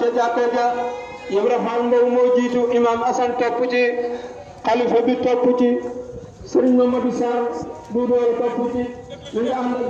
keja keja Ibrahim Mbow moo jiitu imam Assane topp ci xalifa bi topp ci Serigne Mamadou Sarr bu dool topp ci ñu ngi am nag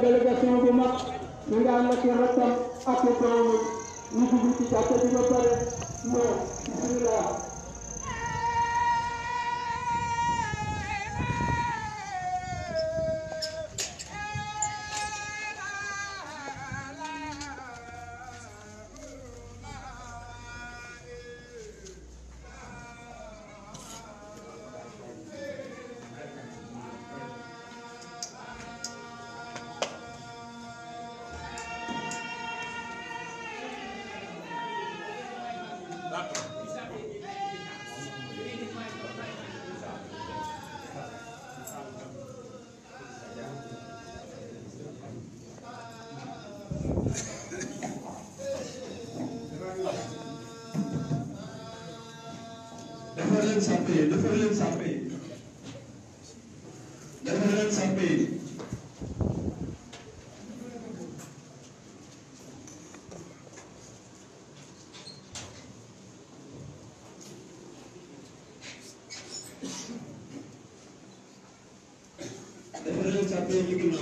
you can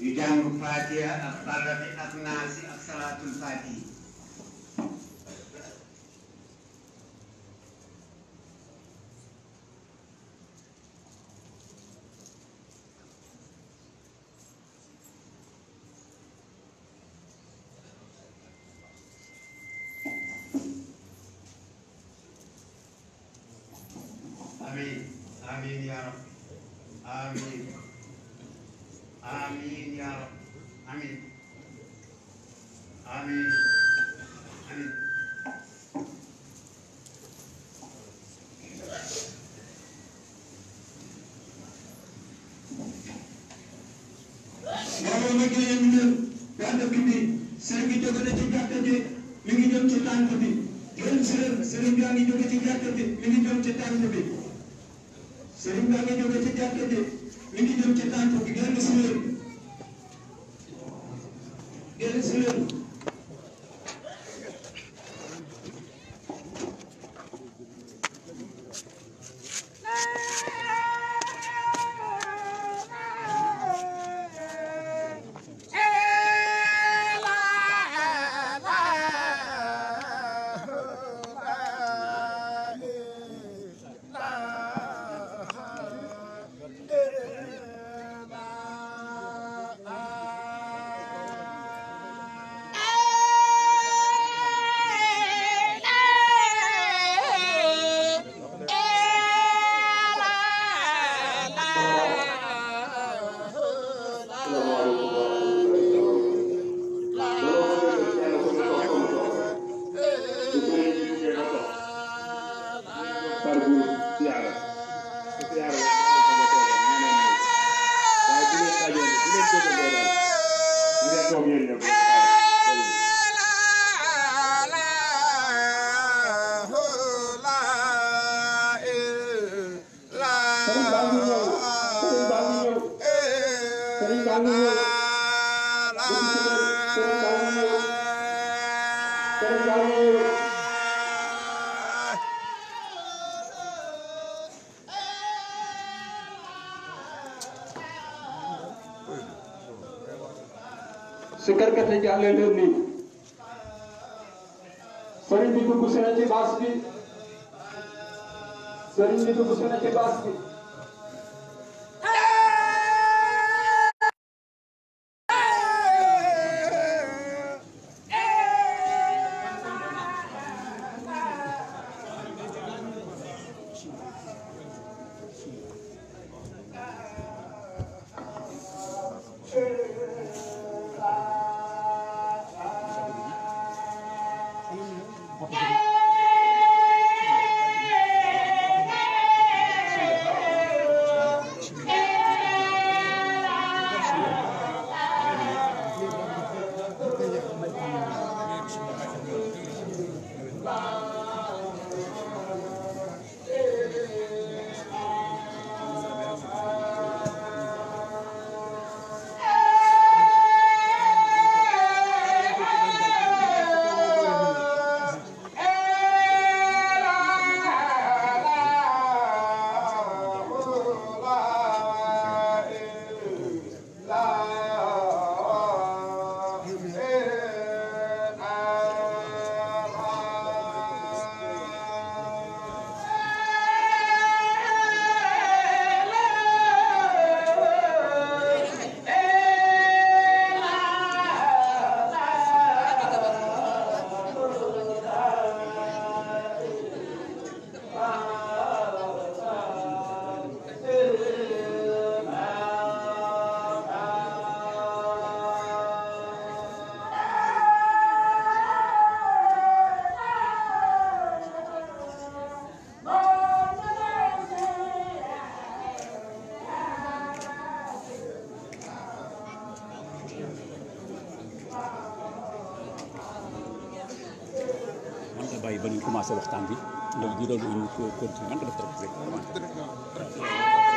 Idang Upadhyaya Aparati Agnasi Aksaratul Padi Amin, amin ya amin. Amin ya Amin. Amin. 在家轮流呢。ba ñu commencé waxtaan bi donc ñu doon ñu continuer man ko def rek rek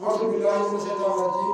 taxaw taxaw.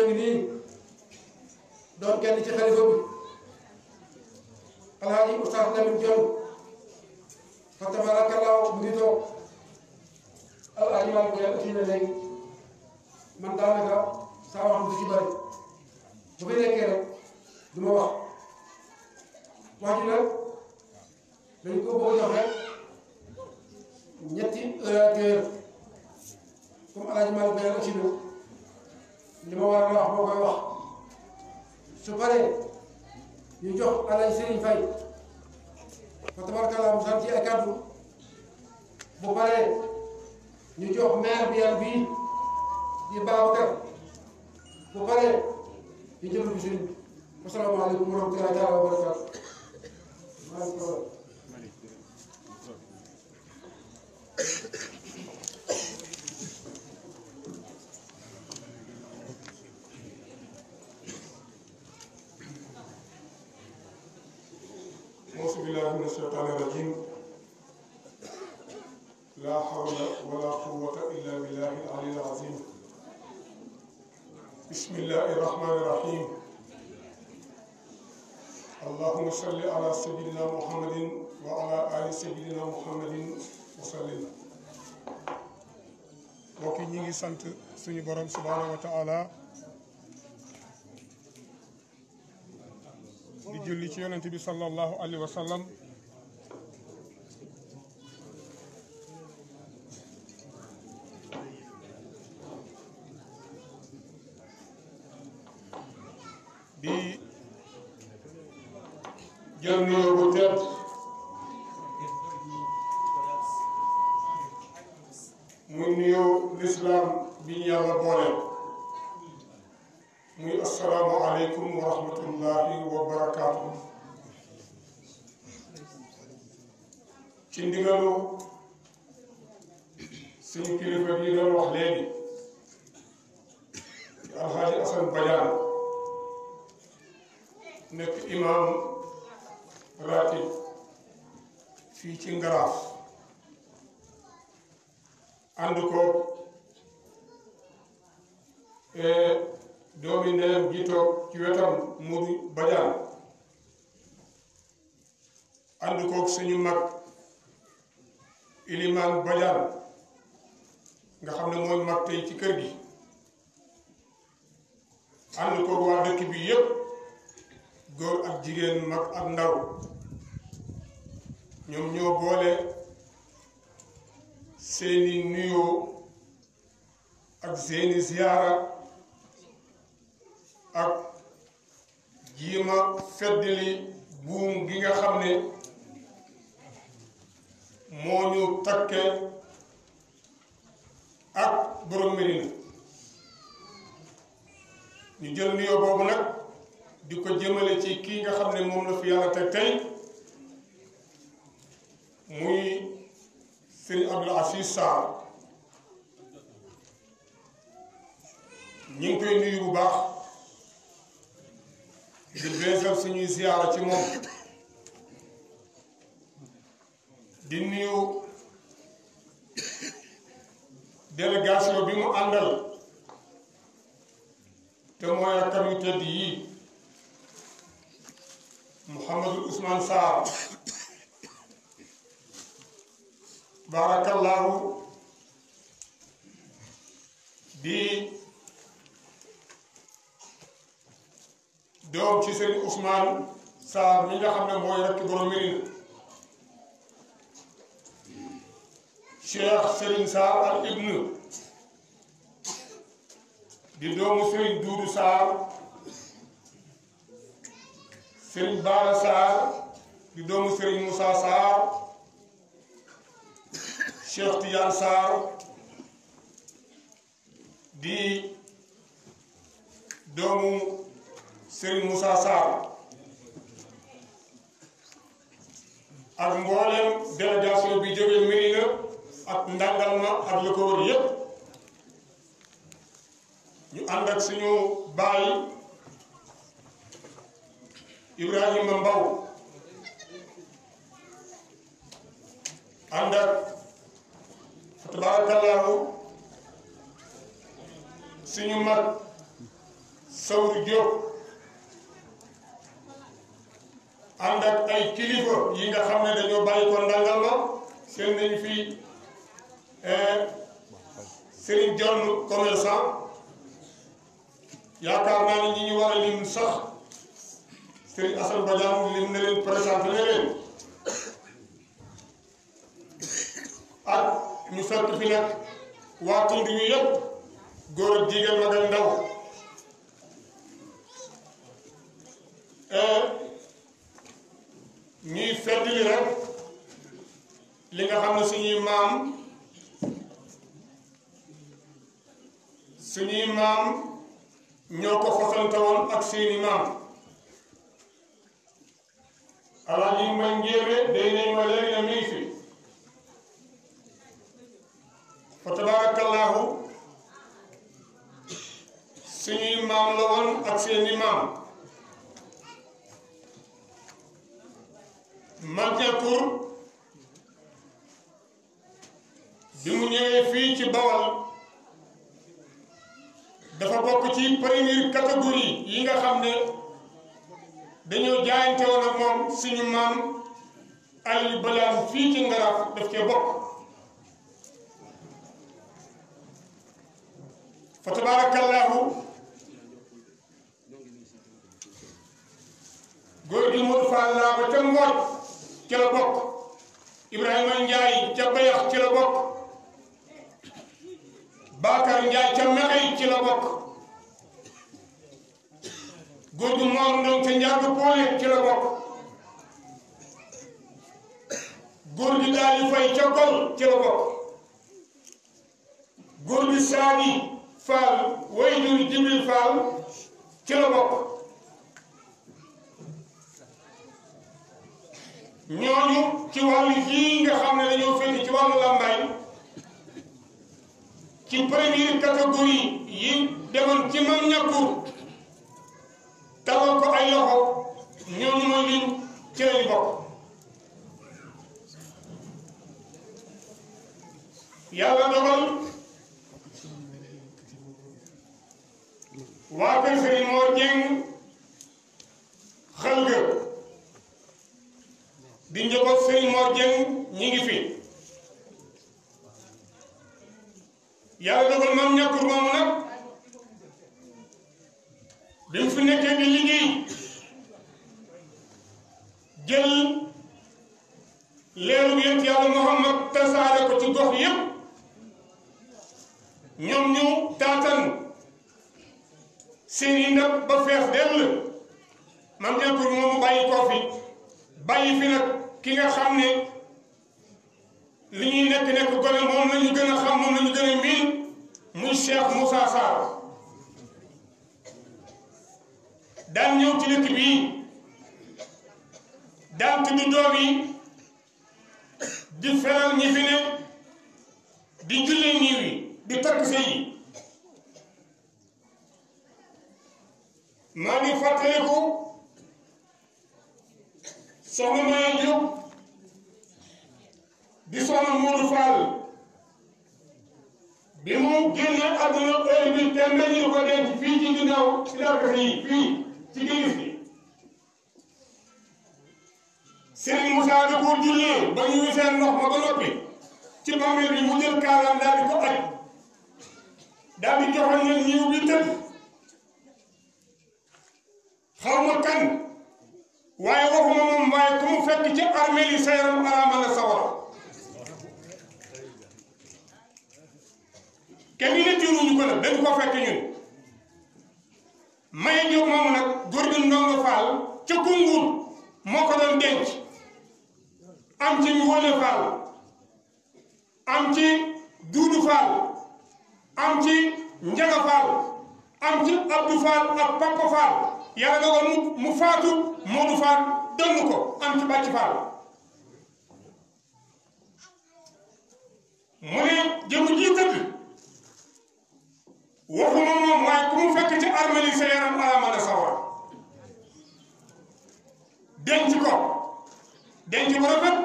Sall ngi nii doon kenn ci xalifa bi alaaji Oustaz Lamine Diop fa tabaarakallaahu mu ngi toog alaaji maa ngi koy uti na léegi man daanaka saa wax du ci bëri bu fi nekkee rek du wax wax ji nag dañ ko bëgg jox rek ñetti heure comme alaaji maa ngi koy uti na li ma war a wax moo koy wax su paree ñu jox alay Serigne Faye fa tabarkalla mu sant ci ay kàddu bu paree ñu jox maire bi yàlla bii di Babacar bu paree ñu jël bi suñu asalaamaaleykum wa rahmatulah taala wa barakaatu maa ngi salli ala sayyidina muhammadin wa ala ali sayyidina wa sallim mbokk yi ñu ngi sant suñu borom subhaanahu wa taala di julli ci yonent bi sallallahu alayhi wa sallam ibnu di doomu Serigne Doudou Sarr Serigne Bara Sarr di doomu Serigne Moussa Sarr Cheikh Tidiane di doomu Serigne Moussa Sarr ak mboolem délégation bi jógee Médina ak ndàngal ma ak lu ko wër yépp ñu ànd suñu baay Ibrahima Mbaw ànd ak fa tabarakallahu suñu mag Sawru Diop ànd ay kilifa yi nga xam ne dañoo bàyyi ko ndàngal ma seen nañ fii Euh, Serigne Dione commerçant yaakaar naa ne ñi ñu war a lim sax Serigne Assane Badiane lim na leen présenté na leen ak ñu fekk fi nag waa tund wi yëpp góor ak jigéen mag ndaw euh, ñuy fedd li rek li nga xam ne suñuy maam. suñuy maam ñoo ko fasantawoon ak seeni maam yi ma njéeme day nañ ma léegi na mii fi fa tabaarakallaahu suñuy maam la woon ak seeni maam Mandiakour bi mu ñëwee fii ci Bawol dafa bokk ci première catégorie yi nga xam ne dañoo jaayante woon ak moom suñu maam Aliou Balaam fii ci Ngaraaf daf cee bokk fa tabaarakallaahu góor gi Modou Fall laa ba ca Ngooj ci la bokk Ibrahima Ndiaye ca Bayax ci la bokk Bakar Njaay ca Mexey ci la bokk góor gu Mor Ndong ca Njaago Poole ci la bokk góor di fay ca Gol ci la bokk góor gi Saadi Fall wayjur Jibril Fall ci la bokk ñooñu ci wàllu yii nga xam ne dañoo féete ci wàllu làmbaay ci première catégorie yi demoon ci man ñàkku tawal ko ay loxo ñooñu mooy liñ ci lañ bokk yàlla dogal waa kër Sëriñ Mor Dieng xel nga di njaboot Sëriñ Mor Dieng ñi ngi fi yàlla dogal maam ñàkkur moomu nag bi mu fi nekkee di liggéey jël leeru yëpp yàlla Muhammad tasaare ko ci gox yëpp ñoom ñu taatan seen yi ndab ba fees dell maam ñàkkur moomu bàyyi koo fi bàyyi fi nag ki nga xam ne li ñuy nekk nekk gone moom la ñu gën a xam moom la ñu gën a miin muy Cheikh Moussa Sarr daan ñëw ci dëkk bii daan tudd doom yi di feral ñi fi ne di jullee niiw yi di takk sëy yi maa ngi fàttaliku soxna di soxna Modou Fall bi mu génne àdduna heure bi tembe ñu ko denc fii ci ginnaaw ci darkas yi fii ci gélis bi Serigne Moussa da koo jullee ba ñu wiseen ndox ma ba noppi ci bàmmeel bi mu jël kaalam daal di ko aj daal di joxoon leen ñiw bi tëdd xaw ma kan waaye waxuma moom waaye ku mu fekk ci armée yi sa yaram araama la sa war kenn leen ko la dañ ko fekk ñun maye Jóob moomu nag góor gi ndongo faal ca Kungur moo ko doon denc am ci Ngoone faal am ci Duudu faal am ci Njaga faal am ci Abdu faal ak Papa faal yàlla dogal mu mu faatu Moodu faal dënn ko am ci Bàcc faal mu ne jëmu ji tëdd waxuma moom waaye ku mu fekk ci armeli sa yaram alaama na sawar denc ko denc ko rafet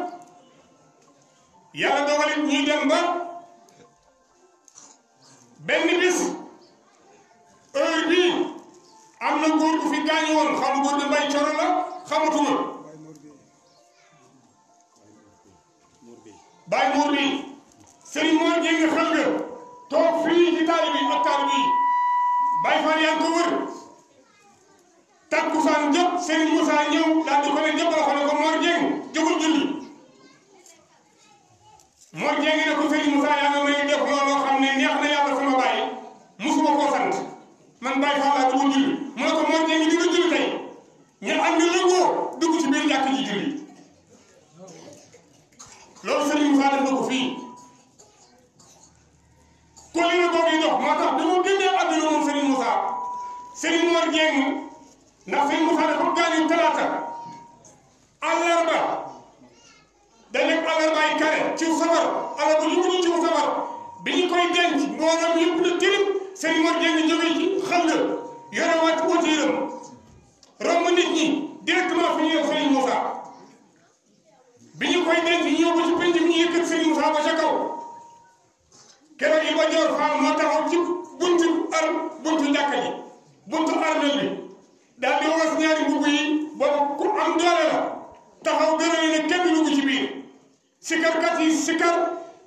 yàlla dogalit ñuy dem ba benn bis heure bii am na góor bu fi gaañu woon xam góor bi mbay coro la xamatuma Baye Mor bi Serigne Mor Dieng nga xam nga toog fii ci taalibe yi ak taalibe yi Baay Faal yaa ngi ko wër takkusaan jëpp Serigne Moussa ñëw daal di ko ne ñëpp la ko ne ko Mor Dieng jógul julli Mor Dieng ne ko Serigne Moussa yaa nga may def looloo xam ne neex na yàlla sama bàyyi musuma koo sant man Baay Faal laa jógul julli mu ne ko Mor Dieng di nga julli tey ñu am ñu lëngoo dugg ci biir jàkk ji julli loolu Serigne Moussa def na ko fii kóllëre boobu yi dox moo tax bi mu génnee àdduna moom Serigne Moussa Serigne Mor Dieng ndax Serigne Moussa dafa gaañu talaata àllarba dañu àllarba ay kare ci safar àllarba li mu ñu ci safar bi ñu koy denc mboolem yëpp la tirim Serigne Mor Dieng jógee ci xam nga yorewaat utiiram romb nit ñi directement fi ñu yor Serigne Moussa bi ñu koy denc ñu yóbbu ci penc bi ñu yëkkat Serigne Moussa ba ca keroog yi ba joor faam moo taxaw ci buntu ar buntu jàkka ji buntu armel daal di wagas ñaari mbubb yi boobu ku am doole la taxaw gërële ne kenn dugg ci biir sikarkat yi sikar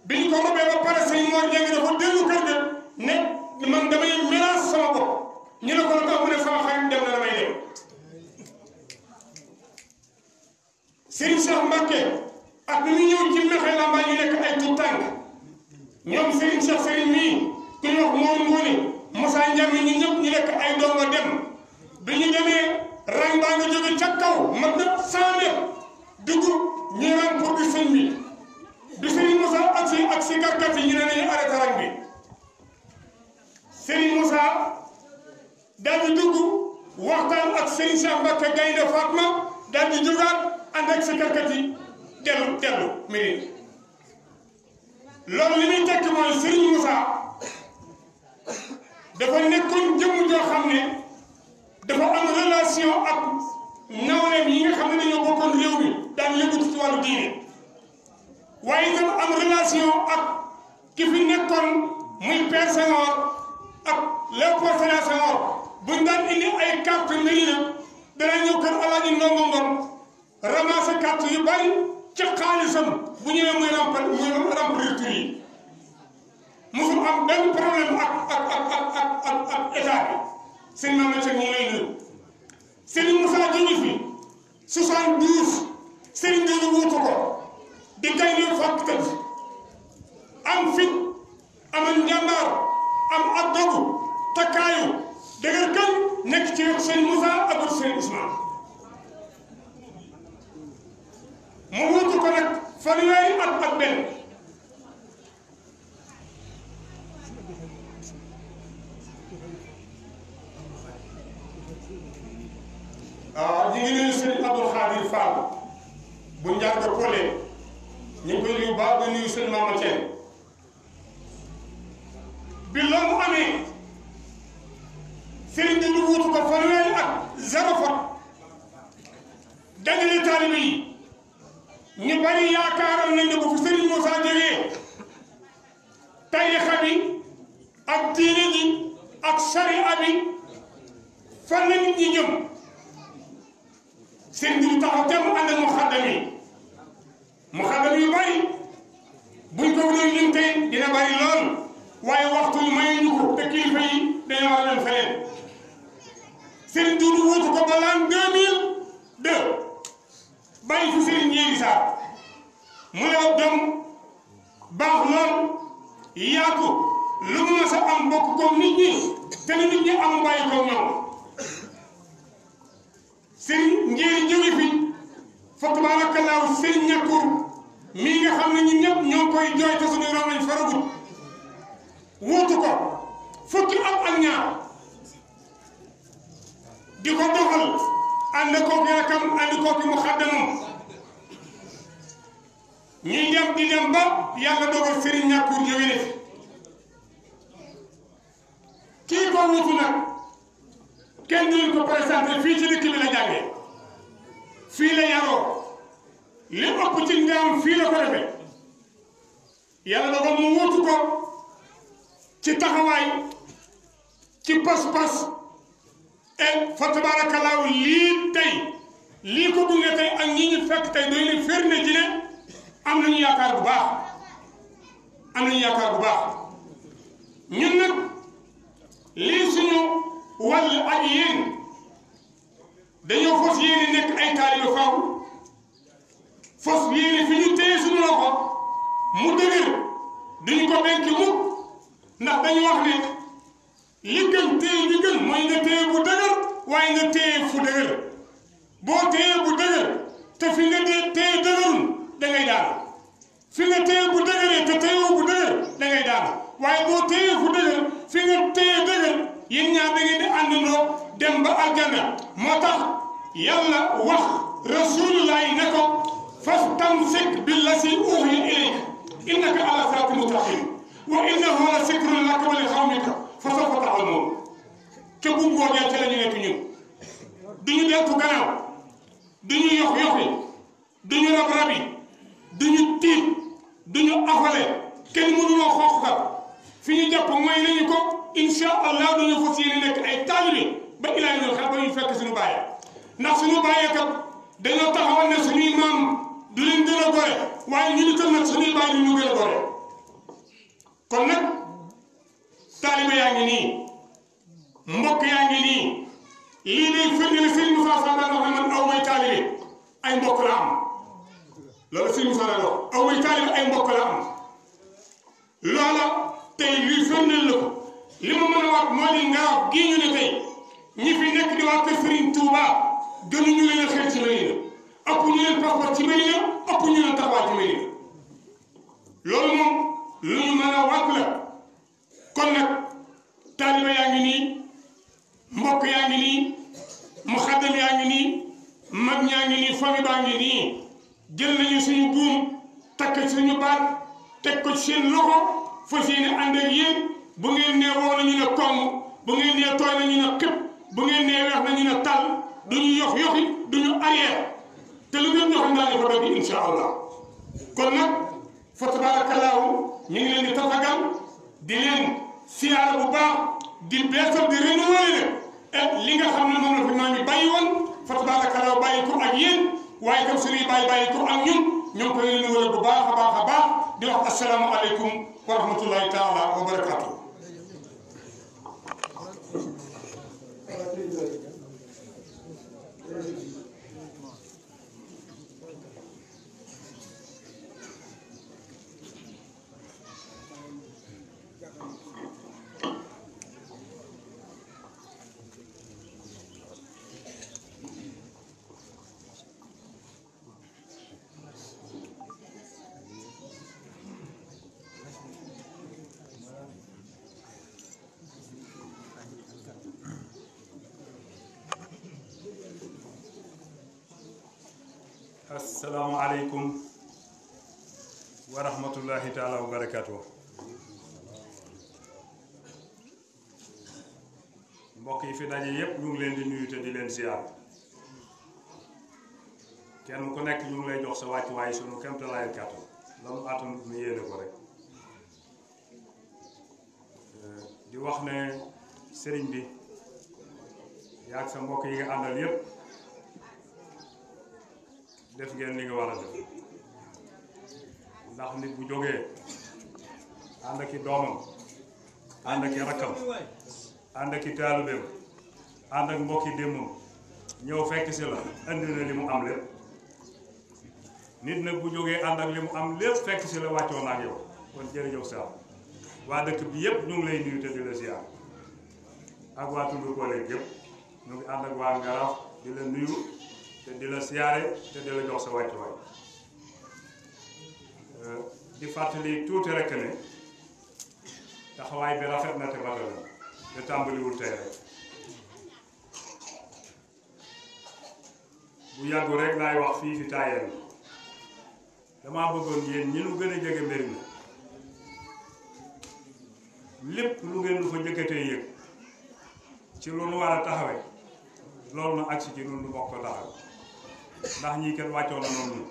bi ñu ko robee ba pare sëñ Mor Dieng dafa dellu kër ga ne man damay mélange sama bopp ñu ne ko la tax mu ne sama xarit dem na damay dem ay tout ñoom Serigne Cheikh Serigne mii ku ñu wax moom Ngoné Moussa Ndiame ñu ñëpp ñu nekk ay donga dem bi ñu demee rang baa nga jóge ca kaw mat na cent mètres dugg ñu rang pour bi sëñ bi ak si ak si karkat yi ñu ne nañu arrêté rang bi Serigne Moussa daal dugg waxtaan ak Serigne Cheikh Mbacke Gaynde Fatma daal di jógaat ànd ak si karkat yi dellu dellu loolu li muy tekki mooy Serigne Moussa dafa nekkoon jëmm joo xam ne dafa am relation ak nawleem yi nga xam ne dañoo bokkoon réew mi daan yëngatu ci wàllu waaye itam am relation ak ki nekkoon muy Père Senghor ak Léopold Sédar Senghor buñ daan indi ay carte mbiri la dana ñëw kër Alaaji Ndongo Ngom ramasse carte bari ci xaalisam bu ñëwee muy remplir muy remplir tur yi musul am benn problème ak ak ak ak ak ak état bi sëñ Mamadou Seck ñu lay nuyu. Serigne Moussa Diagne fi 72 Serigne Diagne wuutu ko di kay ñëw fàttali am fit amal njàmbaar am ak dogu takkaayu dëgër kan nekk ci wetu Serigne Moussa ak wetu Serigne Ousmane mu wuutu ko nag. fanweeri at ak benn waaw ah, ñu ngi nuyu sëriñ Abdou Khadir Fall bu njàng ñu koy nuyu baax di nuyu sëriñ Mama Thien bi loolu amee sëriñ bi ñu wuutu ko fanweeri at zéro fot dajale taalibe yi ñu bari yaakaaroon nañ ne bu fi Serigne Moussa jógee tarixa bi ak diine ji ak sariya bi fan la nit ñi jëm seen bi taxaw temm ànd ak muxaddam yi muxaddam yu bari buñ ko wutoon ñun tey dina bari lool waaye waxtu yu may ñu ko te kilifa yi dañoo war a dem feneen Serigne Doudou wuutu ko ba l'an deux mille deux bàyyi fi sëriñ Ndiéli Sarr mu ne doom baax lool yaatu lu mu mës a am bokk koog nit ñi te nit ñi am bàyyi koog ñoom sëriñ Ndiéli jóge fi fa tabaarakallaahu sëriñ ñàkkur mii nga xam ne ñun ñëpp ñoo koy jooy te suñu rom lañ faragut ko fukki at ak ñaar di ko doxal. ànd koog ñaakam ànd koog mu xaddamam ñuy dem di dem ba yàlla dogal sëriñ ñàkkuur jóge ne kii ko wutu kenn duñ ko présenté fii ci dëkk bi la jàngee fii la yaroo li ëpp ci ndaam fii la ko defee yàlla dogal mu wutu ko ci taxawaay ci pas-pas fa tabaarakallaahu lii tey lii ko gunge tey ak ñi ñu fekk tey doy na firnde ji ne am nañu yaakaar bu baax am nañu bu baax ñun nag nekk ay taalibe faaw fos yéene fi ñu téye suñu loxo mu dëgër duñu ko benn mukk ndax dañu wax ne li gën téye li gën mooy nga téye bu dëgër waaye nga téye fu dëgër boo téye bu dëgër te fi nga téye dëgërul da ngay daanu fi nga téye bu dëgëree te téyewoo bu dëgër da ngay daanu waaye boo téye fu dëgër fi nga téye dëgër yéen ñaar da ngeen di àndandoo dem ba aljanna moo tax yàlla wax rasulullah ne ko fastamsik billati uhiya ilayk innaka ala siraatin mustaqim wa innahu la zikrun laka wa li qawmika fosoko taxal moom ca bu ngoonee ca la ñu nekk ñun duñu deltu gannaaw duñu yox yoxi duñu rab rabi duñu tiit duñu afale kenn mënuloo xooxkat fi ñu jàpp mooy nañu ko insha allah duñu fas yéene nekk ay taalibi ba ilaahi ñu xel ba ñu fekk suñu bàyyi ndax suñu bàyyi kat dañoo taxawal ne suñuy maam du leen gën a gore waaye ñu ni tël nag suñuy bàyyi ñu gën a gore kon nag taaliba yaa ngi nii mbokk yaa ngi nii lii day firndeel Sëriñ Moussa Sall daan wax ne man aw may taalibe aw may taalibe ay mbokk la am loola tey lii firndeel li ma mën ne loolu moom lu ñu mën wax la. kon nag taaliba yaa ngi nii mbokk yaa ngi nii mu yaa ngi nii mag ñaa ngi nii famille ngi nii jël nañu suñu buum takk suñu baat teg ko ci seen loxo fas yéene ànd ak yéen bu ngeen nee woo nañu ne kong bu ngeen nee tooy nañu ne xëpp bu ngeen nee weex nañu ne tàll duñu yox yoxi duñu arrière te lu ngeen yoxi ndaa ñu fa dogi insha allah kon nag fa tabaarakallahu ñu ngi leen di tafagal di leen siyaara bu baax di beesal di renouveler li nga xam ne moom la fi maam yi bàyyi fa tabaarakallaa bàyyi ko ak yéen waaye itam suñuy bàyyi bàyyi ko ak ñun ñoo koy renouveler bu baax a baax a baax di wax asalaamaaleykum wa rahmatullahi taala wa barakaatu. Thank you. asalaamualeykum wa rahmatullahi taala wa mbokk yi fi daje yépp ñu ngi leen di nuyu di leen ziar kenn ku nekk ñu ngi lay jox sa wàccuwaay sunu kemtalaayu kàttan la mu àttan nu yéene ko rek di wax ne sëriñ bi yaa sa mbokk yi nga àndal yépp def ngeen li nga war a ndax nit bu jógee ànd ak i doomam ànd ak i rakkam ànd ak i taalibeem ànd ak mbokki démmam ñëw fekk si la indi na li mu am lépp nit nag bu jógee ànd ak li mu am lépp fekk si la wàccoon ak yow kon jërëjëf Sall waa dëkk bi yëpp ñu ngi lay nuyu ànd ak waa Ngaraaf di la nuyu. te di la siyaare te di la jox sa wàccuwaay euh, di fàttali tuuti rek ne taxawaay bi rafet na te matal te tàmbaliwul tey rek bu yàggu rek laay wax fii fi taayeen damaa bëggoon yéen ñi nu gën a jege mbir mi lépp lu ngeen lu fa jëkkatee yëg ci lu war a taxawe loolu na agsi ci lu nu bokk taxawe ndax ñii kenn wàccoo na noonu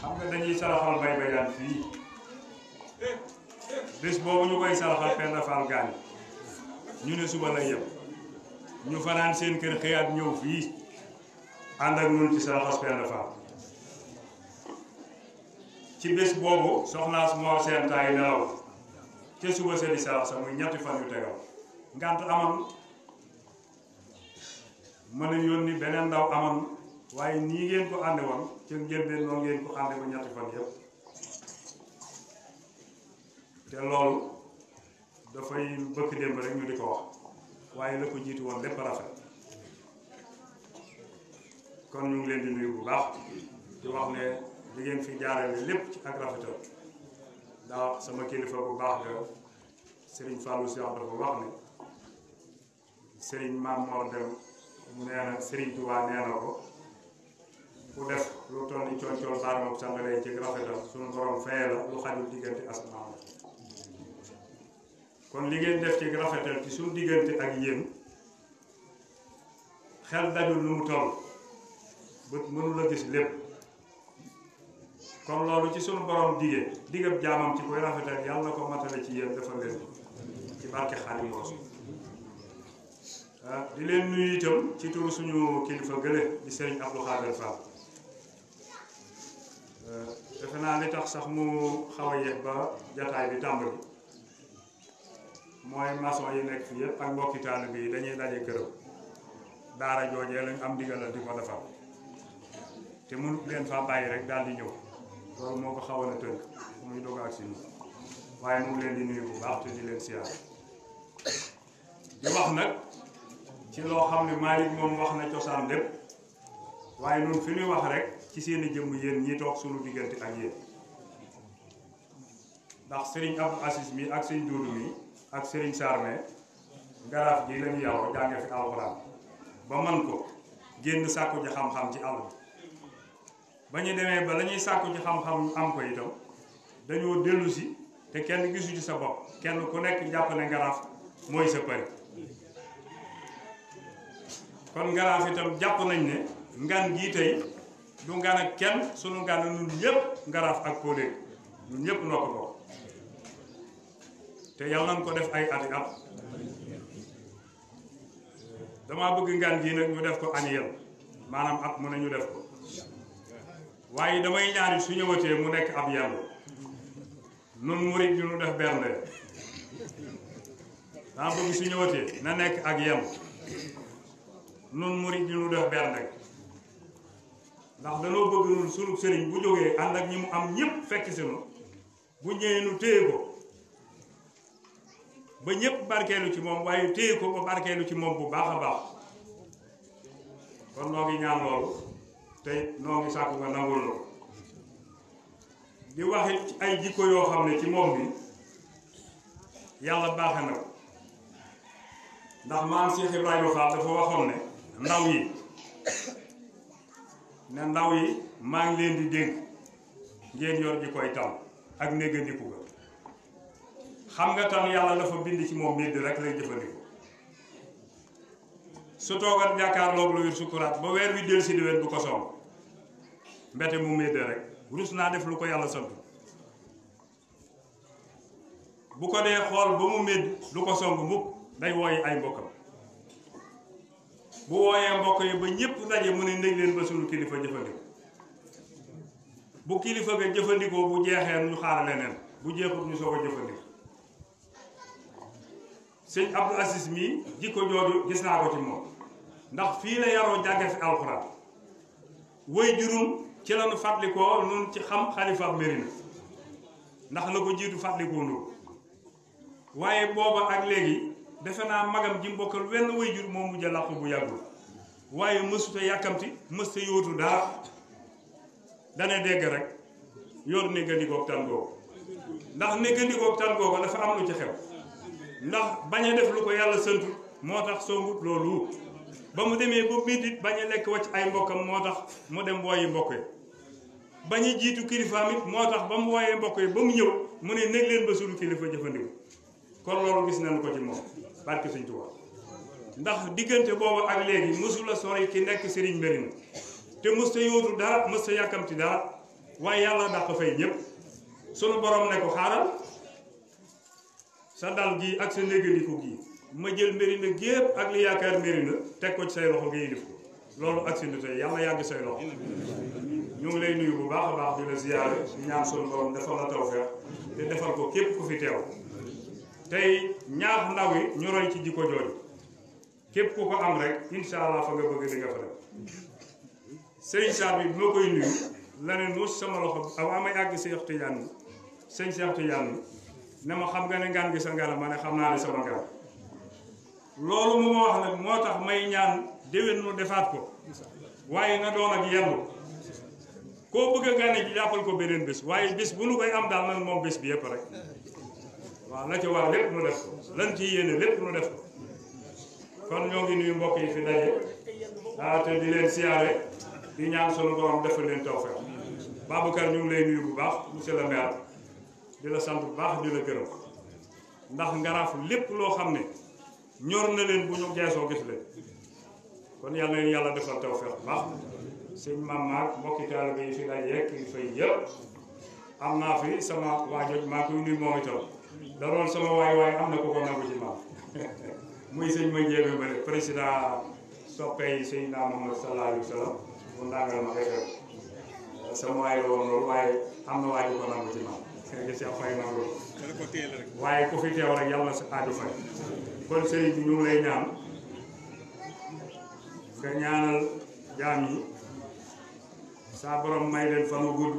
xam nga dañuy saraxal bay bayaan fii bés boobu ñu koy saraxal Penda Fall gaañ ñu ne suba la yem ñu fanaan seen kër xëyaat ñëw fii ànd ak ñun ci saraxas Penda ci bés boobu soxnaas Mor Sène taay nelaw ca suba seen i sa muy ñetti fan yu tegal ngant amoon mën a yónni beneen ndaw amoon waaye nii ngeen ko ànde woon ci njëlbeen noonu ngeen ko ànde ba ñetti fan yëpp te loolu dafay bëkk démb rek ñu di ko wax waaye la ko jiitu woon lépp rafet kon ñu ngi leen di nuyu bu baax di wax ne li ngeen fi jaarale lépp ci ak rafetal daa sama kilifa bu baax la Serigne Fallou Cheikh dafa wax ne Serigne Mame Mor Dem mu nee na Serigne ko ku def lu toll ni coon coon baaraam sangalee ci rafetal suñu borom fayee la lu xajul diggante asamaan kon li def ci rafetal ci suñu diggante ak yéen xel dajul nu mu toll bët mënu gis lépp kon loolu ci suñu borom digee digab jaamam ci koy rafetal yàlla ko matale ci yéen dafa leen ci barke Xaadimu Rasuul Ah, di leen nuyu itam ci turu suñu kilifa gële di sëriñ Abdou Khader Fall ah, defe naa li tax sax mu xaw a yeex ba jataay bi tàmbali mooy maçon yi nekk fii yëpp ak mbokki taalibe yi dañuy daje këram daara joojee lañ am ndigalal di ko defal te mënut leen faa bàyyi rek daal di ñëw loolu moo ko xawoon a tënk muy doog ak si nii waaye mu ngi leen di nuyu bu baax te di leen siyaar di wax nag ci loo xam ne Malick moom wax na cosaan lépp waaye ñun fi ñuy wax rek ci seeni i jëmm ñi toog suñu diggante ak yéen ndax Serigne Abdou Assis mi ak Serigne Doudou mi ak Serigne Sarmé garaaf gi lañu yow jànge fi alxuraan ba man ko génn sàkku ji xam-xam ci àll ba ñu demee ba lañuy ñuy sàkku ci xam-xam am ko itam dañoo dellu si te kenn gisu ci sa bopp kenn ku nekk jàpp ne ngaraaf mooy sa pare kon ngaraaf itam jàpp nañ ne ngan gii tey du ngan kenn sunu ngan nun yépp ngaraaf ak Poldé nun ñëpp noo ko bokk te yàlla nañ ko def ay ati at damaa bëgg ngan gii nag ñu def ko annuel maanaam at mu ne ñu def ko waaye damay ñaari su ñëwatee mu nekk ab yàlla nun murit ñu nu def bernde daa bëgg su ñëwatee na nekk ak yàlla nun mu ñu nu def benn ndax danoo bëgg nun sunu sëriñ bu jógee ànd ak ñi mu am ñépp fekk si nu bu ñëwee nu téye ko ba ñëpp barkeelu ci moom waaye téye ko ba barkeelu ci moom bu baax a baax kon noo ngi ñaan loolu tey noo ngi sàkku nga nangul loolu di wax ci ay jikko yoo xam ne ci moom bi yàlla baax a ko ndax maam Cheikh Ibrahima Fall dafa waxoon ne ndaw yi ne ndaw yi maa ngi leen di dénk ngeen yor ji koy taw ak néggandiku ga xam nga tam yàlla dafa bind ci moom medd rek lay jëfandikoo su toogat jàkkaarloog lu wér sukuraat ba weer wi del si di wér du ko song mbete mu medd rek rus naa def lu ko yàlla sant bu ko dee xool ba mu medd du ko song mukk day wooyi ay mbokkam bu wooyee mbokk yi ba ñëpp daje mu ne nañ leen ba suñu kilifa jëfandikoo bu kilifa ga jëfandikoo bu jeexee ñu xaar leneen bu jeexut ñu soog a jëfandikoo sëñ Abdou Aziz jikko jooju gis naa ko ci moom ndax fii la yaroo jànge fi alxuraan way juróom ci lañu fàttalikoo nun ci xam xalifa Mérina ndax la ko jiitu fàttalikoo noonu waaye booba ak léegi defe naa magam ji mbokkal wenn wayjur moo mujj a làqu bu yàggul waaye mësuta yàkkamti mësta yóotu daal dana dégg rek yor néggandigoog tan googu ndax néggandigoog tan googu dafa am lu ci xew ndax bañ a def lu ko yàlla sëntu moo tax songut loolu ba mu demee ba midit bañ a lekk wacc ay mbokkam moo tax mu dem wooyi mbokk yi bañ a jiitu kilifaam it moo tax ba mu wooyee mbokk yi ba mu ñëw mu ne nég leen ba sunu kilifa jëfandiku kon loolu gis nañu ko ci barke Sëñ Tuubaa ndax diggante boobu ak léegi mësula sori ki nekk Sëriñ Mbérin te mës ta yóotu dara mës yàkkamti dara waaye yàlla dàq fay ñëpp sunu borom ne ko xaaral sa dal gi ak sa néegandiku gi ma jël Mbérin a gépp ak li yaakaar Mbérin a ko say loxo ngay def ko loolu ak seen tey yàlla yàgg say loxo ñu ngi lay nuyu bu baax a baax di la ziyaare ñaan sunu borom defal la tawfeex te defal ko képp ku fi teew ñaax ndaw yi ñu roy ci jikko jooju képp ku ko am rek incha allah fa nga bëgg di fa dem sëñ Saar bi moo koy nuyu la ne nuus sama loxo avant ah, may àgg Seex Tijaan bi sëñ Seex ne ma xam nga ne ngaan gi sa ngala ma ne xam naa ne sama ngala loolu mu ma wax nag moo tax may ñaan déwén nu defaat ko waaye na doon ak yenn koo bëgg a gane ji jàppal ko beneen bés waaye bés bu nu koy am daal man moom bés bi yëpp rek waaw la ca war lépp nu def ko lan ci yéene lépp nu def ko kon ñoo ngi nuyu mbokk yi fi daje ah te di leen siyaare di ñaan sunu borom defal leen tawfeex Babacar ñu ngi lay nuyu bu baax mu le maire di la sant bu baax di la gërëm ndax ngaraaf lépp loo xam ne ñor na leen bu ñu geesoo gis leen kon yàlla leen yàlla defal tawfeex bu baax sëñ maam ak mbokki taalibe yi fi daje yeeg yi fay yëpp am naa fi sama waajur maa ngi koy nuyu moom itam daroon sama waay waay am na ko ko nangu ci muy sëñ ma njéeme ba rek président soppey Seydina Muhammad sallallahu alayhi wa sallam mu ndàngal ma fekk euh, sama waay la woon loolu waaye am na waay bu ko nangu ci maam sëñ si fay nangu waaye ku fi teew rek yàlla sa aaju fay kon sëriñ ñu lay ñaan nga ñaanal jaam yi saa borom may leen fan gudd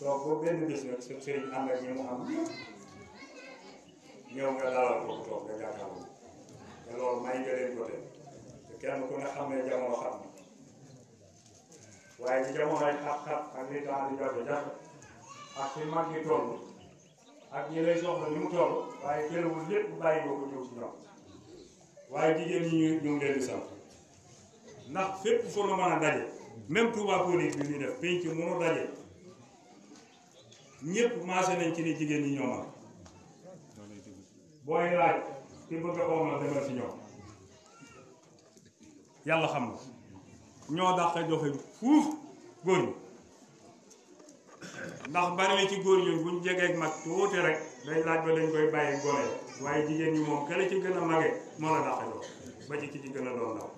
donc boo benn bis nag sa sëriñ ànd ak ñi mu am ñëw nga dalal ko toog nga jàkkaarloo te loolu may nga leen ko te kenn ku ne xam ne jamono xam waaye ci jamono yi ak li temps di jafe ak fi mag yi toll ak ñi lay soxla ni mu toll waaye teewul lépp bàyyi nga ko ñëw ci waaye jigéen ñi ñu ngi leen di ndax fépp fu nu mën a daje même Touba bi ñu def penc mënu daje. ñëpp maase nañ ci ne jigéen ñi ñoo am booy laaj ki bëgg a oomal demal ci ñoom yàlla xam na ñoo dàq joxe fuuf góor ñi ndax bari ci góor ñi buñ jegee mag tuuti rek dañ laaj ba dañ koy bàyyi gone waaye jigéen ñi moom kala ci gën a mage moo la dàq joxe ba ci ki ci gën a doon ndaw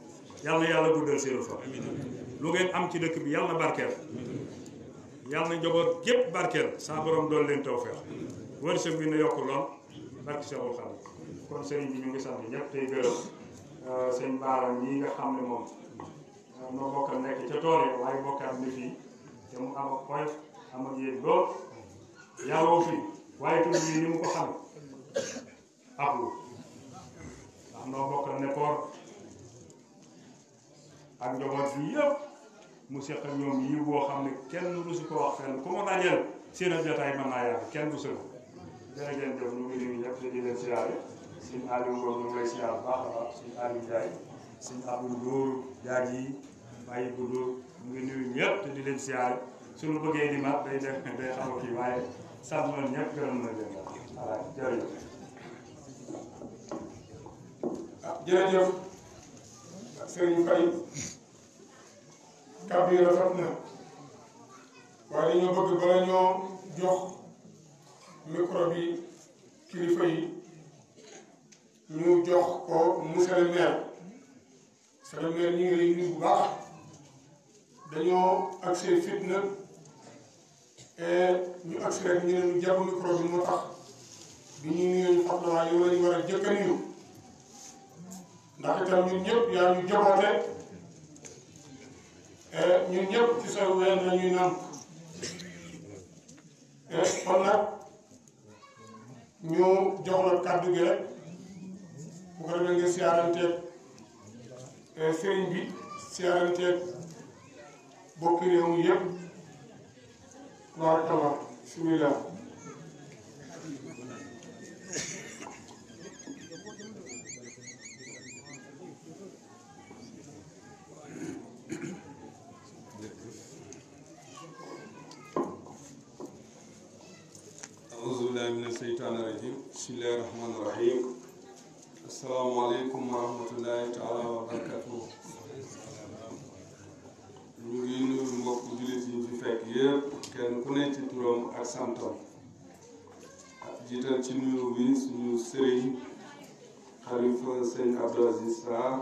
yàlla yàlla guddal seenu fa lu ngeen am ci dëkk bi yàlla barkeel yàlla na njaboot gépp barkeel saa borom doon leen tawfeex wërsëg bi na yokk lool barki Seexul Xaadim kon sëriñ bi ñu ngi sant ñëpp tey gërëm euh, sëñ baaram ñii nga xam ne moom noo euh, bokkal nekk ca tool waaye bokkaat ni fii te mu am ak xoyof am ak yéen lool yaroo waaye tur bi ni mu ko xam ablu ndax noo bokkal ne ak njaboot bi yëpp mu seq ñoom yiw boo xam ne kenn rusu ko wax fenn ku ma dajeel seen ak jotaay mën naa yàgg kenn rusu ko jërë ngi nuyu ñëpp di leen siyaare suñ Aliou Ngom ñu ngi lay siyaar baax a baax suñ Aliou Ndiaye suñ Abdou Ndour jaaj yi bàyyi gudd ñu ngi nuyu ñëpp te di leen siyaare suñu bëggee di mat day def day xam kii waaye sant na ñëpp gërëm na leen voilà jërëjëf ah jërëjëf Serigne Faye kàddu yi rafet na waaye dañoo bëgg bala ñoo jox micro bi kilifa yi ñu jox ko monsieur le maire monsieur le ñu ngi lay bu baax dañoo accès fitna ñu accès rek ñu ne ñu jàpp micro bi moo tax bi ñuy nuyoo ñu xam ne waa ñu war a jëkk a nuyu ndax itam ñun ñëpp yaa ñu jaboote Eh, ñun ñëpp ci sa weer la naan eh, kon nag ñu jox kàddu gi rek bu ko defee nga siyaaranteeg eh, sëriñ bi siyaaranteeg bokki réew mi yëpp waaw tabax bismillah bismillahi rahmaani rahim asalaamaaleykum wa rahmatullahi taala wa barakatuh ñu ngi nuyu mbokk jullit yi fi fekk yëpp kenn ku ne ci turam ak santam ak jiital ci nuyu bi suñu sëriñ xalifa sëñ Abdou Aziz Sarr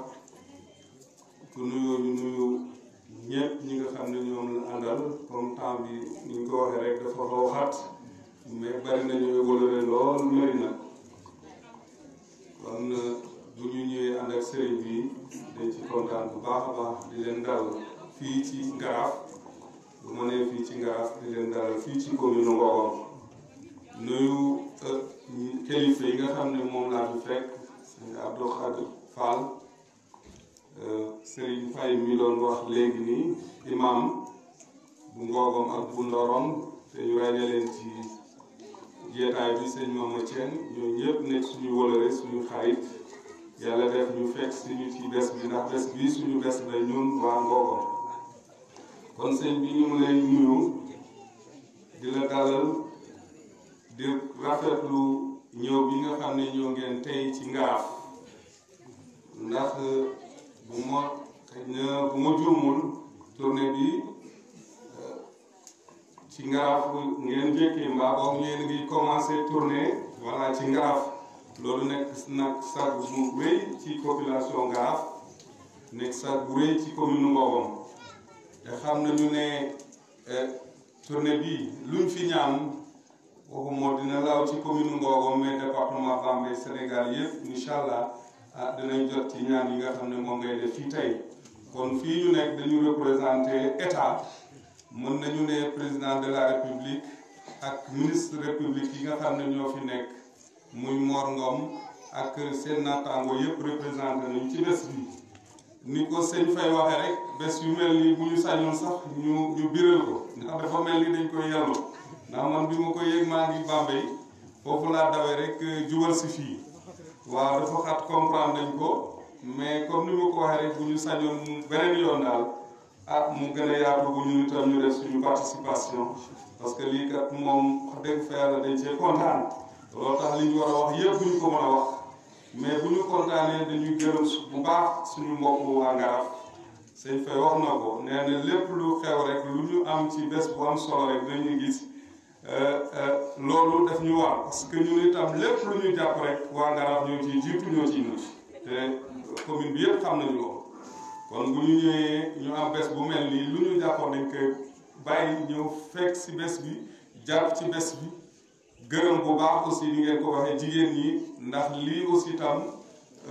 ku nuyoo ñu nuyu ñëpp ñi nga xam ne ñoom la àndal comme temps bi ni ñu ko waxee rek dafa xaw xat mais bari nañu wóllëre lool mari na kon euh, bu ñu ñëwee ak sëriñ bi dañ ci kontaan bu baax a baax di leen dal fii ci Ngaraaf bu ma nee fii ci Ngaraaf di leen dal fii ci commune Ngogom nuyu euh, kilifa nga xam ne moom laa fi fekk sëñ Abdou Khadir Fall euh, sëriñ Faye mi wax léegi nii imam bu Ngogom ak bu Ndorong te ñu ràññee leen ci jotaay bi sëñ Mama Thien ñoom ñëpp nekk suñu wolore suñu xarit yàlla def ñu fekk suñu ci bés bi ndax bés bii suñu bés la ñun waa Ngogom kon sëñ bi ñu ngi lay nuyu di la dalal di rafetlu ñëw bi nga xam ne ñoo ngeen tey ci ngaaf ndax bu ma xëy bu ma juumul tournée bi ci ngaraaf ngeen jékkee mbaa boobu ngeen ngi commencé tourner voilà ci ngaraaf loolu nekk nag sag bu rëy ci population ngaraaf nekk sag bu ci commune Mbobam te xam nañu ne eh, tournée bi luñ fi ñaam waxu moo dina laaw ci commune Mbobam mais département Bambey Sénégal yëpp incha allah ah dinañ jot ci ñaan yi nga xam ne moom ngay def fii kon fii ñu nekk dañu représenté état mun nañu ne président de la république ak ministre république yi nga xam ne ñoo fi nekk muy Mor Ngom ak seen naataango yëpp représenté nañu ci bés bi ni ko sëñ Faye waxe rek bés yu mel ni bu ñu sañoon sax ñu ñu biral ko ndax dafa mel ni dañ koy man bi ma koy yëg maa ngi Bambey foofu laa dawee rek euh, jubal si fii waaw dafa xat comprendre nañ ko mais comme ni ma ko waxee rek bu ñu sañoon beneen yoon daal ah mu gën a yaatu bu ñu itam ñu def suñu participation parce que lii kat moom wax dëgg fa yàlla dañ cee kontaan loolu tax li ñu war a wax yëpp duñ ko mën a wax mais bu ñu kontaanee dañuy gërëm bu baax suñu mbokk waa Ngaraf sëñ fay wax na ko nee na lépp lu xew rek lu ñu am ci bés bu am solo rek dañuy gis euh, euh, loolu daf ñu war parce que ñun itam lépp lu ñu jàpp rek waa Ngaraf ñoo ciy jiitu ñoo ciy nuyu te commune bi yëpp xam nañu loolu. kon bu ñu ñëwee ñu am bés bu mel nii lu ñu jàppoon dañ bàyyi ñëw fekk si bés bi jàpp ci bés bi gërëm bu baax aussi ngeen ko waxee jigéen ñi ndax lii aussi tam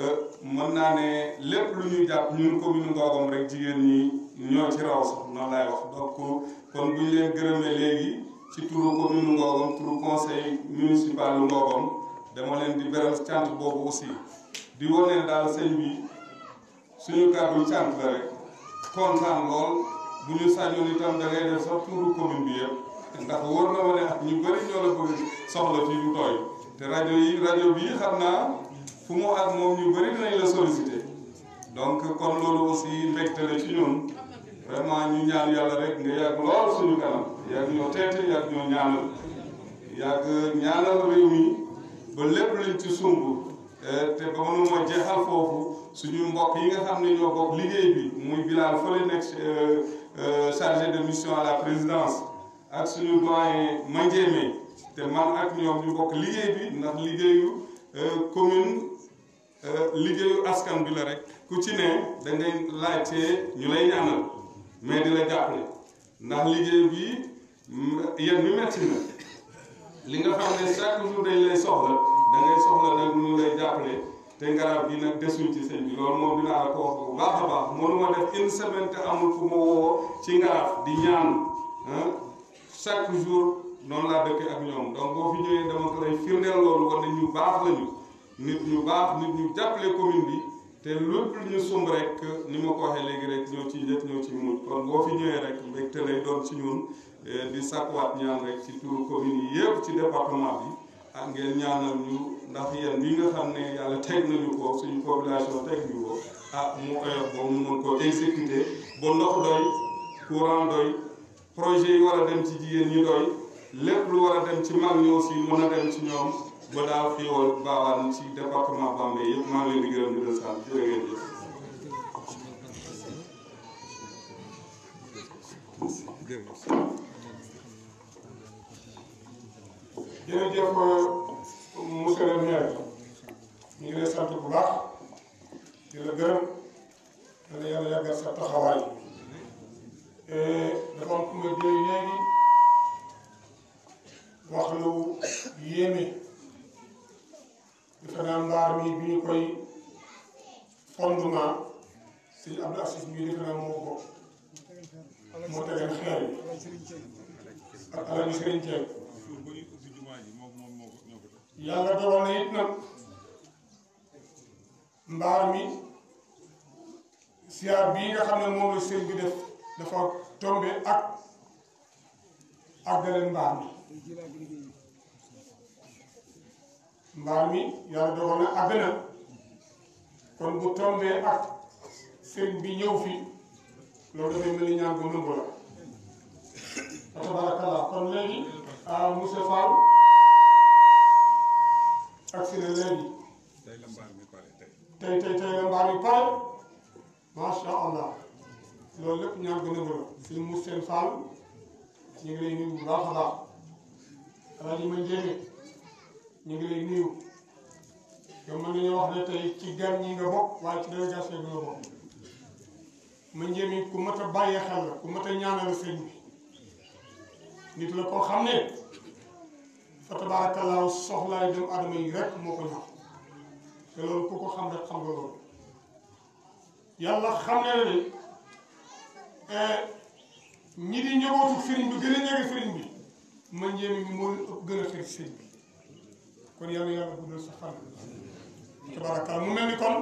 euh, mën naa ne lépp lu ñuy jàpp ñun commune Ngogom rek jigéen ñi ñoo ci raw sax noonu laay wax donc kon bu leen gërëmee léegi ci turu commune Ngogom turu conseil municipal Ngogom dama leen di beral cant boobu aussi di wane daal sëñ bi. suñu kàddu cant la rek kontaan lool bu ñu sañoon itam da def sax tuuru commune bi yëpp ndax wóor na ma ne ak ñu bëri ñoo la ko soxla ci lu tooy te rajo yi rajo bii xam naa fu mu ak moom ñu bëri dinañ la sollicité donc kon loolu aussi mbégte la ci ñun vraiment ñu ñaan yàlla rek nga yàgg lool suñu kanam yàgg ñoo teete yàgg ñoo ñaanal yàgg ñaanal réew eh, foofu suñu mbokk yi nga xam ne ñoo bokk liggéey bi muy Bilal fële nekk euh, euh, chargé de mission à la présidence ak suñu doyen Mandiémé te man ak ñoom ñu bokk liggéey bi ndax liggéeyu euh, commune liggéeyu askan bi la rek ku ci ne da ngay laajtee ñu lay ñaanal mais di la jàppale ndax liggéey bi mm, yéen mi metti na li nga xam ne chaque jour dañ lay soxla da ngay soxla nag ñu lay jàppale te ngelaw yi nag desuñ ci sëñ bi lool mo bina la ko wax bu baax mo baax mënuma def une semaine te amul fu ma woo ci ngelaw di ñaan hein. chaque jour non la dëkkee ak ñoom donc boo fi ñëwé dama ko lay firnel lool war nañ ñu baax lañu nit ñu baax nit ñu jàppale commune bi té lépp lu ñu sumb rek ni ma ko waxé légui rek ñoo ci njëkk ñoo ci mujj kon boo fi ñëwé rek té lay doon ci ñun eh, di sakkuwaat ñaan rek ci tour commune yépp ci département bi ak ah, ngeen ñaanal ñu. ndax yéen lii nga xam ne yàlla teg nañu ko suñu population teg ñu ko ah mu oyof ba mu mën koo exécuter ba ndox doy courant doy projet yi war a dem ci jigéen ñi doy lépp lu war a dem ci mag ñi aussi mën a dem ci ñoom ba daal xiiwal baawaan ci département Bambey yëpp maa ngi leen di gërëm di leen sant jërë ngeen jëf euh, monsieur le maire ñu ngi bu baax di la gërëm dana yàlla yàggal sa taxawaay e, dafa am ku dee léegi wax lu yéeme defe naa mbaar mi ñu koy fondement si Abdou Assis mi defe naa moo ko moo tegeen xeer yi ak Alaaji Sëriñ Ceeb yàlla dogal na it nag mbaar mi siyaar bii nga xam moom la sëñ bi def dafa tombe ak àggale mbaar mi mbaar mi yàlla dogal na àgg kon bu tombe ak sëñ bi ñëw fii loolu dafay mel ni ñaan bu nëmb la tabaarakallah kon léegi ah, monsieur ak si la mbaar mi pare tey. tey la mbaar mi pare macha allah loolu lépp ñaar gën a bëri. suñu mu seen Fall ñu ngi lay nuyu bu baax a baax ma jéeme ñu ngi lay nuyu yow mën nañoo wax ne ci gan ñi nga bokk waaye ci délégation bi nga bokk ma jéeme ku mat a bàyyi xel la ku mat a ñaanal sëñ bi nit la koo xam ne. fa tabaarakallaahu soxlaay doomu aadama yi rek moo ko ñaax te loolu ku ko xam rek xam nga yàlla xam na ne eh, ñi di ñëwootu sëriñ bi gën a ñëwee sëriñ bi man njéemi bi moo ëpp gën a xëy sëriñ bi kon yàlla yàlla guddal sa fan tabaarakallaahu mu mel ni kon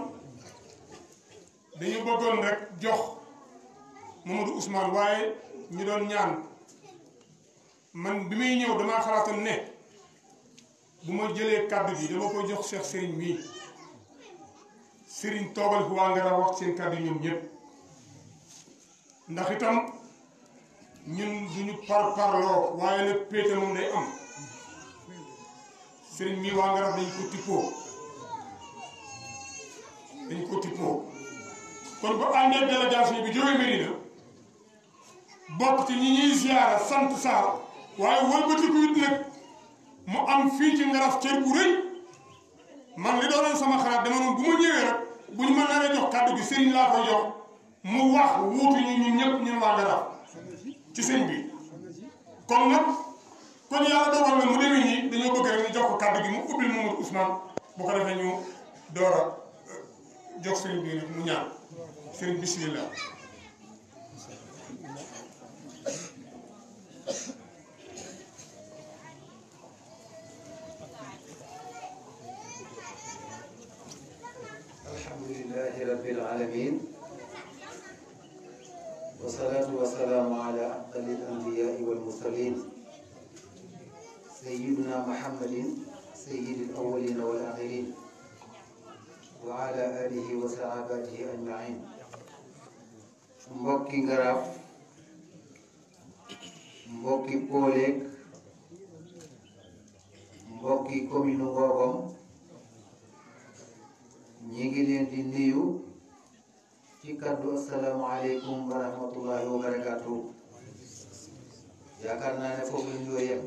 dañu bëggoon rek jox Mamadou Ousmane waaye ñu doon ñaan man bi muy ñëw damaa xalaatoon ne bu ma jëlee kàddu gi dama koy jox Cheikh Serigne mii Serigne toogal fi waa Ngara wax seen kàddu ñun ñëpp ndax itam ñun duñu par parloo waaye nag péete moom day am Serigne mii waa Ngara dañ ko tippoo dañ ko tippoo kon bu àndee délégation bi jógee Medina ci ñi ñuy ziara sant Sarr waaye wëlbatiku it nag. mu am fii ci ngaraf cër bu rëy man li doonoon sama xalaat dama noonu bu ma ñëwee rek bu ñu mën naa jox kàddu bi sëriñ laa koy jox mu wax wuutu ñu ci sëñ bi kon nag kon yàlla dogal na mu demee nii dañoo bëgg rek ñu jox ko kàddu gi mu ubbil Mamadou Ousmane bu ko defee ñu door euh, jox sëriñ bi mu ñaan sëriñ bismillah رب العالمين والصلاة والسلام على أقل الأنبياء والمرسلين سيدنا محمد سيد الأولين والآخرين وعلى آله وصحابته أجمعين مبكي Ngaraaf مبكي بوليك مبكي commune Ngogom ñi ngi leen di nuyu ci kàddu asalaamaaleykum wa rahmatullahi wa barakaatu yaakaar naa ne foofu la ñu doon yem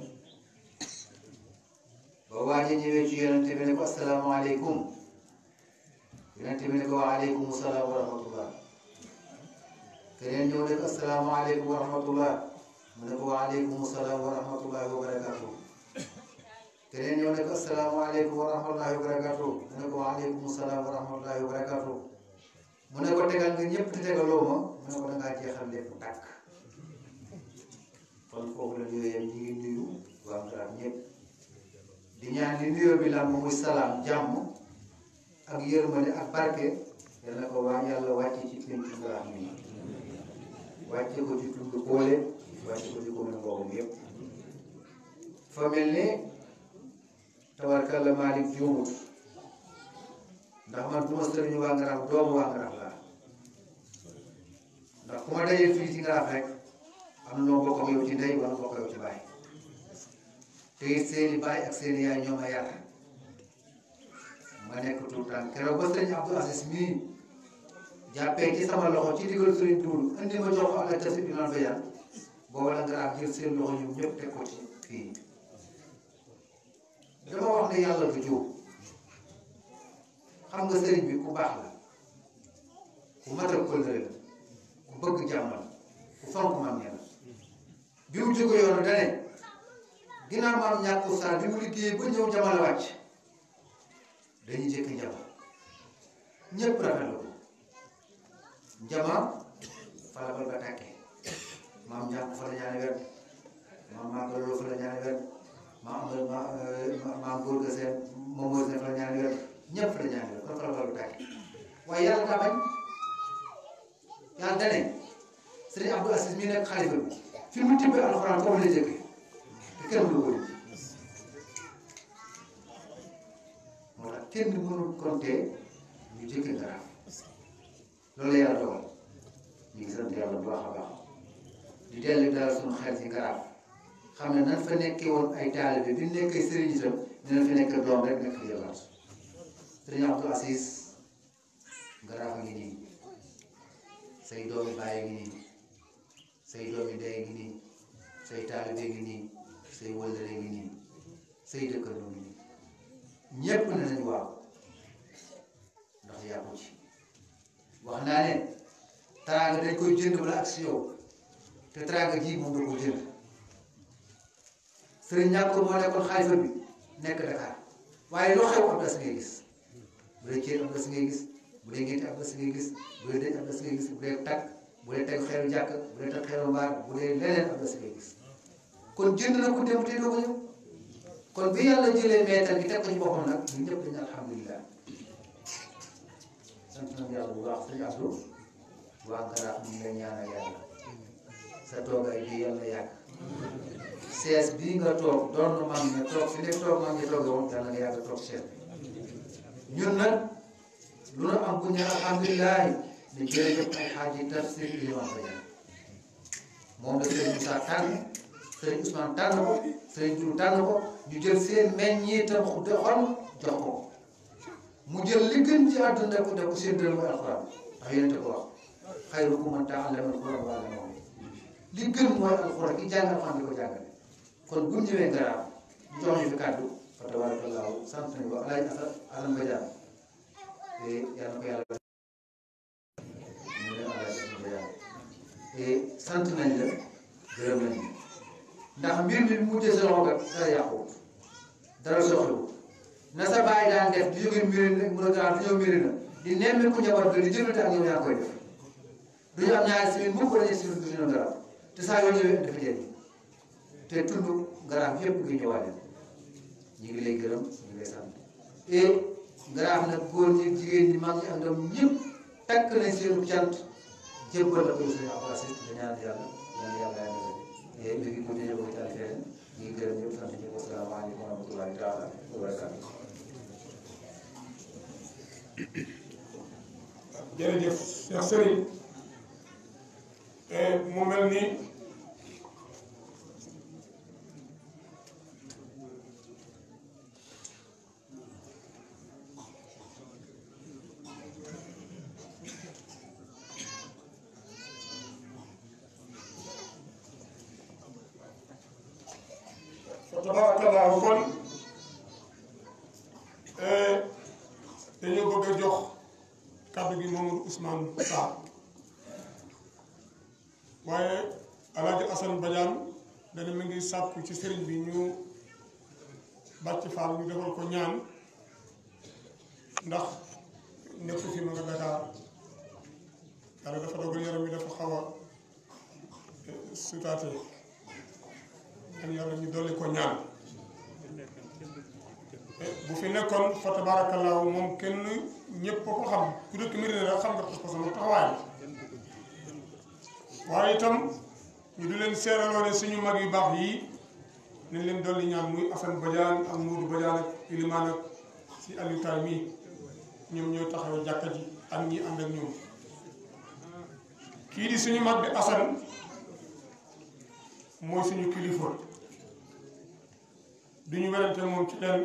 ba waa ji ñëwee ci yonente bi ne ko asalaamaaleykum yonente bi ne ko waaleykum salaam wa rahmatullah keneen ñëw ne ko asalaamaaleykum wa rahmatullah mu ne ko waaleykum salaam wa rahmatullahi wa barakaatu keneen ñëw ne ko asalaamaaleykum wa rahmatullahi wa barakaatu mu ne ko waaleykum salaam wa rahmatullahi wa barakaatu mu ne ko tegal nga ñëpp te tegaloo ma mu ne ko da ngaa jeexal lépp tàkk kon foofu la nuyoo yam ñu ngi nuyu waa Ngaraam ñëpp di ñaan li nuyoo bi la moom muy jàmm ak yërmande ak barke yal na ko waa yàlla wàcce ci penku Ngaraam mi wàcce ko ci tund boole wàcce ko ci commune boobu yëpp fa mel ne tawarkalla Malick Diouf ndax man du ma sëriñu waa Ngaraaf doomu waa Ngaraaf laa ndax ku ma dajee fii ci Ngaraaf rek am noo bokk yow ci ndey wala bokk yow ci baay te seeni baay ak seeni yaay ñoo nekk tuur tànk sama loxo ci digal sëriñ Tuur indi ma jox ko àll ca si dinañ ba yan booba la Ngaraaf jël loxo ñoom ñëpp teg ci fii dama wax ne yàlla du jóg. xam nga sëriñ bi ku baax la ku mat a kóllëre la ku bëgg jàmm la ku fonk maam la bi mu jóge yoonu dane ginnaaw maam ñàkk saa bi mu liggéeyee ba ñëw jamal wàcc dañuy jëkk njama ñépp rafetlu ko njama fa la bal ba maam ñàkk fa la ñaani maam maam maam ga seen moom mooy seen fa la ñaani ñëpp la ñaanal waaye yàlla daa bañ yàlla da ne sëriñ Abdou Aziz mi nekk xalifa bi fi mu tibbee alxuraan foofu la jëkkee te kenn mënu ko moo tax kenn mënul compter ñu la yàlla dogal ñu ngi bu baax a baax di dellu dara suñu xel xam ne nan fa nekkee woon ay taalibe bi ñu nekkee sëriñ itam dina fa nekk doom rek nekk jëlaat Sering waktu asis gerak gini. Saya domi bayi gini. Saya domi day gini. Saya talibe gini. Saya woldere gini. Saya dekat gini. ñëpp nañu waaw ndax yaa ko ci wax naa ne teraanga dañ koy jënd wala ak si yow te teraanga ji moom da ko jënd sëriñ ñàkk ko moo nekkoon xalifa bi nekk Dakar waaye loo xew am das ngay gis Budak am na si ngay gis bu dee ngénte am na si ngay gis bu dee denc am na si ngay gis bu dee takk bu dee teg xeeru jàkk bu dee teg xeeru mbaar bu dee leneen am na si ngay gis kon jënd na ko dem te doo ko ñëw kon bi yàlla jëlee meetar bi teg ko ci boppam nag ñun ñëpp dañu alhamdulilah sant nañu yàlla bu baax sëñ Abdou waa Ngaraaf ñu ngi lay ñaanal yàlla sa toogaay bi yàlla yàgg sees bii nga toog doon na mag ña toog fi nekk toog mag ña toogee woon yàlla nga yàgg toog sees bi ñun nag lu nu am ku ñu alhamdulilah ne jërëjëf ay xaaji tafsir yi wax ba moom la sëriñ Moussa tànn sëriñ Ousmane tànn ko sëriñ Diouf tànn ko ñu jël seen meññeetam ku doxoon jox ko mu jël li gën ci àdduna ko def ko seen dërëm mooy alxuraan ndax yéen ko wax xayrukum man ta'allama alxuraan wa 'allamahu li ko kon bu ñu ñëwee ngaraam ñu jox ñu fi kàddu fa tabaarakallaahu sant nañ sant la gërëm nañ ndax mbir mi mu mujjee sa loxo kat dara dara soxlu na sa bàyyi daan def di jógee mbiri mun a ah, gaal di ñëw mbiri na di nemmi ku njaboot bi di jënd ak ñoom ñaar koy def du ñu am ñaari semaine mukk wala ñetti du ñu am dara te saa yoo ñëwee dafa jëriñ te tund garaaf yëpp ngi ñëwaale ñu ngi lay gërëm ñu lay sant te nga xam ne góor ñi jigéen ñi mag ñi ak ndam ñëpp takk nañ seenu la ko yi nga ñaan yàlla yaa ngi lay def te ñu ngi ko tànn feneen ñu ngi gërëm ñëpp sant ñëpp asalaamaaleykum wa rahmatullahi taala wa barakaatu. jërëjëf Cheikh eh, mu mel ni. tabarakallahu eh, kon dañoo bëgg a jox kàddu gi Mamadou Ousmane Sarr waaye Alaaji Assane Badiane dana mi ngi sàkku ci sëriñ bi ñu bàcc faal ñu defal ko ñaan ndax nekk fi ma nga Dakar yàlla dafa dogal yaram bi dafa xaw a eh, sutaate yàlla ñu dolli ko ñaan bu fi nekkoon fa tabaarakallaahu moom kenn ñëpp ko xam ku dëkk Medina rek xam nga pas-pasam ak taxawaayam waaye itam ñu di leen seeraloo ne suñu mag yu baax yii nañ leen dolli ñaan muy Assane Badiane ak Mourou Badiane ak Ilimane ak si Aliou Taal mii ñoom ñoo taxaw jàkka ji ak ñi ànd ak ñoom kii di suñu mag bi Assane mooy suñu kilifa duñu werante moom ci lenn.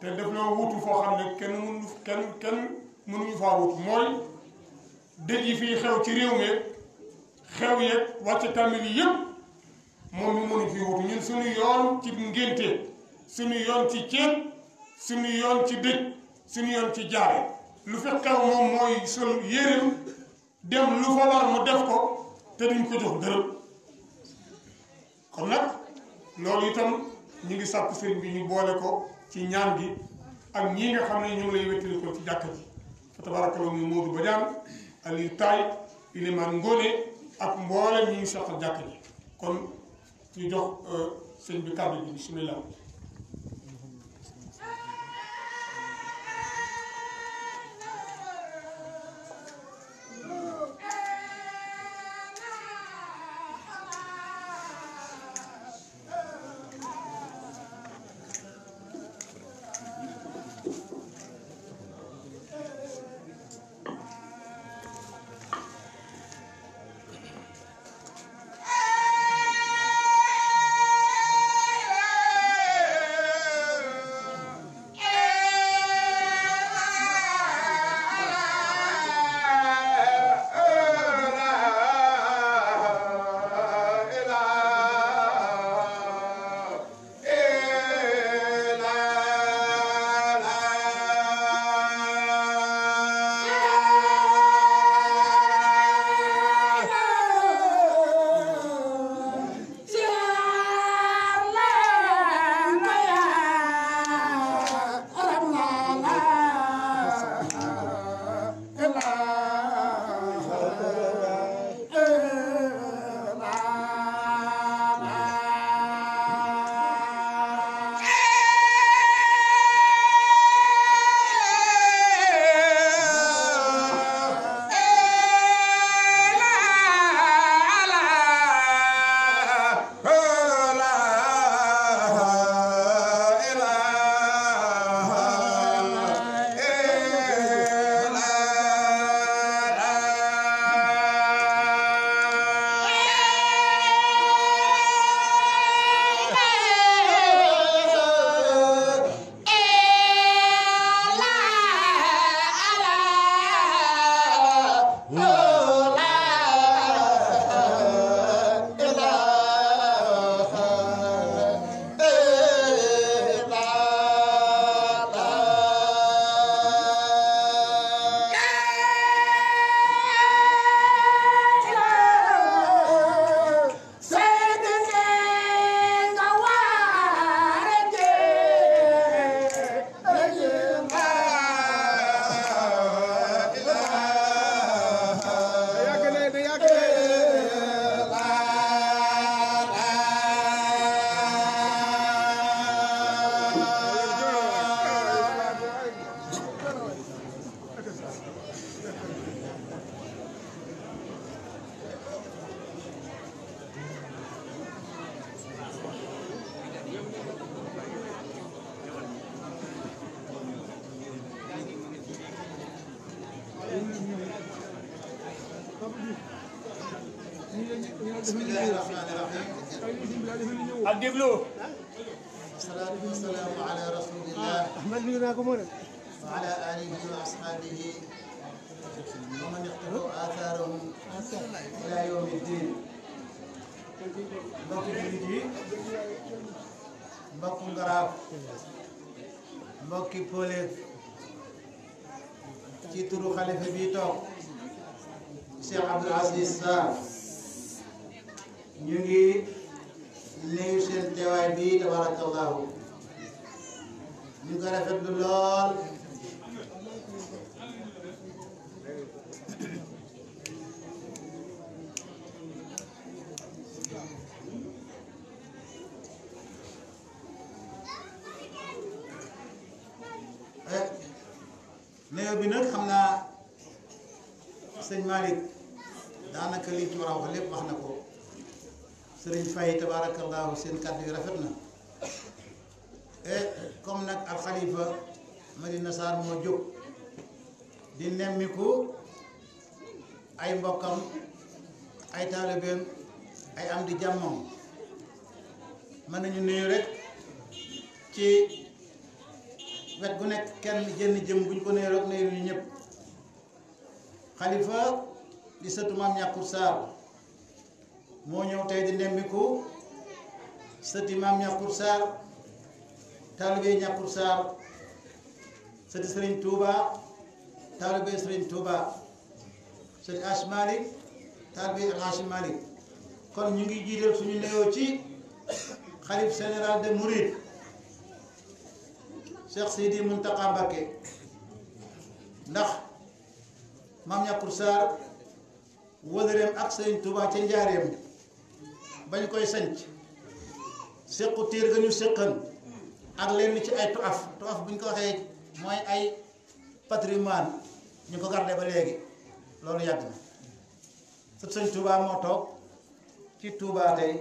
te def noo wutu foo xam ne kenn mënu kenn kenn mënuñu faa wut mooy dëj yi fii xew ci réew mi xew yeeg wàcc tamit yëpp moom ñu mënu fii wut ñun suñu yoon ci ngénte suñu yoon ci ceeb suñu yoon ci dëj suñu yoon ci jaare lu fi xew moom mooy sol yéreem dem lu fa war mu def ko te duñ ko jox dërëm kon nag loolu itam ñu ngi sàpp sëriñ bi ñu boole ko ci ñaan gi ak ñii nga xam ne ñoom lay wettali ko ci jàkk ji fa tabarakallahu muy Modou Badiane Aliou Taye Ilimane Ngone ak mboolem ñi ngi soxal jàkk ji kon ci jox euh, sëñ bi kàddu bi bismillah bi nag xam naa sëñ Malick daanaka liñ ci war lépp wax na ko sëriñ Faye tabaarakallaahu seen kàddu yi rafet na et eh, comme nag ab xalifa Madina Sarr moo jóg di nemmiku ay mbokkam ay taalibeem ay am di jàmmam mën nañu nuyu rek ci. wet bu nekk kenn jënn jëm buñ ko nee rek neeru ñu ñëpp xalifa di sëtu maam ñàkkur saar moo ñëw tey di ndemmiku sëti maam ñàkkur saar taalibey ñàkkur saar sëti sëriñ Touba taalibey sëriñ Touba sëti Ash Malik taalibey kon ñu ngi jiital suñu nuyoo ci xalif général de Mouride Cheikh Sidi Mountakha Mbacké ndax maam ñàkkul saar wëlëreem ak Sëriñ Tuubaa ca njaareem bañ koy sanc séqu tiir ga ñu séqan ak lenn ci ay tuaf tuaf bu ñu ko waxee mooy ay patrimoine ñu ko garde ba léegi loolu yàgg na sëtu Sëriñ Tuubaa moo toog ci Tuubaa tey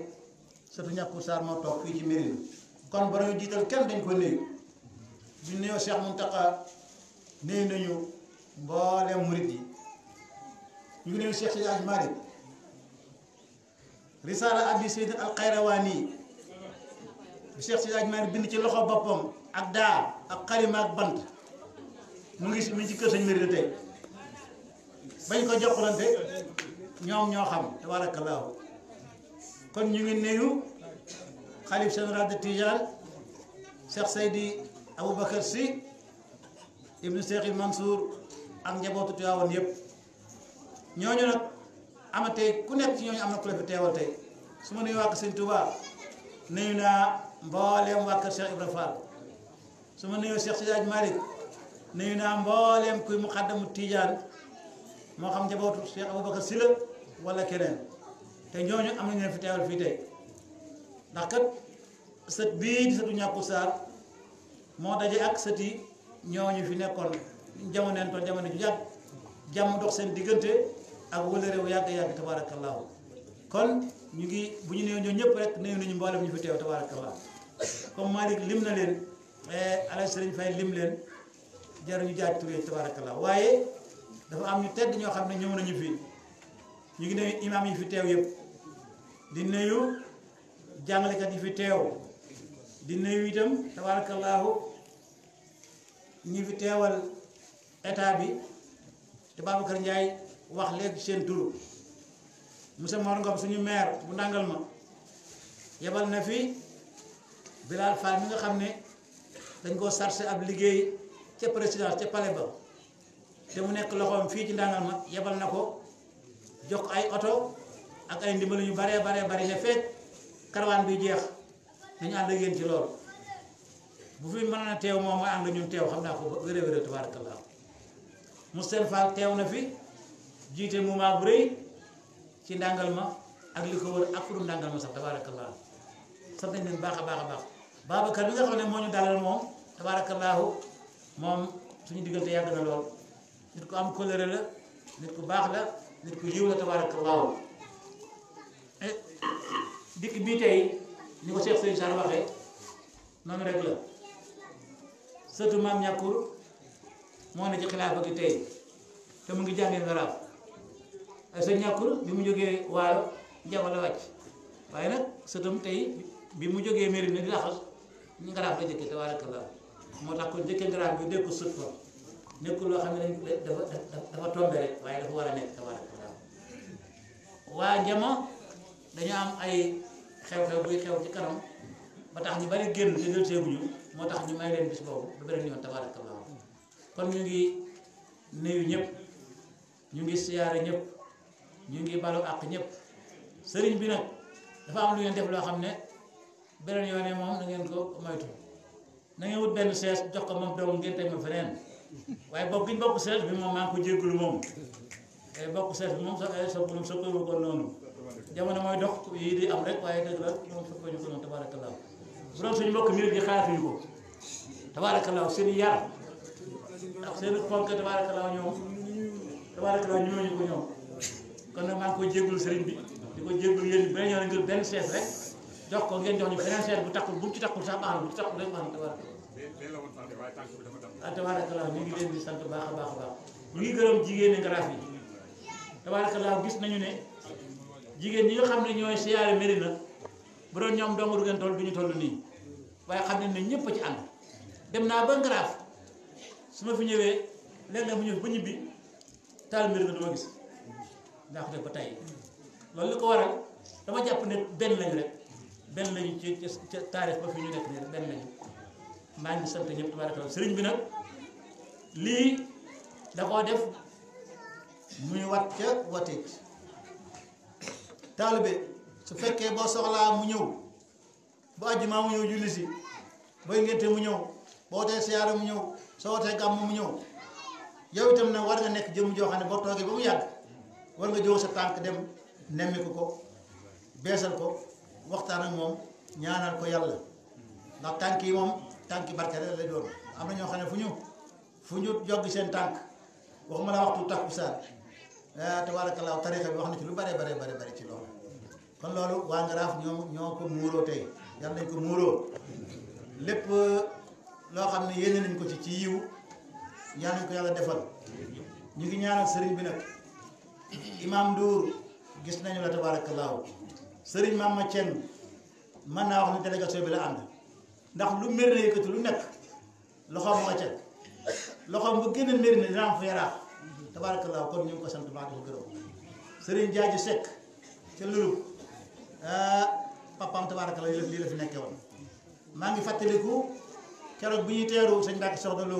sëtu ñàkkul saar moo toog fii ci Mérina kon ba ñu jiital kenn dañ ko néeg du nuyoo Cheikh Mountakha nuyu nañu mboolem murit yi ñu ngi nuyu Cheikh Seydi Aj Malick risaala abi Seydi al Xayrawaani bi Cheikh Seydi Aj bind ci loxo boppam ak daa ak xalima ak bant mu ngi mu ngi ci ko ñoo kon ñu xalif général de Tijaan Cheikh Abu Bakar si ibnu Cheikh Mansur ak njabotu Tiwaawan yeb ñooñu nak amate ku nekk ci ñooñu amna na ku la fi teewal tey su ma nuyu waa Kër Touba nuyu na mbolem waa Cheikh Ibrahim Fall suma ma nuyoo Cheikh Sidaaj Malik nuyu na mbolem kuy muqaddamu Tijaan mo xam njabotu Cheikh Abu Bakar la wala keneen te ñooñu amna ñu fi teewal fi tay ndax kat sët di sëtu ñàkku moo daje ak sët ñoo ñu fi nekkoon jamoneen toon jamono ju yàgg jàmm dox seen diggante ak wala réew yàgg-yàgg tabaarakallaahu kon ñu ngi bu ñu néew ñoo ñëpp rek néew nañu mboolem ñu fi teew tabaarakallaahu comme Malick lim na leen eh, Alaaji Sëriñ Fay lim leen jar ñu jaaj turee tabaarakallaahu waaye dafa am ñu tedd ñoo xam ne ñëw nañu fi ñu ngi nuyu imaam yi fi teew yëpp di nuyu jàngalekat yi fi teew di nuyu itam tabaarakallaahu ñi fi teewal état bi te Babacar Ndiaye wax léegi seen turu mu Mor Ngom suñu maire bu ndàngal ma yebal na fi Bilal Fall mi nga xam ne dañ koo sarse ab liggéey ca présidence ca palais ba te mu nekk loxoom fii ci ndàngal ma yebal na ko jox ay oto ak ay ndimbal yu baree baree bari ne feet karawaan bi jeex nañu ànd ak yéen ci loolu bu fi mën na teew moom nga ànd ñun teew xam naa ko wéré wéré tabarakallah Moustapha Fall teew na fi jiite moment bu rëy ci ndàngal ma ak li ko wër ak fu du ndàngal ma sax tabarakallah sant nañ leen baax a baax a baax Babacar bi nga xam ne moo ñu dalal moom tabarakallahu moom suñu diggante yàgg na lool nit ku am colère la nit ku baax la nit ku yiw la tabarakallahu eh, dikk bii tey ni ko Cheikh Sëñ Sarr waxee noonu rek la surtout maam ñàkkur moo ne ci xilaafa gi tey te mu ngi jàngee ngaraaf ak sa ñàkkur bi mu jógee waalo jago la wàcc waaye nag sëtam tey bi mu jógee mairie di laxas ñu ngaraaf la jëkkee te waa rekk la moo tax kon jëkkee ngaraaf bi dégg sët ko nekkul loo xam ne dafa dafa tombe rek waaye dafa war a nekk te waa rekk la waa njama dañu am ay xew-xew buy xew ci kanam ba tax ñu bari génn te dal seeguñu moo tax ñu may leen bis boobu ba beneen yoon tabarakallah kon ñu ngi nuyu ñëpp ñu ngi siyaare ñëpp ñu ngi balu àq ñépp sëriñ bi nag dafa am lu ngeen def loo xam ne beneen yoon yoone moom na ngeen ko moytu na wut benn sees jox ko moom doomu ngeen teg ma feneen waaye bokk gi bokk sees bi moom maa ngi ko jéggalu moom bokk sees bi moom sa sa borom soppeeku ko noonu jamono mooy dox yi di am rek waaye dëgg la ñoom fekkoon ñu ko noonu tabaarakallaahu bu doon suñu mbokk miir gi xaatuñu ko tabaarakallaahu seen yar ak seen fonk tabaarakallaahu ñoom tabaarakallaahu ñu ñu ko ñoom kon maa ngi koy jégalu sëriñ bi di ko jégalu yéen ba ñoo ngir benn seet rek jox ko ngeen jox ñu beneen seet bu takkul bu ci takkul sax baax na bu ci takkul rek baax na tabaarakallaahu tabaarakallaahu ñu ngi leen sant baax a baax a baax ñu ngi gërëm jigéen ñi yi tabaarakallaahu gis nañu ne jigéen ñi nga xam ne ñooy siyaare Medina bu doon ñoom dong du ngeen toll du ñu toll nii waaye xam ne ñëpp a ci ànd dem naa ba Ngaraaf su ma fi ñëwee léeg-léeg mu ñëw ba ñibbi taal Medina du ma gis ndax def ba tey loolu li ko waral dama jàpp ne benn lañu rek benn lañu ci ca taarix ba fi ñu nekk nii rek benn lañu maa ngi sant ñëpp tabaaraka sëriñ bi nag lii da koo def muy wat ca wateeg taalibe su fekkee boo soxlaa mu ñëw bu àjjumaa mu ñëw julli si booy ngénte mu ñëw boo wootee siyaara mu ñëw soo wootee gàmm mu ñëw yow itam ne war nga nekk jëm joo xam ne boo toogee ba mu yàgg war nga jóg sa tànk dem nemmiku ko beesal ko waxtaan ak moom ñaanal ko yàlla ndax tànk yi moom tànki yi barke rek lay doon am na ñoo xam ne fu ñu fu ñu joggi seen tànk wax waxuma la waxtu takkusaan eh, tabaarakallah tarixa bi wax na ci lu bare bare bare bare ci loolu kon loolu waa Ngaraaf ñoom ñoo ko muuroo tey yal nañ ko muuroo lépp euh, loo xam ne yéene nañ ko ci ci yiw ñaan nañ ko yàlla defal ñu ngi ñaanal sëriñ bi nag imaam Ndour gis nañu la tabaarakallaahu sëriñ maam ma Ceen mën naa wax ne délégation bi la ànd ndax lu méri lu nekk loxoom ma loxoom bu gën a méri na dina am fa yaraax tabaarakallaahu kon ñu ngi ko sant baax di ko gërëm sëriñ Jaaji Sekk ca Lulu Euh, papaam tabaaraka la lii la fi nekkee woon maa ngi fàttaliku keroog bu ñuy teeru sëñ Mbàkke Soxna Lo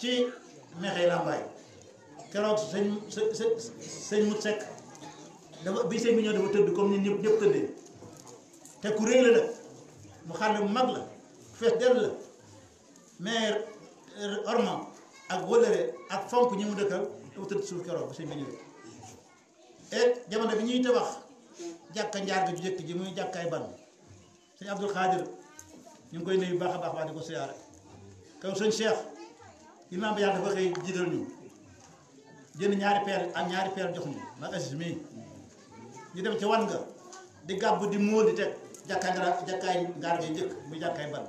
ci mexey Lambaay keroog sëñ sëñ sëñ Mut Sekk dafa bi sëñ bi tëdd comme nii ñëpp ñëpp tëddee te ku rëy la mu xam ne mu mag la fees dell la mais er, orma ak wëllëre ak fonk ñi mu dëkkal dafa tëdd suuf keroog bu sëñ bi ñëwee et bi ñuy tabax jàkka njaar bi ju jëkk ji muy jàkkaay ban sëñ Abdul Xaadir ñu ngi koy nuyu baax a baax waa di ko siyaare kaw sëñ Cheikh imaam bi yàlla dafa xëy jiital ñu jënd ñaari per ak ñaari peer jox mi ma assis mii ñu dem ci wan nga di gàbb di móol di teg jàkkaay nga jàkkaay ngaar bi njëkk muy jàkkaay ban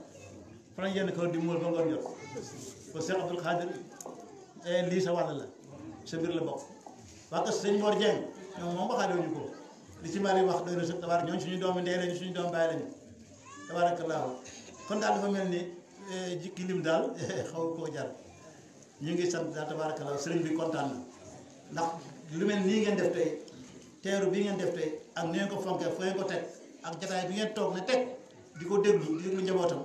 fan yenn kaw di móol ba ngoon jot ba sëñ Abdul Xaadir eh, lii sa wàll la sa mbir la bokk waa kër sëñ Mor Dieng ñoom moom waxaale ñu ko li ci yi wax doy na sëkk tabarak ñooñu suñu doomi ndey lañu suñu doom bàyyi lañu kon daal dafa mel ni eh, jikki lim daal xaw koo ngi sant daal bi kontaan na ndax lu mel nii ngeen def tey bi ngeen def tey ak ni ngeen ko fonkee foo bi ngeen toog ne teg di ko déglu di déglu njabootam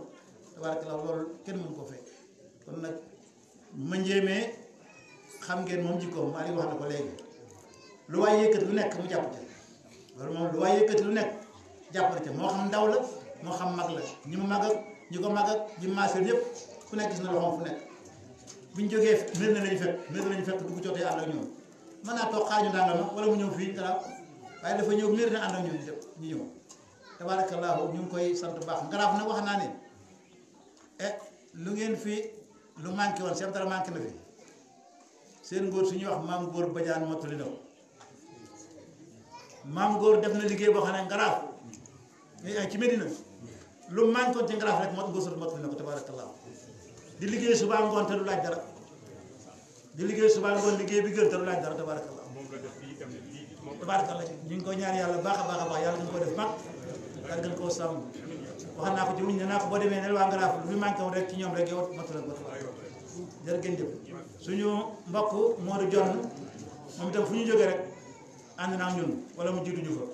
tabarakallahu loolu kenn mënu ko fekk kon nag ma njéemee xam ngeen moom jikkoom maa ngi wax na ko léegi lu waaye yëkkat lu nekk mu jàpp ci loolu moom lu waaye yëkkati lu nekk jàppale ca moo xam ndaw la moo xam mag la ñi mu mag ak ñi ko mag ak ñi maaseel yëpp ku nekk gis na loxoom fu nekk buñ jógee mbir na lañu fekk mbir lañu fekk dugg jotee ma wala mu ñëw fii waaye dafa ñëw mbir na ànd ak ñoom ñu ñu ñëw ngi koy sant baax ngalaaf na wax naa ne eh lu ngeen fii lu manqué woon seen dara manqué na fi seen góor su ñuy wax maam góor bajaan mottali na ko maam góor def na liggéey boo xam ne ngaraaf ci Medina lu mankoon ci ngaraaf rek mot ngóor sot mot na ko tabarakallah di liggéey suba ngoon te du laaj dara di liggéey suba ngoon liggéey bi gën te du laaj dara tabarakallah ñu ngi ko ñaar yàlla baax a baax a baax yàlla gën koo def mag yàlla gën koo sàmm wax naa ko ci muñ ne naa ko boo demee ne waa ngaraaf lu mu manqué woon rek ci ñoom rek yow mot na ko tabarakallah jërë ngeen jëf suñu mbokk Modou Dione moom itam fu ñu jógee rek ànd naa ñun wala mu jiitu ñu fa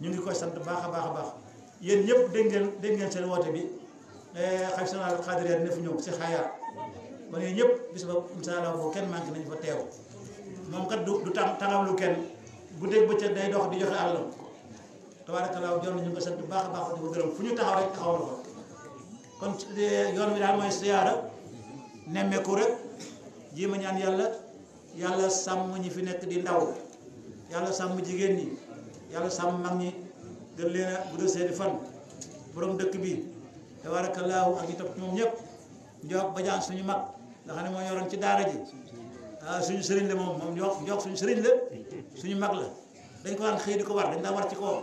ñu ngi koy sant baax a baax a baax yéen ñëpp dégg ngeen dégg seen woote bi xaj sanal xaadiriya dina fi ñëw si xaayaar kon ñëpp bis ba incha kenn manqué nañu fa teew moom kat du du tax taxawlu kenn guddeeg bëccëg day dox di joxe àllam tabaarakallaa jox nañu ko sant bu baax baax di ko gërëm fu ñu taxaw rek taxawal ko kon eh, yoon wi daal mooy siyaara nemmeeku rek jéem a ñaan yàlla yàlla sàmm ñi fi nekk di ndaw. yàlla sàmm jigéen ñi yàlla sàmm mag ñi gën leen a guddal seeni fan borom dëkk bi tabaarakallaahu ak ñi topp ñoom ñëpp njox bajaan suñu mag nga xam ne moo ñoroon ci daara ji ah suñu sëriñ la moom moom njox njox suñu sëriñ la suñu mag la dañ ko daan xëy di ko war dañ daan war ci kaw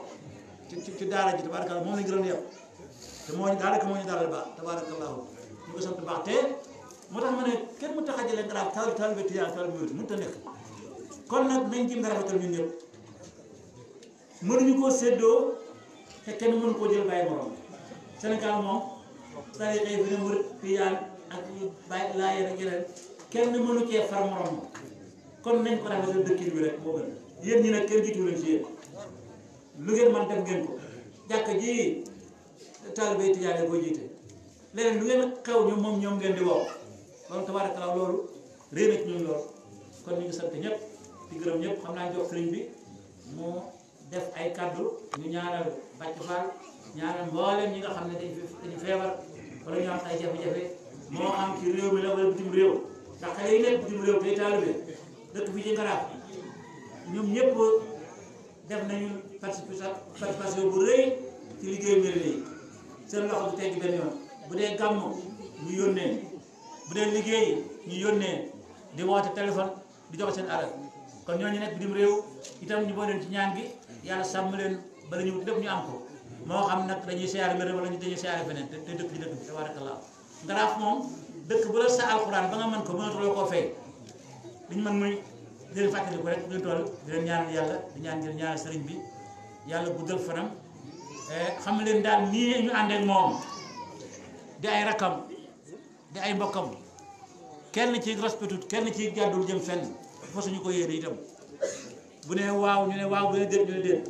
ci daara ji tabaarakallaahu moom lañ gënoon yëpp te moo ñu daanaka moo ñu dalal baax tabaarakallaahu ñu ko sant baax te moo tax ma ne kenn mu tax a jëlee ngaraab taal kon nag nañ ci rafetal ñun ñëpp mënuñu koo séddoo kenn mënu koo jël bàyyi morom Sénégal moom tarixa yi fi ne murit tijaan ak bàyyi laa yéen yeneen kenn mënu cee far morom kon nañ ko rafetal dëkkin bi rek moo gën yéen ñi nag kenn jiitu leen ci yéen lu ngeen man def ngeen ko jàkk ji taalibe tijaan yi koy jiite leneen lu ngeen xew ñu moom ñoom ngeen di wow loolu tabaaraka loolu réer na ci ñun loolu kon ñu ngi sant di gërëm ñëpp xam naa jox sëriñ bi mu def ay kaddu ñu ñaanal bàcc faal ñaanal mboolem ñi nga xam ne dañu dañu feebar wala ñu am ay jafe-jafe moo am ci réew mi la wala bitim réew ndax xale yi nekk bitim réew day taalibe dëkk bi ci Ngaraaf ñoom ñëpp def nañu participation bu rëy ci liggéey mairie yi seen loxo bu teg benn yoon bu dee gàmmu ñu yónnee bu dee liggéey ñu yónnee di woote téléphone di jox seen alal kon ñu nek bitim rew itam ñu boo leen ci ñaan gi yalla sam leen ba lañu ñu ñu am ko mo xam nak dañuy siyaare mbir wala ñu dañuy siyaare fenen te dëkk ci dëkk bi tabarakallah ngaraaf moom dëkk bu la sa alquran ba nga man ko mënatuloo ko fay liñ man muy di leen fàttali ko rek ñu toll di leen ñaan yalla di ñaan di leen ñaanal sëriñ bi yàlla guddal fanam eh, xam leen daal ni ñu ande ak mom di ay rakam di ay mbokam kenn ci respectut kenn ci gàddul jëm fenn fasuñu ko yéene itam bu ne waaw ñu ne waaw bu ne déet ñu ne déet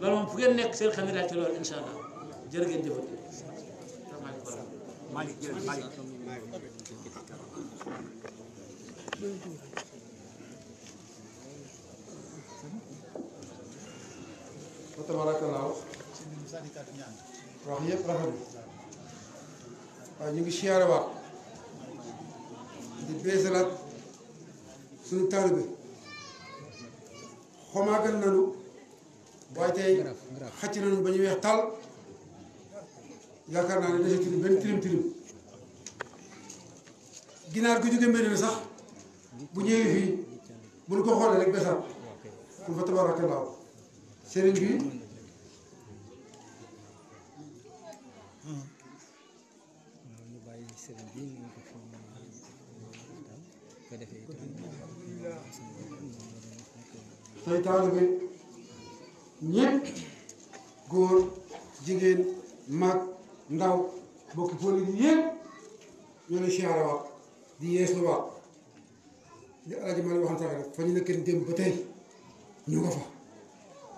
loolu fu ngeen nek seen xel mi ci loolu inshallah allah jërë ngeen jëfati Malik jërëjëf Malik wa tabarakallahu wax yëpp di suñu taalibe xomaagal nañu waaye tey xacc nañu ba ñuy weex taal yaakaar naa ne desetul benn tilim tilim ginaar gu jóge mbir sax bu ñëwee fii bu ñu ko xoolee rek besam pour fa tabaarakallaahu sëriñ bi tey taalibe ñëpp góor jigéen mag ndaw bokki poli bi yëpp ñoo lay siyaare waat di yees lu waat li Alaaji Maalik waxoon sax rek fa ñu nekkee démb ba ñu nga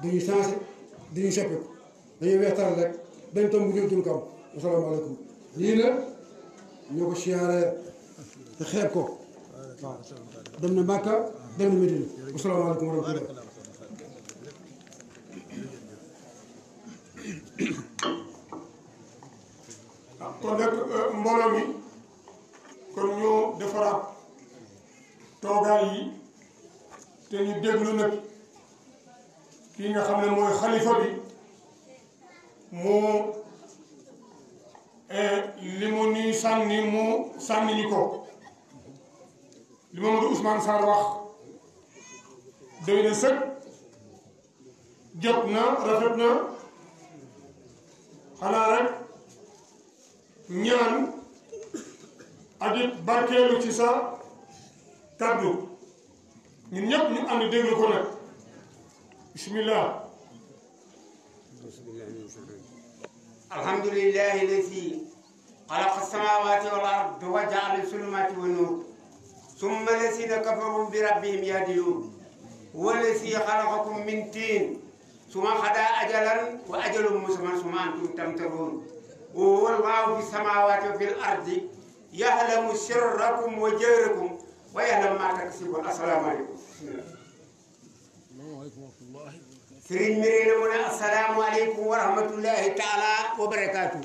duñu changé duñu soppeeku dañuy weextaan rek dañ tam bu dul kaw asalaamaaleykum lii la ñoo ko siyaare te ko waaw dem na Màkka dem na Medina asalaamaaleykum kon euh, mbooloo mi kon ñoo defaraat toogaay yi te ñu déglu nag kii nga xam ne mooy xalifa bi moo eh, li mu nuy sànni mu sànni ñu ko li Mamadou Ousmane Sarr wax doy na sëg jot na rafet na xanaa rek ñaanu ak it barkeelu ci sa kaddu ñun ñëpp ñu ànd déglu ko nag bismillah الحمد لله الذي خلق السماوات والأرض وجعل الظلمات والنور ثم الذين كفروا بربهم يهديون هو الذي خلقكم من تين ثم قضى أجلا وأجل مسمى ثم أنتم تمترون وهو الله في السماوات وفي الأرض يعلم سركم وجهركم ويعلم ما تكسبون السلام عليكم سرين مرينا من السلام عليكم ورحمة الله تعالى وبركاته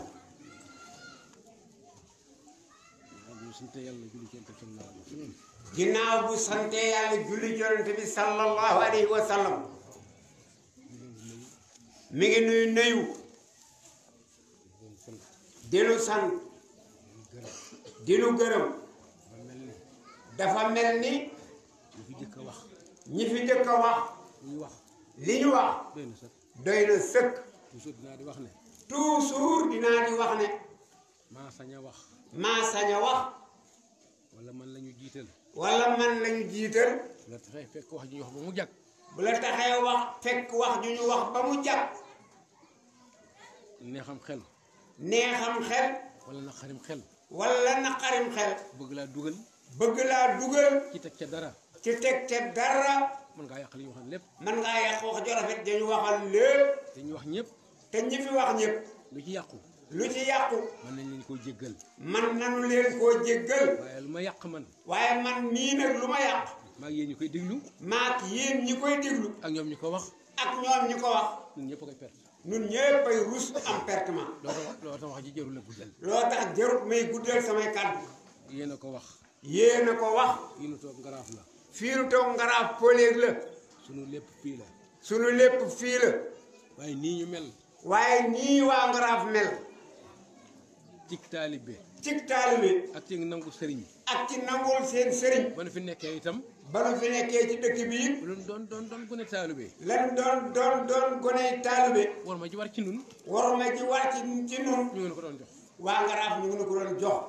ginnaaw bu sante yàlla julli jonante bi sallallahu alayhi wa sallam mi ngi nuyu nuyu dinu sant dinu gërëm dafa mel ni ñi fi jëkk a wax ñi wax li ñu toujours dinaa di wax ne toujours dinaa di wax ne maa wax wala man lañu jiital wala man lañu jiital la taxee fekk wax ñu wax ba mu wax fekk wax ñu wax ba mu xel neexam xel. wala naqarim xel. wala naqarim xel. bëgg laa dugal. bëgg laa dugal. ci teg ca dara. ci teg ca dara. mën ngaa yàq li ñu waxal lépp. mën ngaa yàq wax ju rafet dañu waxal lépp. te ñu wax ñëpp. te ñi fi wax ñëpp. lu ci yàqu. lu ci yàqu. mën nañ leen koo jéggal. mën nañu leen koo jéggal. waaye lu ma yàq man. waaye man nii nag lu ma yàq. maak yéen ñi koy déglu. maak yéen ñi koy déglu. ak ñoom ñi ko wax. ak ñoom ñi ko wax. ñun ñëpp koy per ñun ñepp ay rus am pertement. lo tax wax ji jarul la guddal. lo tax jarut may guddal samay kaddu yéen ko wax. yéen ko wax. fii nu toog ngaraaf la. fii nu toog ngaraaf poléeg la. suñu lepp fi la. suñu lepp fi la. way ni ñu mel. way ni wa ngaraf mel. tik talibé tik talibé ak ci nangul sëriñ. ak ci nangul seen sëriñ. ba nu fi nekké itam. ba nu fi nekkee ci dëkk bi it. lu doon doon doon gone taalibe. lan doon doon doon gone taalibe. war ma ji war ci nun war ma ji war ci ci nun ñu ngi ko doon jox. waa Ngaraaf ñu ngi ko doon jox.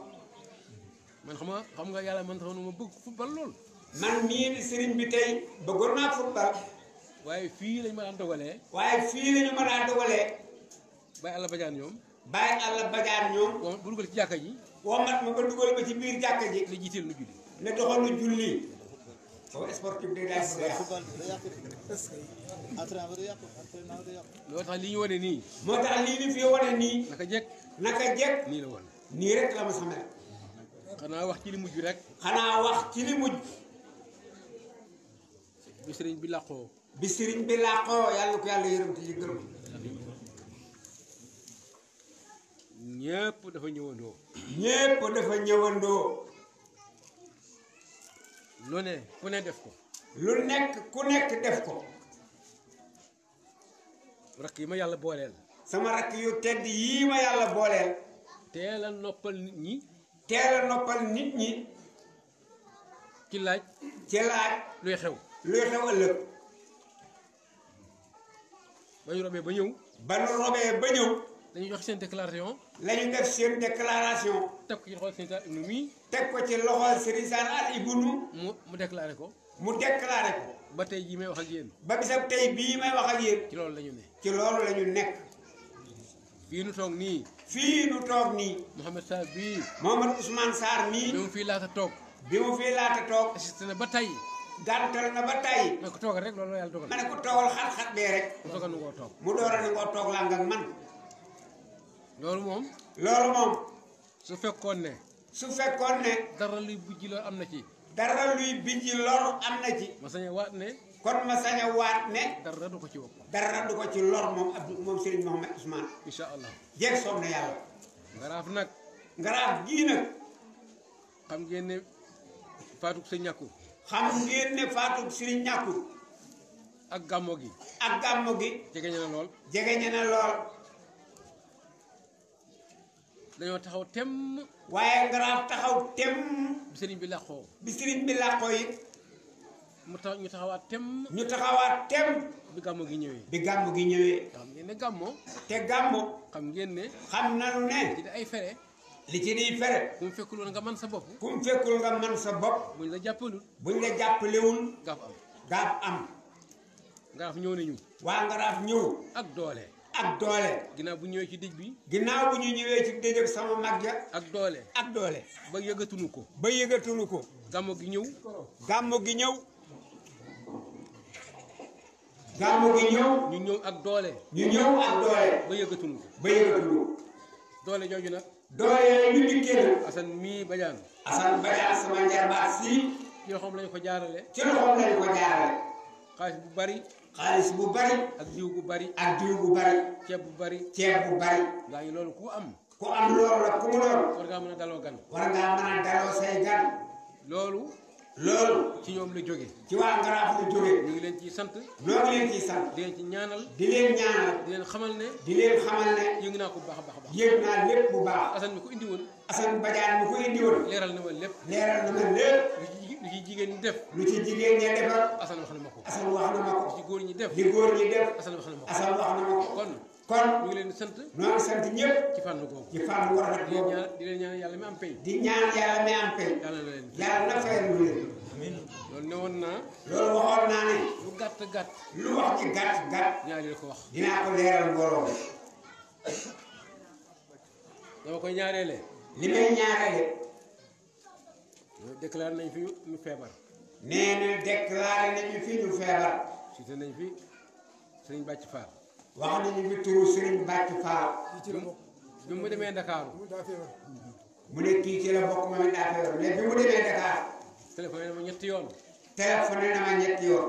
man xam nga xam nga yàlla man taxoon ma bëgg football lool. man mii sëriñ bi tey bëggoon naa football. waaye fii lañu ma daan dogalee. waaye fii lañu ma daan dogalee. bàyyi àll bajaan ñoom. bàyyi àll bajaan ñoom. waaw bu dugal ci jàkka ji. woo mat ma ba dugal ba ci biir jàkka ji. na jiiteel nu julli. na doxal nu هو سبورتيف دي داس tax li ñu wane nii. moo tax lii li fi wane nii. naka jekk naka jekk. nii la woon nii rek la ma xamee. xanaa wax ci li mujj rek. xanaa wax ci li mujj. bi sëriñ bi làqoo. bi sëriñ bi ko dafa dafa lu ne ku ne def ko. lu nekk ku nekk def ko. rakk yi ma yàlla booleel. sama rakk yu tedd yii ma yàlla booleel. teel a noppal nit ñi. teel a noppal nit ñi. ci laaj. ci laaj. luy xew. luy xew ëllëg. ba ñu robee ba ñëw. ba ñu robee ba ñëw. dañuy jox seen déclaration. la ñu def seen déclaration. teg ko ci loxol Serigne Sall ibnu mii. teg ko ci loxol Serigne Sall mu mu déclaré ko. mu déclaré ko. ba tey jii may wax ak yéen. ba bisab tey bii may wax ak yéen. ci loolu lañu ñu ne. ci loolu nekk. fii nu toog nii. fii nu toog nii. Mouhamed Sarr bii. Mouhamed Ousmane Sarr mii. bi mu fii laata toog. bi mu fii laata toog. assisté na ba tey. gàttal na ba tey. ma ne ko toogal rek loolu la yàlla dogal. ma ne ko toogal xat-xat bee rek. mu doora nu ngoo toog. mu doora nu ngoo toog làng ak man. loolu moom. loolu moom. su fekkone ne. su fekkone ne. dara luy bijji lor amna ci. dara luy bijji lor amna ci. ma saña wat ne. kon ma saña wat ne. dara du ko ci wopp. dara du ko ci lor mom Abdou moom Serigne mohammed Ousmane. incha allah jeeg soob na yalla ngaraf nak ngaraf gi nak xam ngeen ne Fatou serigne ñàkku. xam ngeen ne Fatou serigne ñàkku. ak gamogi ak gamogi gi. na lol na dañoo taxaw temm. waaye Ngaraaf taxaw temm. bi sëriñ bi làqoo. bi sëriñ bi làqoo yi. mu tax ñu taxawaat temm. ñu taxawaat temm. bi gàmmu gi ñëwee. bi gàmmu gi ñëwee. xam ngeen ne gàmmu. te gàmmu. xam ngeen ne. xam nanu ne. li ci ay fere. li ci di fere. ku mu fekkul woon nga man sa bopp. ku mu fekkul nga man sa bopp. buñ la jàppalul. buñ la jàppalewul. gaaf am gaaf am. Ngaraaf ñëw nañu. waa Ngaraaf ñëw. ak doole. ak doole. ginnaaw bu ñëwee ci dij bi. ginnaaw bu ñu ñëwee ci dij ak sama mag ja. ak doole. ak doole. ba yëgatunu ko. ba yëgatunu ko. gàmmu gi ñëw. gàmmu gi ñëw. gàmmu gi ñu ñëw ak doole. ñu ñëw ak doole. ba yëgatunu ko. ba yëgatunu ko. nag. doole yooyu ñu dikkee nag. Assane mii Badiane. Assane Badiane sama njaboot sii. ci loxoom lañ ko jaarale. ci loxoom lañ ko jaarale. xaalis bu bari. xaalis bu bari. ak jiw bu bari. ak diw bu bari. ceeb bu bari. ceeb bu bari. nga yi loolu ku am. ku am loolu la ku mu loolu. war ngaa mën a daloo gan. war ngaa mën a daloo say gan. loolu. loolu ci ñoom la jóge ci waa Ngaraaf la jóge ñu ngi leen ciy sant ñoo ngi leen ciy di leen ci ñaanal di leen ñaanal di leen xamal ne di leen xamal ne yëngu naa ko baax baax a baax yëngu bu baax Assane mi ko indi woon Assane Badiane mi ko indi leeral na ma lépp leeral na ma lépp lu ci jigéen ñi def lu ci jigéen ñi defal asan wax na ma ko asan wax na ma ko ci góor ñi def li góor ñi ma ko asan wax na ma ko kon kon ñu ngi leen di sant ñoo ngi sant ñëpp ci fànn googu na di ñaan di leen ñaan yàlla mi am pay di ñaan yàlla mi am yàlla na leen yàlla na fayal ñu leen loolu ne woon naa loolu waxoon naa ne lu gàtt gàtt lu wax ci gàtt gàtt dinaa leen ko wax dinaa ko leeral mbooloo dama koy ñaareele li may ñaareele déclaré nañ fi ñu feebar. nee na déclaré nañu fi ñu feebar. cité nañ fi Serigne Bàcc Fall. wax nañu fi turu Serigne Bàcc Fall. bi mu demee Dakar. mu ne kii ci la bokk moom it daa feebar mais bi mu demee ndakaaru téléphoné na ma ñetti yoon. téléphoné na ma ñetti yoon.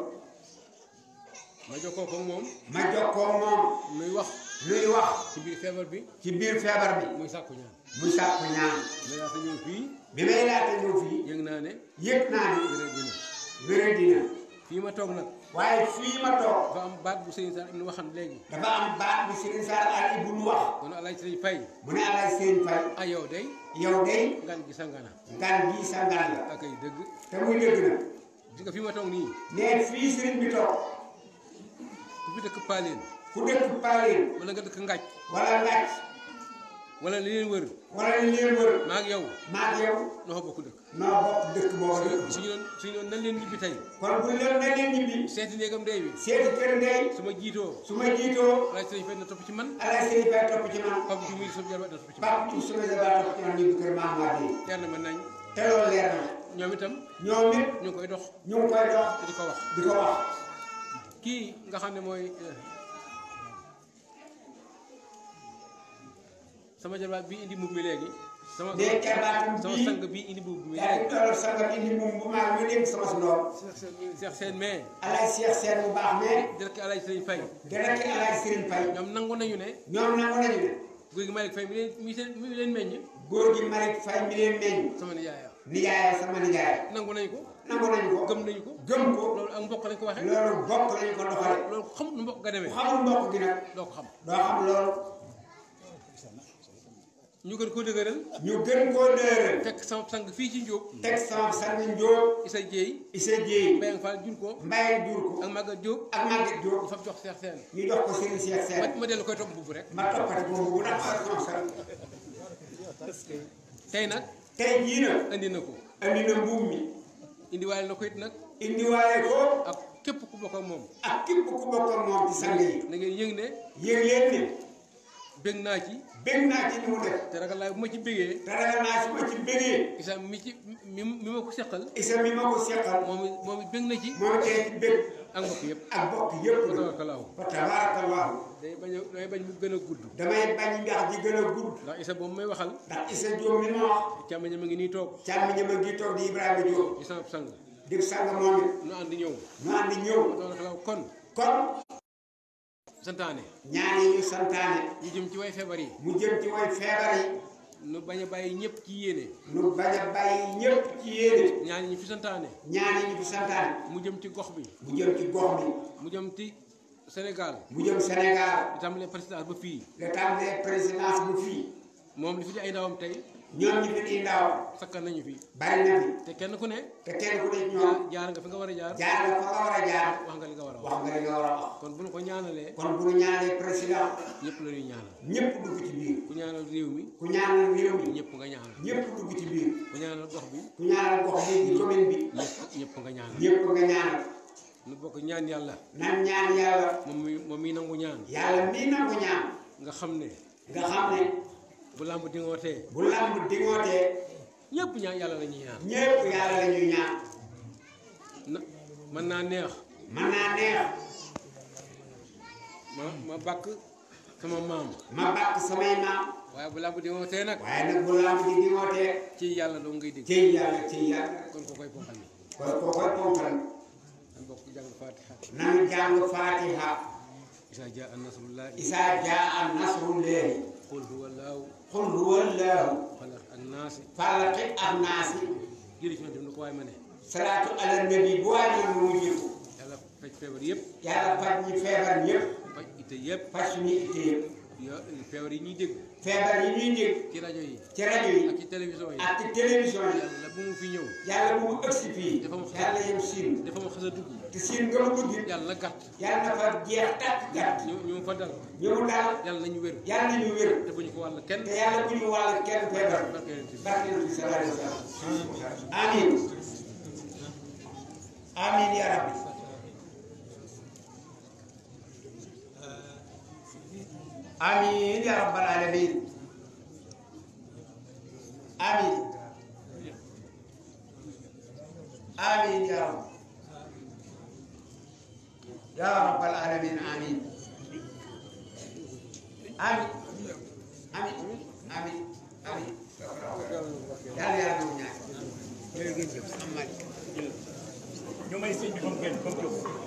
ma jokkoo moom. ma jokkoo moom. luy wax. luy wax. ci biir feebar bi. ci biir feebar bi. muy sàkku ñaan. muy sàkku ñaan. mais daal di ñëw fii. bi may laata ñëw fii. yëg naa ne. yëg naa ne. wéré dina. fii ma toog nag. waaye fii ma toog. dafa am baat bu Serigne Sarr Ibn waxan léegi. dafa am baat bu Serigne Sarr ak Ibn wax. mu ne El Hadj Serigne Faye. mu ne El Hadj Serigne Faye. ah yow day. yow day. ngan gi sangana. ngan gi sangana la. ak ah, ay dëgg. te muy dëgg na. gis nga ma toog nii. nee fii Serigne bi toog. ku fi dëkk Paaleen. ku dëkk Paaleen. wala nga dëkk Ngaaj. wala Ngaaj. wala li leen wër. wala li leen wër. maa ngi yow. maa ngi yow. noo bokk dëkk. noo bokk dëkk boo dëkk. suñu doon suñu doon nan leen ñibbi tey. kon bu ñu doon nan leen ñibbi. seeti jiitoo. su ma jiitoo. alaay sëriñ na topp ci man. alaay sëriñ fay topp ci man. ci man. Pape Diouf sama jabar na topp na te loolu ñoom itam. ñoom it. ñu koy dox. ñu ngi koy dox. di ko wax. di ko wax. kii nga xam ne mooy eh, sama jarbaat bii indi mbubb mi léegi. sama sama sang bii indi mbubb mi léegi. yaa ngi sang indi mbubb bu maa ñu leen sama noor. Cheikh Sène mais. alaay Cheikh Sène bu baax mais. jërëjëf ki alaay Serigne Faye. jërëjëf ki alaay Serigne Faye. ñoom nangu nañu ne. ñoom nangu nañu ne. góor gi Malick Faye mi leen mi seen mi leen meññ. góor gi Malick Faye mi leen meññ. sama nijaaya. nijaaya sama nijaaya. nangu nañu ko. nangu nañu ko gëm nañu ko. gëm ko loolu ak mbokk lañ ko waxee. loolu mbokk lañu ko doxalee. loolu xamul mbokk nga demee. xamul mbokk gi nag. doo ko xam doo xam loolu. ñu gën koo dëgëral ñu gën koo dëgëral teg sama sang fii ci Njóob teg sama sang Njóob Isa Jéey Isa Jéey Mbayang Fall jur ko Mbayang jur ko ak Maguette Diop ak Maguette Diop fam jox Seex Seen ñu jox ko Serigne Seex Seen ma dellu koy topp boobu rek ma toppati boobu bu nag tey nag tey jii nag indi na ko indi na mbuum mi indiwaale na ko it nag indiwaale ko ak képp ku bokk ak moom ak képp ku bokk ak moom ci sang yi na ngeen yëg ne yëg leen ne bëgg naa ci bég naa ci ni mu def. te bu ma ci bégee. te ragal ma ci bégee. isa mi ci mi ma ko seqal. isa mi ma ko seqal. moom it moom it bég na ci. moom tey ci bég. ak mbokk yëpp yëpp. a day bañ a gudd. damay bañ gën gudd. ndax isa boobu may waxal. ndax isa Diop mi ma a ngi nii toog. càmmiñam a ngi toog di Ibrahima Diop. di sang sang. di sang moom it. ñu ànd ñëw. ñu ànd ñëw. kon kon. santaane ñaan yi ñu santaane mu jëm ci way feebar yi mu jëm ci way feebar yi nu bañ a bàyyi ñëpp ci yéene a bàyyi ñëpp ñaan yi ñu fi santaane ñaan yi ñu fi santaane mu jëm ci gox bi mu jëm ci gox bi mu jëm ci Sénégal mu jëm Sénégal le tàmbalee présidence ba fii le tàmbalee présidence ba fii moom li fi di ay ndawam tey ñoom ñi fi di daaw sakkan nañu fi bari na fi te kenn ku ne te kenn ku ne jaar nga fi nga war a jaar jaar nga fa nga war a jaar wax nga li nga war a wax kon bu ñu ko ñaanalee kon bu ñu ñaanalee président ñëpp la ñuy ñaanal réew mi ku ñaanal réew nga ñaanal ñëpp dugg ci biir ñaanal gox bi bi ci nga ñaanal ñëpp nga ñaanal nu bokk ñaan yàlla nan ñaan yàlla moom moom mi nangu ñaan yàlla mii nangu ñaan nga xam ne nga xam ne bu lamb bulan ngootee. bu lamb di ngootee. ñëpp la ñuy ñaan. ñëpp yàlla la ñuy ñaan. na neex. mën naa neex. ma ma bakk sama maam. ma bakk samay maam. waaye bu lamb di ngootee nag. waaye bu lamb ci yàlla doo ngay ci ci kon ko koy kon ko koy nan fatiha. nan fatiha. isa jaa nasrullahi. isa jaa nasrullahi. qul xul huwa laahu falaq ak naasi falaq ak naasi julli ci yonent bi ko waay ma ne salaatu ala nabi bu waay mu mujj ko yàlla faj feebar yëpp yàlla faj ñu feebar yëpp faj itte yëpp faj suñu itte yëpp feebar yi ñuy dégg feebar yi ñuy dégg. ci rajo yi ci rajo yi. ak ci télévision yi ak ci télévision yi. yàlla bu mu fi ñëw. yàlla bu mu ëgsi fii. dafa mu xas yàlla yem siin. dafa mu xas a dugg. te siin nga mu dugg. yàlla gàtt. yàlla na fa jeex tàkk gàtt. ñu ñu fa dal. ñu mu daal. yàlla nañu wér. yàlla nañu wér. te bu ñu ko wàll kenn. te yàlla bu ñu wàll kenn feebar. barke nañu si sa rajo. amiin amiin yaa rabbi. آمين يا رب العالمين آمين آمين يا رب يا رب العالمين آمين آمين آمين آمين آمين امين يا يا امين امين امين امين امين كم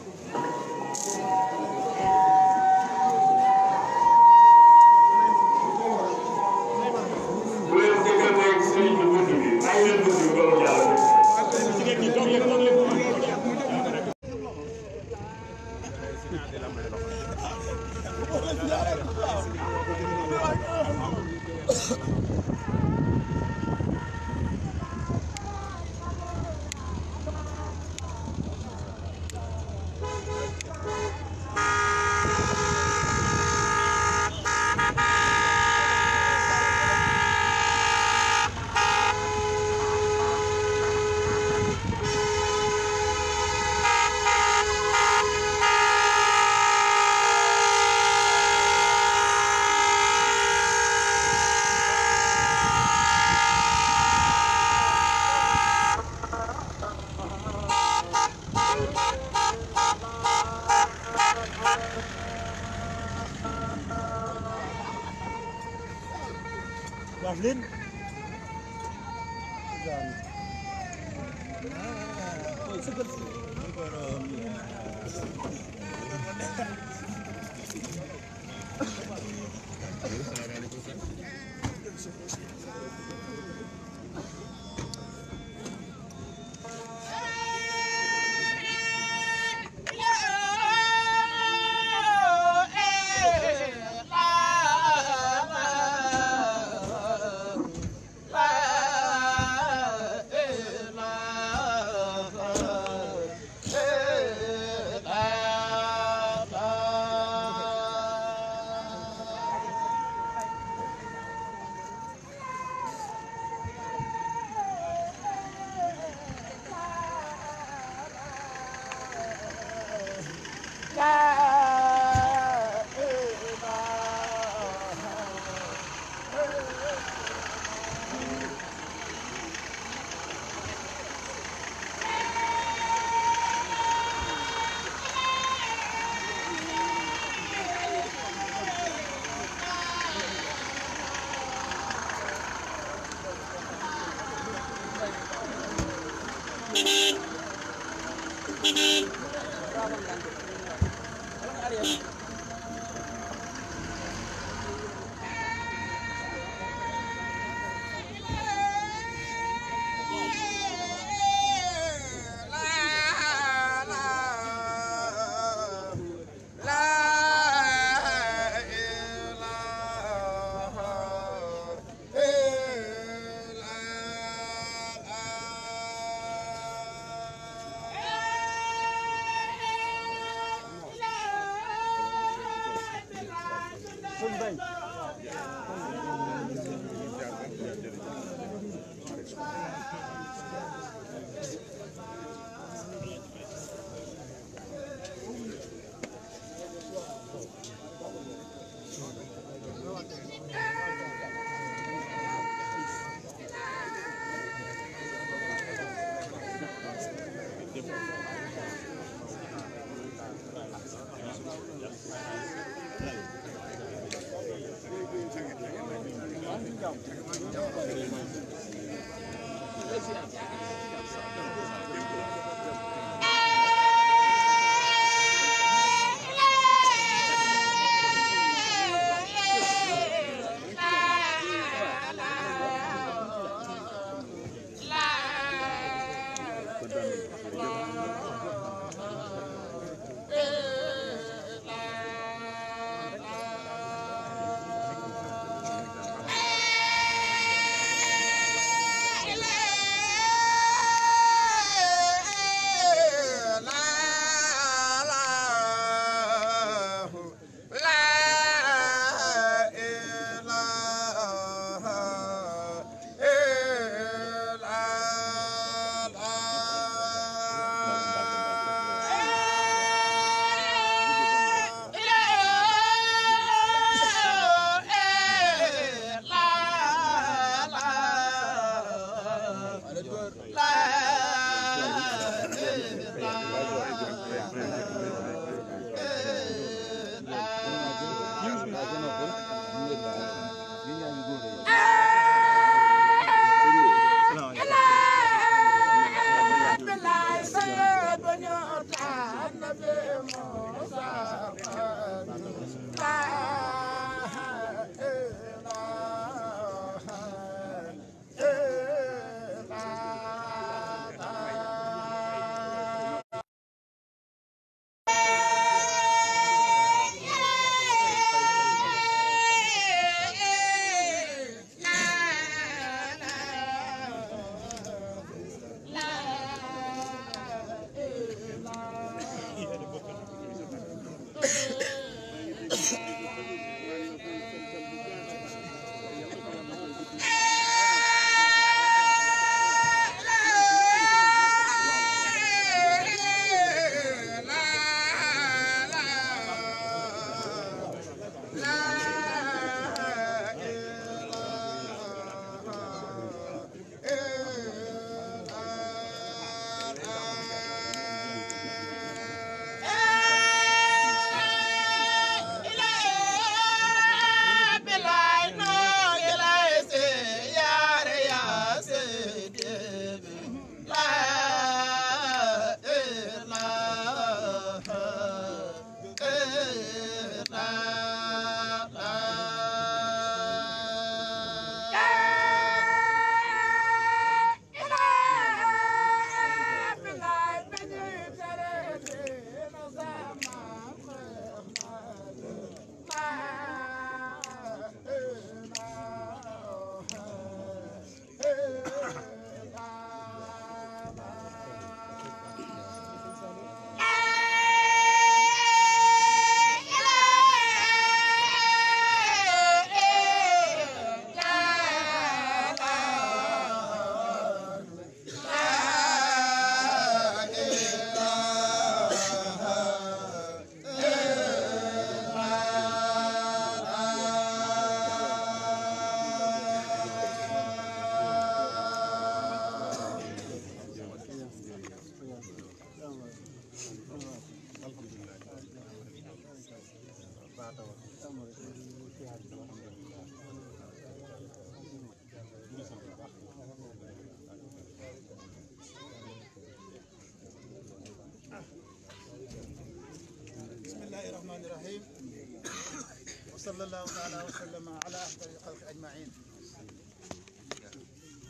salla allahu taala wa sallama ala afdal ajmain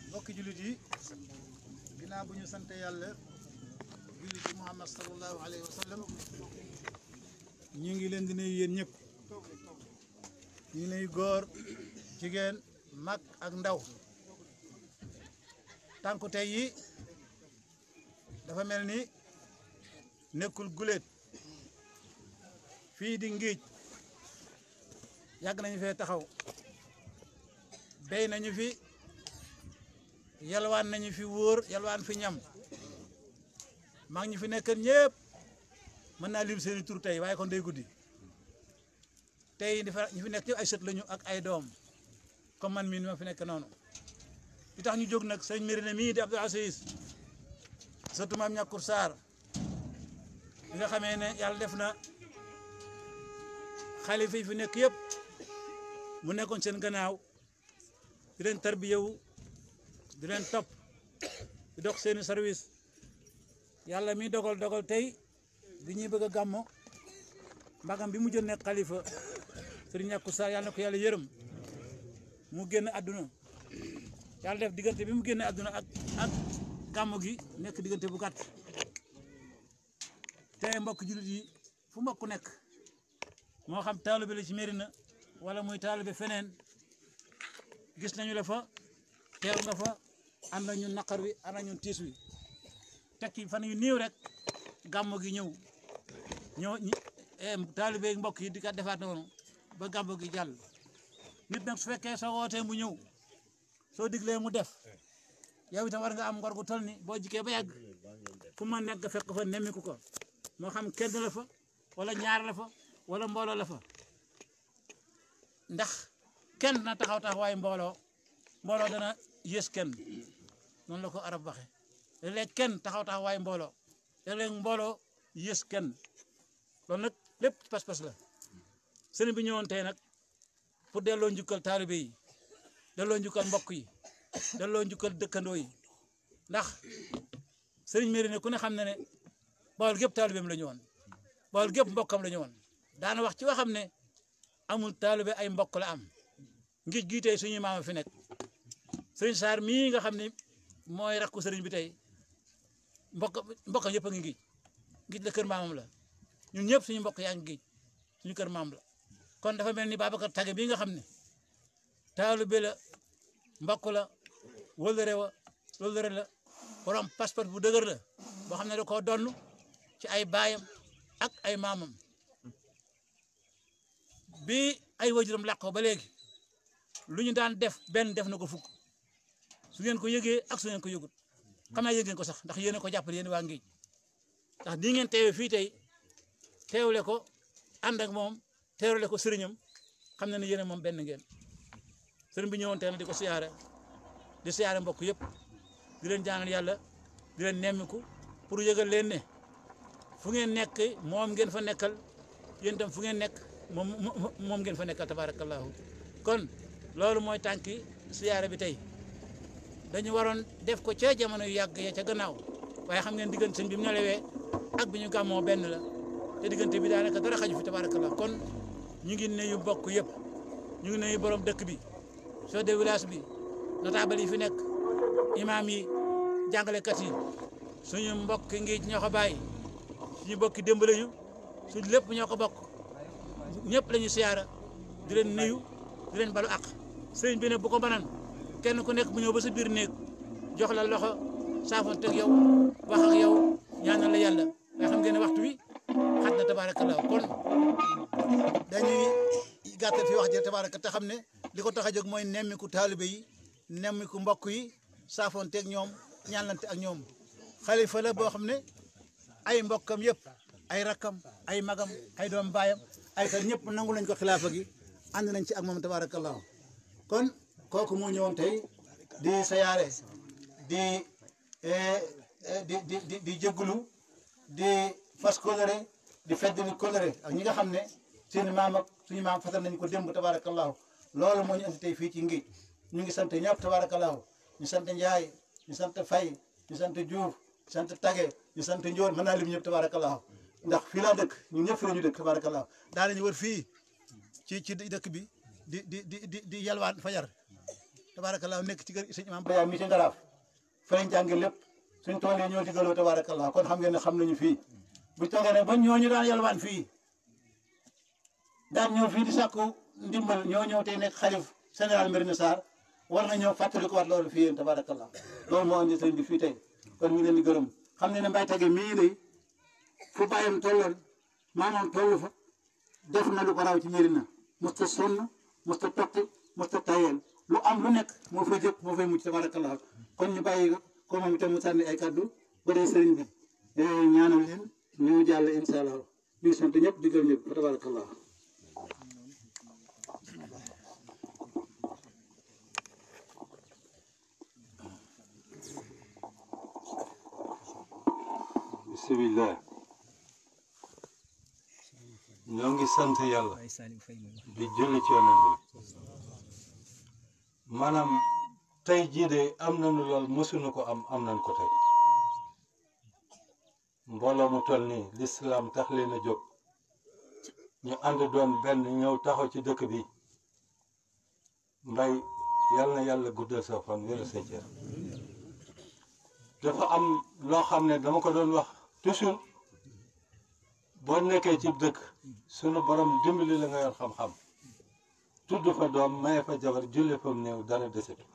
mbokki jullit yi ginnaaw bu ñu sante yàlla jullit yi muhammad salallahu alayhi wa sallam ñu ngi leen di nuyu yéen ñëpp ñu nuyu góor jigéen mag ak ndaw tànku tey yi dafa mel ni nekkul guléet fii di ngiij yàgg nañu fee taxaw béy nañu fi yalwaan nañu fi wóor yalwaan fi ñam maa ñi fi nekkoon ñëpp mën naa lim seeni tur tey waaye kon day guddi tey dafa ñu fi nekk ñëpp ay sët lañu ak ay doom comme man mii ni ma fi nekk noonu li tax ñu jóg nag sëñ Mérina mii di Abdou Aziz sëtu maam ñàkkur Sarr bi nga xamee ne yàlla def na xalifa fi nekk yëpp mu nekkon seen gannaaw di leen tarbiyewu di leen topp di dox seen service yàlla mi dogal dogal tey di ñuy bëgg a gàmmo mbagam bi mu jël nekk xalifa sëriñ ñàkku sa yàlla ko yàlla yërëm mu génn àdduna yàlla def diggante bi mu génn àdduna ak ak gàmmu gi nekk diggante bu gàtt mbokk jullit yi fu mbokk nekk moo xam la ci mérina wala muy taalibe feneen gis nañu la fa teew fa am na ñun naqar wi am na ñun tiis wi tekki fan yu rek gàmmu gi ñëw ñëw eh, taalibe mbokk yi di ka defaat noonu ba gàmmu gi jàll nit nag su fekkee soo wootee mu ñëw soo diglee mu def yow itam war nga am ngor gu toll ni boo jikkee ba yàgg fu ma nekk fekk fa nemmiku ko moo xam kenn la fa wala ñaar la fa wala mbooloo la fa ndax kenn na taxaw taxawaay mbooloo mbooloo dana yées kenn noonu la ko arab waxe léeg-léeg kenn taxaw taxawaay mbooloo léeg mbooloo yées kenn loolu nag lépp pas-pas la sëriñ bi ñëwoon tey nag pour delloo njukkal taalibe yi delloo njukkal mbokk yi delloo njukkal dëkkandoo yi ndax sëriñ Mérina ku ne xam na ne Bawol gépp taalibeem la ñu woon Bawol gépp mbokkam la ñu woon wax ci waxam ne amul taalibe ay mbokk la am ngir gii tey suñuy maama fi nekk sëriñ Saar mii nga xam ni mooy rakku sëriñ bi tey mbokk mbokk yëpp a ngi géej géej la kër maamam la ñun ñëpp suñu mbokk yaa ngi kër maam la kon dafa mel ni Babacar Tage bii nga xam ne taalibe la mbokk la wëllëre wa wëllëre la borom passeport bu dëgër la boo xam ne da koo donn ci ay baayam ak ay maamam bi ay waajuram làqoo ba léegi lu ñu daan def benn def na ko fukk su ngeen ko yëgee ak su ngeen ko yëgut xam naa yëg ko sax ndax yéen ko jàppale yéen waa Ngéej ndax di ngeen teewe fii tey teewle ko ànd ak moom teewle ko sëriñam xam na ne yeneen moom benn ngeen sëriñ bi ñëwoon tey di ko siyaare di siyaare mbokk yëpp di leen jaanal yàlla di leen nemmiku pour yëgal leen ne fu ngeen nekk moom ngeen fa nekkal yéen tam fu ngeen nekk. moom moom ngeen fa nekkal tabaarakallaahu kon loolu mooy tànki siyaare bi tey dañu waroon def ko ca jamono yu yàgg ya ca gannaaw waaye xam ngeen diggante sëñ bi mu nelawee ak bi ñu gàmmoo benn la te diggante bi daanaka dara xaju fi tabaarakallaahu kon ñu ngi nuyu bokk yëpp ñu ngi nuyu borom dëkk bi chef de village bi notable yi fi nekk imaam yi jàngalekat yi suñu mbokk ngi ñoo ko bàyyi ñu mbokki démb lañu su lépp ñoo ko bokk ñëpp lañu ñuy siyaara di leen nuyu di leen balu àq sëriñ bi ne bu ko mënoon kenn ku nekk bu ñëw ba si biir néeg jox la loxo saafoonte ak yow wax ak yow ñaanal la yàlla waaye xam ngeen ne waxtu wi xat na tabaarakallaa kon dañuy gàttal fi wax ji tabaaraka te xam ne li ko tax a jóg mooy nemmiku taalibe yi nemmiku mbokk yi saafoonte ak ñoom ñaanlante ak ñoom xalifa la boo xam ne ay mbokkam yëpp ay rakkam ay magam ay doom baayam ay sa ñëpp nangu lañ ko xilaafa gi ànd nañ ci ak moom tabaarakallaahu kon kooku mu ñëwoon tey di sayaare di eh, eh, di di di jëggulu di fas kóllëre di feddali kóllëre ak ñi nga xam ne seeni maam ak suñu maam fasal nañ ko démb tabaarakallaahu loolu moo ñu andi tey fii ci ngi ñu ngi sant ñëpp tabaarakallaahu ñu sant Njaay ñu sant Fay ñu sant Juuf ñu sant Tage ñu sant Njoor mën naa lim ñëpp tabaarakallaahu ndax fii laa dëkk ñëpp fii la ñu dëkk tabarakallah daa nañu wër fii ci ci dëkk bi di di di di di yalwaan fajar tabarakallah nekk ci kër sëñ imam Baye mi ci Ngaraaf fa lañ jànge lépp ñoo digaloo tabarakallah kon xam ngeen ne xam nañu fii bu toogee ne ñu ñooñu daan yalwaan fi daan ñëw fii di sàkku ndimbal ñoo ñëw tey nekk xalif général Mérina Sarr war na ñoo fàttali ko waat loolu fi yéen tabarakallah loolu moo indi sëñ bi fii tey kon ñu leen di gërëm xam ne ne mbay tege mii lay fu bàyyam tolloon maamam tollu fa def na lu ko raw ci njëriñ na musta sonn musta toqi musta tayeel lu am lu nekk moo fay jëpp moo fay mucc tabarakallah kon ñu bàyyi ko moom itam ay kàddu ba dee sëriñ bi ñaanal leen ñu jàll insha ñu sant ñëpp digal ñëpp tabarakallah bismillah ñoo ngi sant yàlla bi jële ci yonent bi maanaam tey jii de am nañu lool mësuñu ko am am nañ ko tey mbooloo mu toll nii lislaam tax leen a jóg ñu ànd doon benn ñëw taxaw ci dëkk bi mbay yàlla na yàlla guddal sa fan wéra sa jeex dafa am loo xam ne dama ko doon wax toujours boo nekkee ci dëkk sunu borom dimbali la nga yor xam-xam tudd fa doom maye fa jabar julli fa mu néew dara desetu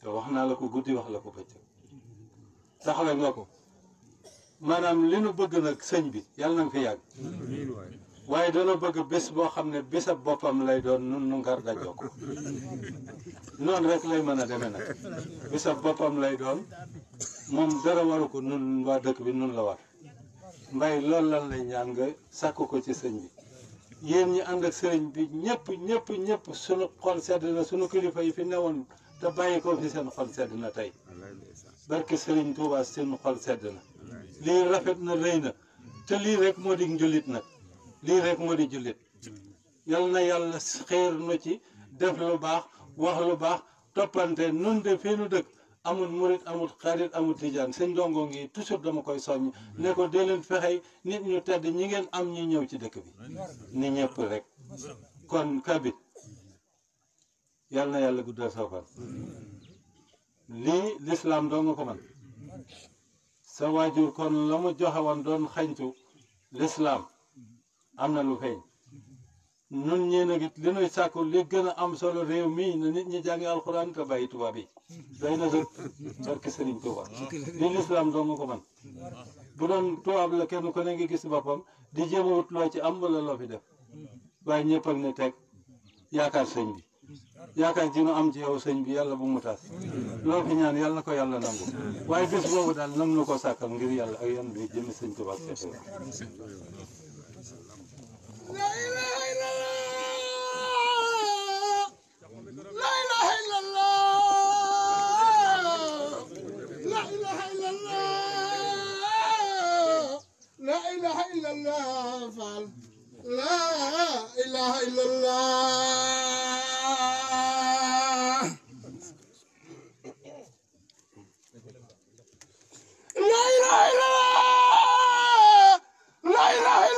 te wax naa la ko guddi wax la ko bëccëg taxawe nga ko maanaam li nu bëgg nag sëñ bi yàlla na nga fi yàgg waaye dana bëgg bés boo xam ne bésab boppam lay doon nun nu ngar dajoo ko noonu rek lay mën a demee nag bésab boppam lay doon moom dara waru ko nun waa dëkk bi nun la war mbay loolu lan lay ñaan nga sàkk ko ci sëñ bi yéen ñi ànd ak sëriñ bi ñëpp ñëpp ñëpp suñu xol sedd na sunu kilifa yi fi newoon te bàyyi ko fi seen xol sedd na tey barke sëriñ Tuubaa seen xol sedd na lii rafet na rëy na te lii rek moo di njullit nag lii rek moo di jullit yal na yàlla xeer nu ci def lu baax wax lu baax toppante nun de fii nu dëkk amul murit amul xarit amul tijaan sëñ dongo ngi toujours dama koy soññ ne ko dee leen fexey nit ñu tedd ñi ngeen am ñu ñëw ci dëkk bi ni ñëpp rek kon kabit yàlla na yàlla guddal sa fan lii lislaam doo nga ko man sa waajur kon la mu joxe doon xañtu lislaam am na lu feeñ nun ñee git it li nuy sàkku li gën a am solo réew mii na nit ñi jàngi alxuraan te bàyyi tubaab yi day na sëg barke Sëriñ Tuuba li lislaam doo ko man bu doon tubaab la kenn ko ne ngi gis boppam di jëmawut loo ci am wala loo fi def waaye ñëpp ak ne teg yaakaar sëñ bi yaakaar ji nu am ci yow sëñ bi yàlla bu mu taas loo fi ñaan yàlla na ko yàlla nangu waaye bis boobu daal nam nu ko sàkkal ngir yàlla ak yan bi jëmi sëñ Tuuba لا اله الا الله لا اله الا الله لا اله الا الله لا اله الا الله فعل لا اله الا الله لا اله الا الله لا اله الا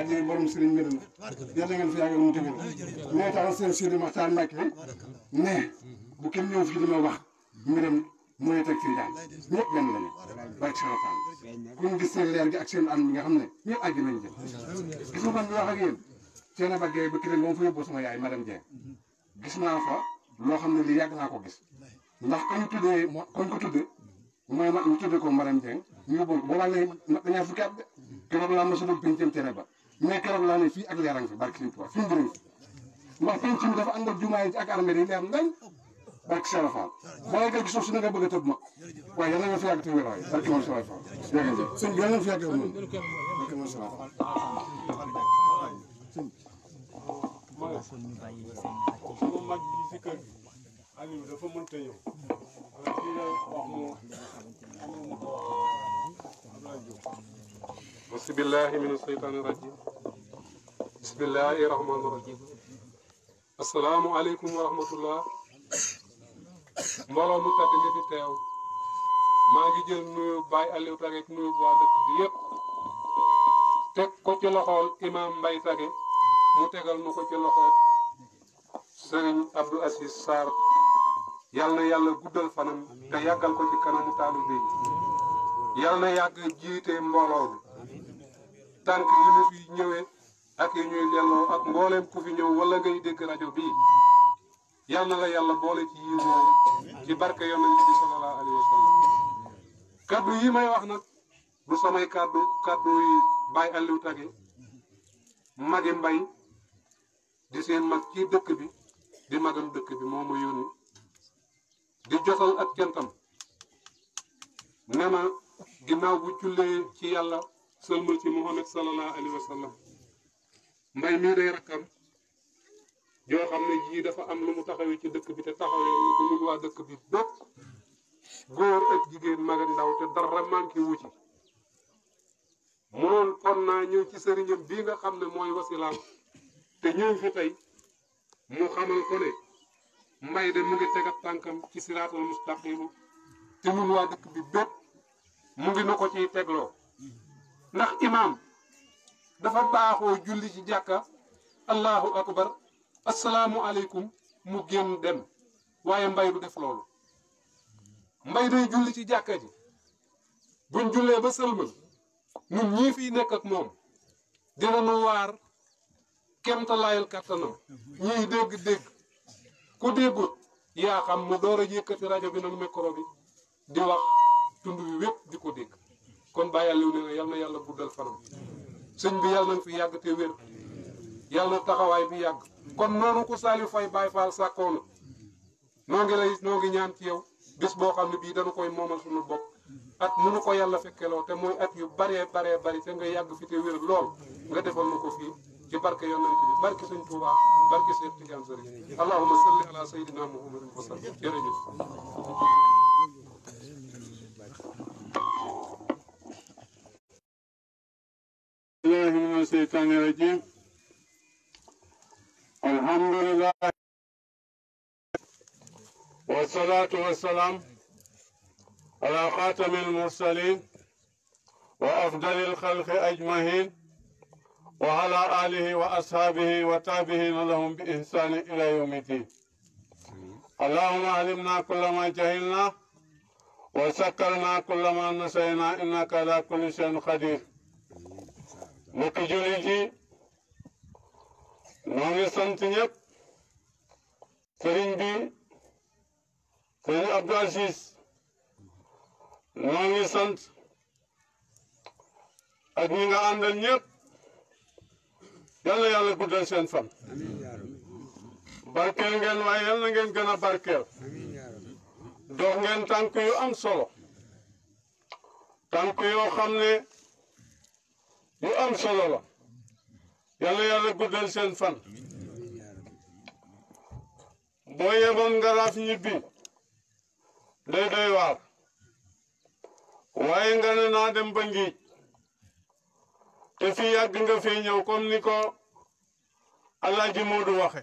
àjjee borom sëriñ Mbir mi yàlla ngeen fi yàggal mu dëgër mais tax seen Sidi Maxtaar Mbàkke bi ne bu kenn ñëw fii di ma wax mbiram mooy teg fii daal ñëpp benn lañu waaye ci xarala kon gis seen leer gi ak seen am bi nga xam ne ñëpp àjj nañu jëm gis nga man mi wax ba kii moom fa yóbbu sama yaay madame Dieng gis loo xam ne lii yàgg naa ko gis ndax kañ tuddee kañ ko tuddee mooy ma ñu tuddee ko madame Dieng ñu yóbbu boobaa léegi dañaa fukki at de keroog laa mosul pencam tere ba mais keroog laa ne fii ak leerang fi barke Sëriñ mu ndax a ma waaye yàlla nga fi yàgg te wér waaye barke moom Sëriñ Fall jërëjëf sëñ nga fi yàgg moom barke moom Sëriñ Fall sama mag bi si bismillahi min asheytaani rajim bismillahi rahmaani rahim asalaamu aleykum wa rahmatullah mbooloo mu tedd mi fi teew maa ngi jël nuyu Baye Aliou Tage ak nuyu waa dëkk bi yëpp teg ko ci loxool imam Mbaye tegal nu ko ci loxool sëriñ Abdou Aziz yal na yàlla guddal fanam te yàggal ko ci kanamu taalu yal na yàgg jiite mbooloo tànk yi ñu fi ñëwee ak yi ñuy delloo ak mbooleem ku fi ñëw wala ngay dégg rajo bii yal na la yàlla boole ci yiw boobu ci barke yonent bi sallallahu alayhi wa sallam kaddu yi may wax nag du samay kaddu kaddu yi bàyyi Aliou Tagge magi mbay di seen mag ci dëkk bi di magam dëkk bi moomu ma yónni di jotal ak cantam ne ginnaaw bu jullee ci yàlla sëlmal ci Muhammad sallallahu alayhi wa mbay mii de rakkam yoo xam ne jii dafa am lu mu taxawee ci dëkk bi te taxawee ñu dëkk bi bokk góor ak jigéen te dara manqué wu ci naa ñëw bii nga xam ne mooy wasilaam te mbay de mu ngi tegat tànkam ci siraatal mustaqimu te waa dëkk bi bépp mu ngi nu ko ciy tegloo ndax imaam dafa baaxoo julli ci jàkka allahu akbar asalaamu aleykum mu génn dem waaye mbay du def loolu mbay day julli ci jàkka ji buñ jullee ba sëlmal ñun ñii fiy nekk ak moom dina nu waar kemtalaayal kattanam ñiy dégg-dégg ku déggut yaa xam mu door a yëkkati rajo bi nag micro bi di wax tund wi wépp di ko dégg kon bàyyi yàlla wu ne la yal na yàlla guddal fanam sëñ bi yàlla na fi yàgg te wér yàlla na taxawaay bi yàgg kon noonu ko Saliou Faye Baye Fall sàkkoona noo ngi lay noo ngi ñaan ci yow bis boo xam ne bii dañu koy moomal suñu bopp at nu ko yàlla fekkeloo te mu at yu baree baree bari te nga yàgg fi te wér lool nga defal na ko fii ci barke yonent bi barke sëñ Tuubaa barke Seex Tijaan Sëriñ allahumma salli ala sayyidina muhammadin wa sallam jërëjëf الله من الشيطان الرجيم الحمد لله والصلاة والسلام على خاتم المرسلين وأفضل الخلق أجمعين وعلى آله وأصحابه وتابعين لهم بإحسان إلى يوم الدين اللهم علمنا كل ما جهلنا وسكرنا كل ما نسينا إنك على كل شيء قدير mbokki jullit yi ñoo ngi sant ñëpp sëriñ bi sëriñ Abdou Aziz ñoo ngi sant ak ñi nga àndal ñëpp yàlla yàlla guddal seen fan barkeel ngeen waaye yàlla ngeen gën a barkeel dox ngeen tànk yu am solo tànk yoo xam ne lu am solo la yàlla yàlla guddal seen fan boo yeboon nga raaf ñibbi day doy waar waaye nga ne dem ba ngiij te fii yàgg nga fi ñëw comme ni ko ala Alaaji Moodu waxe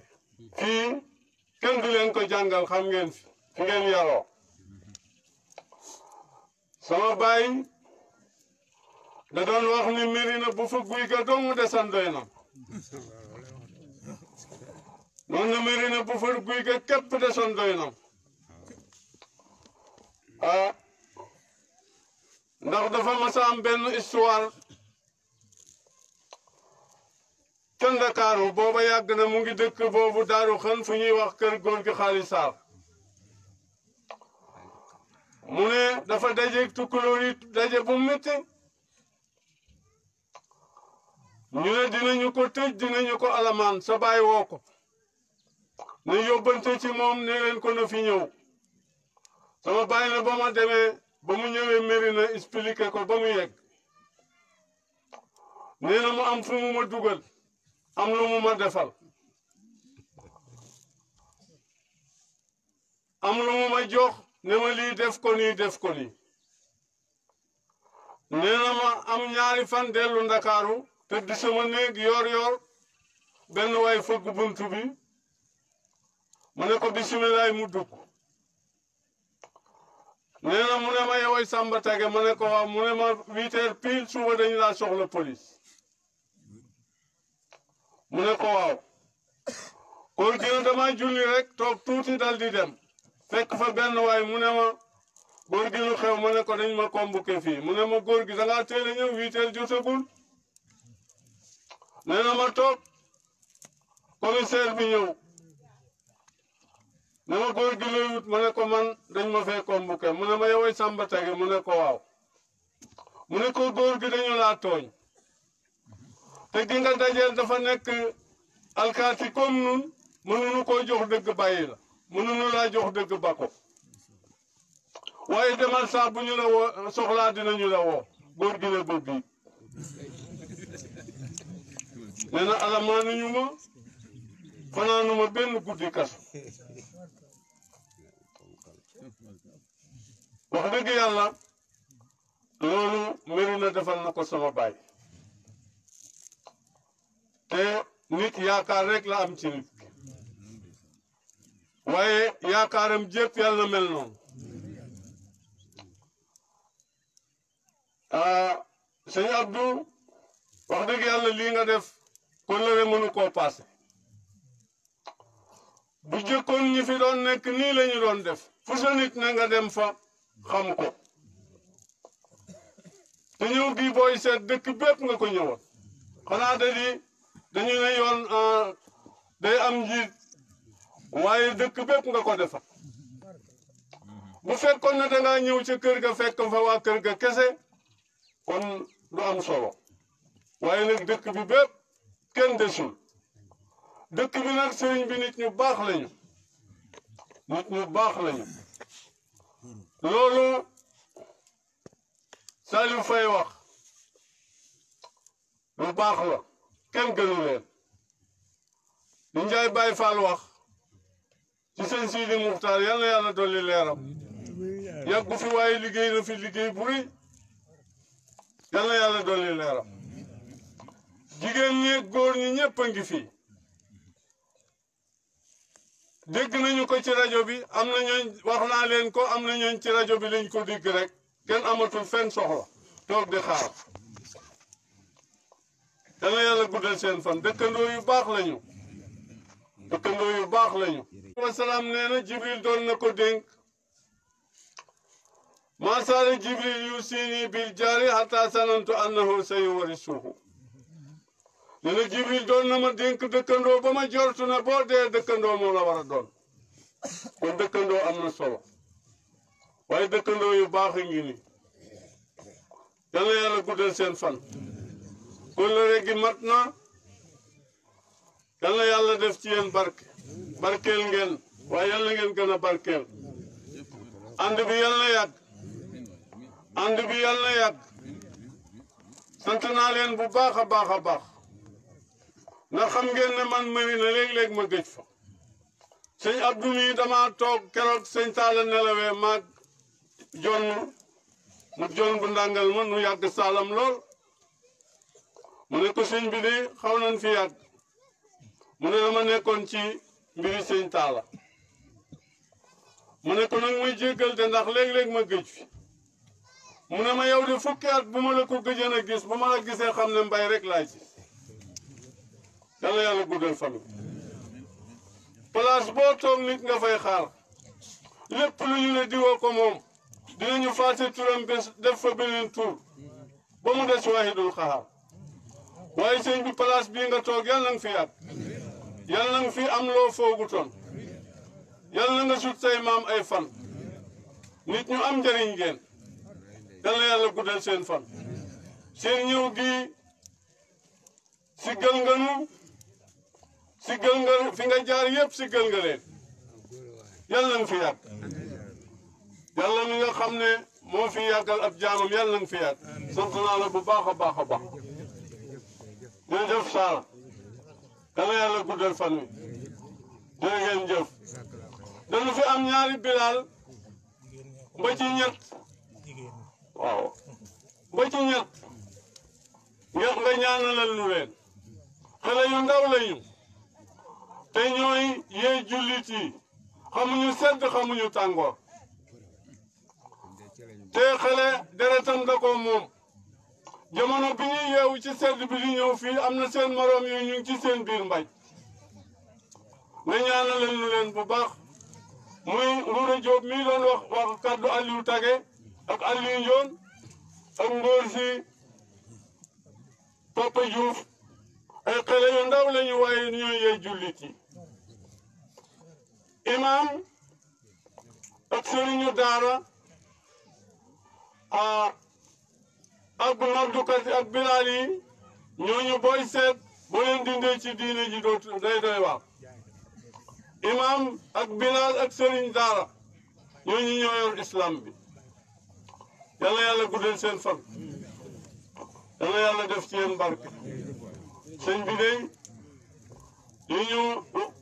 fii kenn du leen ko jàngal xam ngeen fi ngeen yaroo sama baay da doon wax ni mbiri na bu fa guy ga dong desan doy na noonu bu fa guy ga képp desan ndax dafa mas a am benn histoire ca Ndakaaru booba yàgg na mu ngi dëkk boobu daaru xën fu ñuy wax kër góor gi xaalis mu ne dafa daje tukulóor yi daje bu métti ñu ne dinañu ko tëj dinañu ko alamaan sa baay woo ko ne yóbbante ci moom ne leen ko na sama baay na ba ma demee ba mu ñëwee mairie ko ba mu yegg nee na mu am fu mu am lu mu am lu mu ma jox ne ma ko nii ko nii am ñaari fan dellu ndakaaru tëdd sama néeg yor-yor benn waay fëgg bunt bi mu ne ko bisimilah mu dugg nee na mu ne ma yoway Samba Tage mu ne ko waaw mu suba dañu laa soxla police mu ne ko waaw koo jël dama julli rek toog tuuti dal di dem fekk fa benn waay mu ne ma góor gi lu xew mu ne dañ ma convoqué fii mu ne ma góor gi ñëw huit heures nee na ma toog commissaire bi ñëw ne ma góor gi lay ma ne ko man dañ ma fee kombuke mu ne ma yoway Samba Tege mu ne ko waaw mu ne ko góor gi dañu laa tooñ te gi dafa nekk alkaati comme nun mënuñu koo jox dëgg bàyyi la mënuñu laa jox dëgg ba ko waaye demal saa bu ñu la woo soxlaa dinañu la woo góor gi la bëgg nee na alamaan ñu ma fanaanu ma benn guddi kaso wax dëgg yàlla loolu mëri na na ko sama baay te nit yaakaar rek la am ci nit waaye yaakaaram jépp yàlla mel noonu ah sëñ wax dëgg yàlla lii nga def kóllëre mënu koo paase bu jëkkoon ñi fi doon nekk nii lañu doon def fu sa na nga dem fa xam ko te bi bii booy seet dëkk bépp nga ko ñëwoon xanaa da di dañu ne yoon euh, day am njiit waaye dëkk bépp nga ko defa bu fekkoon ne dangaa ñëw ca kër ga fekk fa waa kër ga kese kon du am solo waaye nag dëkk bi bépp kenn desul dëkk bi nag sëriñ bi nit ñu baax lañu nit ñu baax lañu loolu Saliou fay wax lu baax la kenn gënu leen li Njaay Faal wax ci sëñ Sidi Muxtaar yal na yàlla dolli leeram yàggu fi waaye liggéey na liggéey bu rëy yal dolli leeram jigéen ñeeg góor ñi ñëpp a ngi fi dégg nañu ko ci rajo bi am na ñooñ wax naa leen ko am na ñooñ ci rajo bi lañ ko dégg rekk kenn amatul fenn soxla toog di xaar dana yàlla guddal seen fan dëkkandoo yu baax lañu dëkkandoo yu baax lañu wasalaam nee na jibril doon na ko dénk maasaale jibril yu siini bil jaari hatta sanantu annahu sayu wari suuxu nana jibril don na ma denk dekkando ba ma jortu na bo de dekkando mo la wara don ko dekkando amna solo way dekkando yu bax a ni nii dana yàlla guddal seen fan kóllëre gi mat na yàlla yalla def ci yeen barke barkel ngeen way yalla ngeen gëna barkel and bi yalla yàgg and bi yalla yàgg santana len bu baakha baakha baax ndax xam ngeen ne man mëni na léeg-léeg ma gëj fa sëñ Abdou mii damaa toog keroog sëñ Talla nelawee maag jon mu jon bu ndàngal ma nu yàgg saalam lool mu ne ko sëñ bi de xaw nañ fi yàgg mu ne dama nekkoon ci mbiri sëñ Talla mu ne ko nag muy jéggal te ndax léeg-léeg ma gëj fi mu ne ma yow de fukki at bu ma la ko gëjoon a gis bu ma la gisee xam ne mbay rek laa gis dana yàlla guddal fanu place boo toog nit nga fay xaar lépp lu ñu ne diwoo ko moom dinañu fàtte turam bés def fa beneen tur ba mu des waahidul xahaar waaye sëñ bi place bii nga toog yàlla nga fi yàgg yàlla nga fi am loo foogutoon yàlla nga sut say maam ay fan nit ñu am njëriñ ngeen yàlla yàlla guddal seen fan seen ñëw gi si gël nga nu si gël nga fi nga jaar yëpp si gël nga leen yàlla nga fi yàgg yàlla mi nga xam ne moo fi yàggal ab jaamam yàlla nga fi yàgg sant naa la bu baax a baax a baax jërëjëf Sara dana yàlla guddal fan wi jërë ngeen jëf dañu fi am ñaari bilaal ba ci ñett waaw ba ci ñett ñett nga ñaanalal nu leen xale yu ndaw la te ñooy yee jullit yi xamuñu sedd xamuñu tàngoor te xale deretam da ko moom jamono bi ñuy yeewu ci sedd bi di ñëw fii am na seen moroom yooyu ñu ci seen biir mbaj nga ñaanal leen leen bu baax muy Nguura Jóob mii doon wax wax kàddu Aliou Tage ak Aliou Ndione ak yu ndaw lañu waaye ñooy yee jullit yi imaam ak sëriñu daara ak bu mabdukat yi ak bilaal yi ñooñu booy seet boo leen dindee ci diine ji doo doy waar imaam ak bilaal ak sëriñ daara ñooñu ñoo yor islam bi yàlla yàlla guddal seen fan yàlla yàlla def ci yéen barke sëñ bi li ñu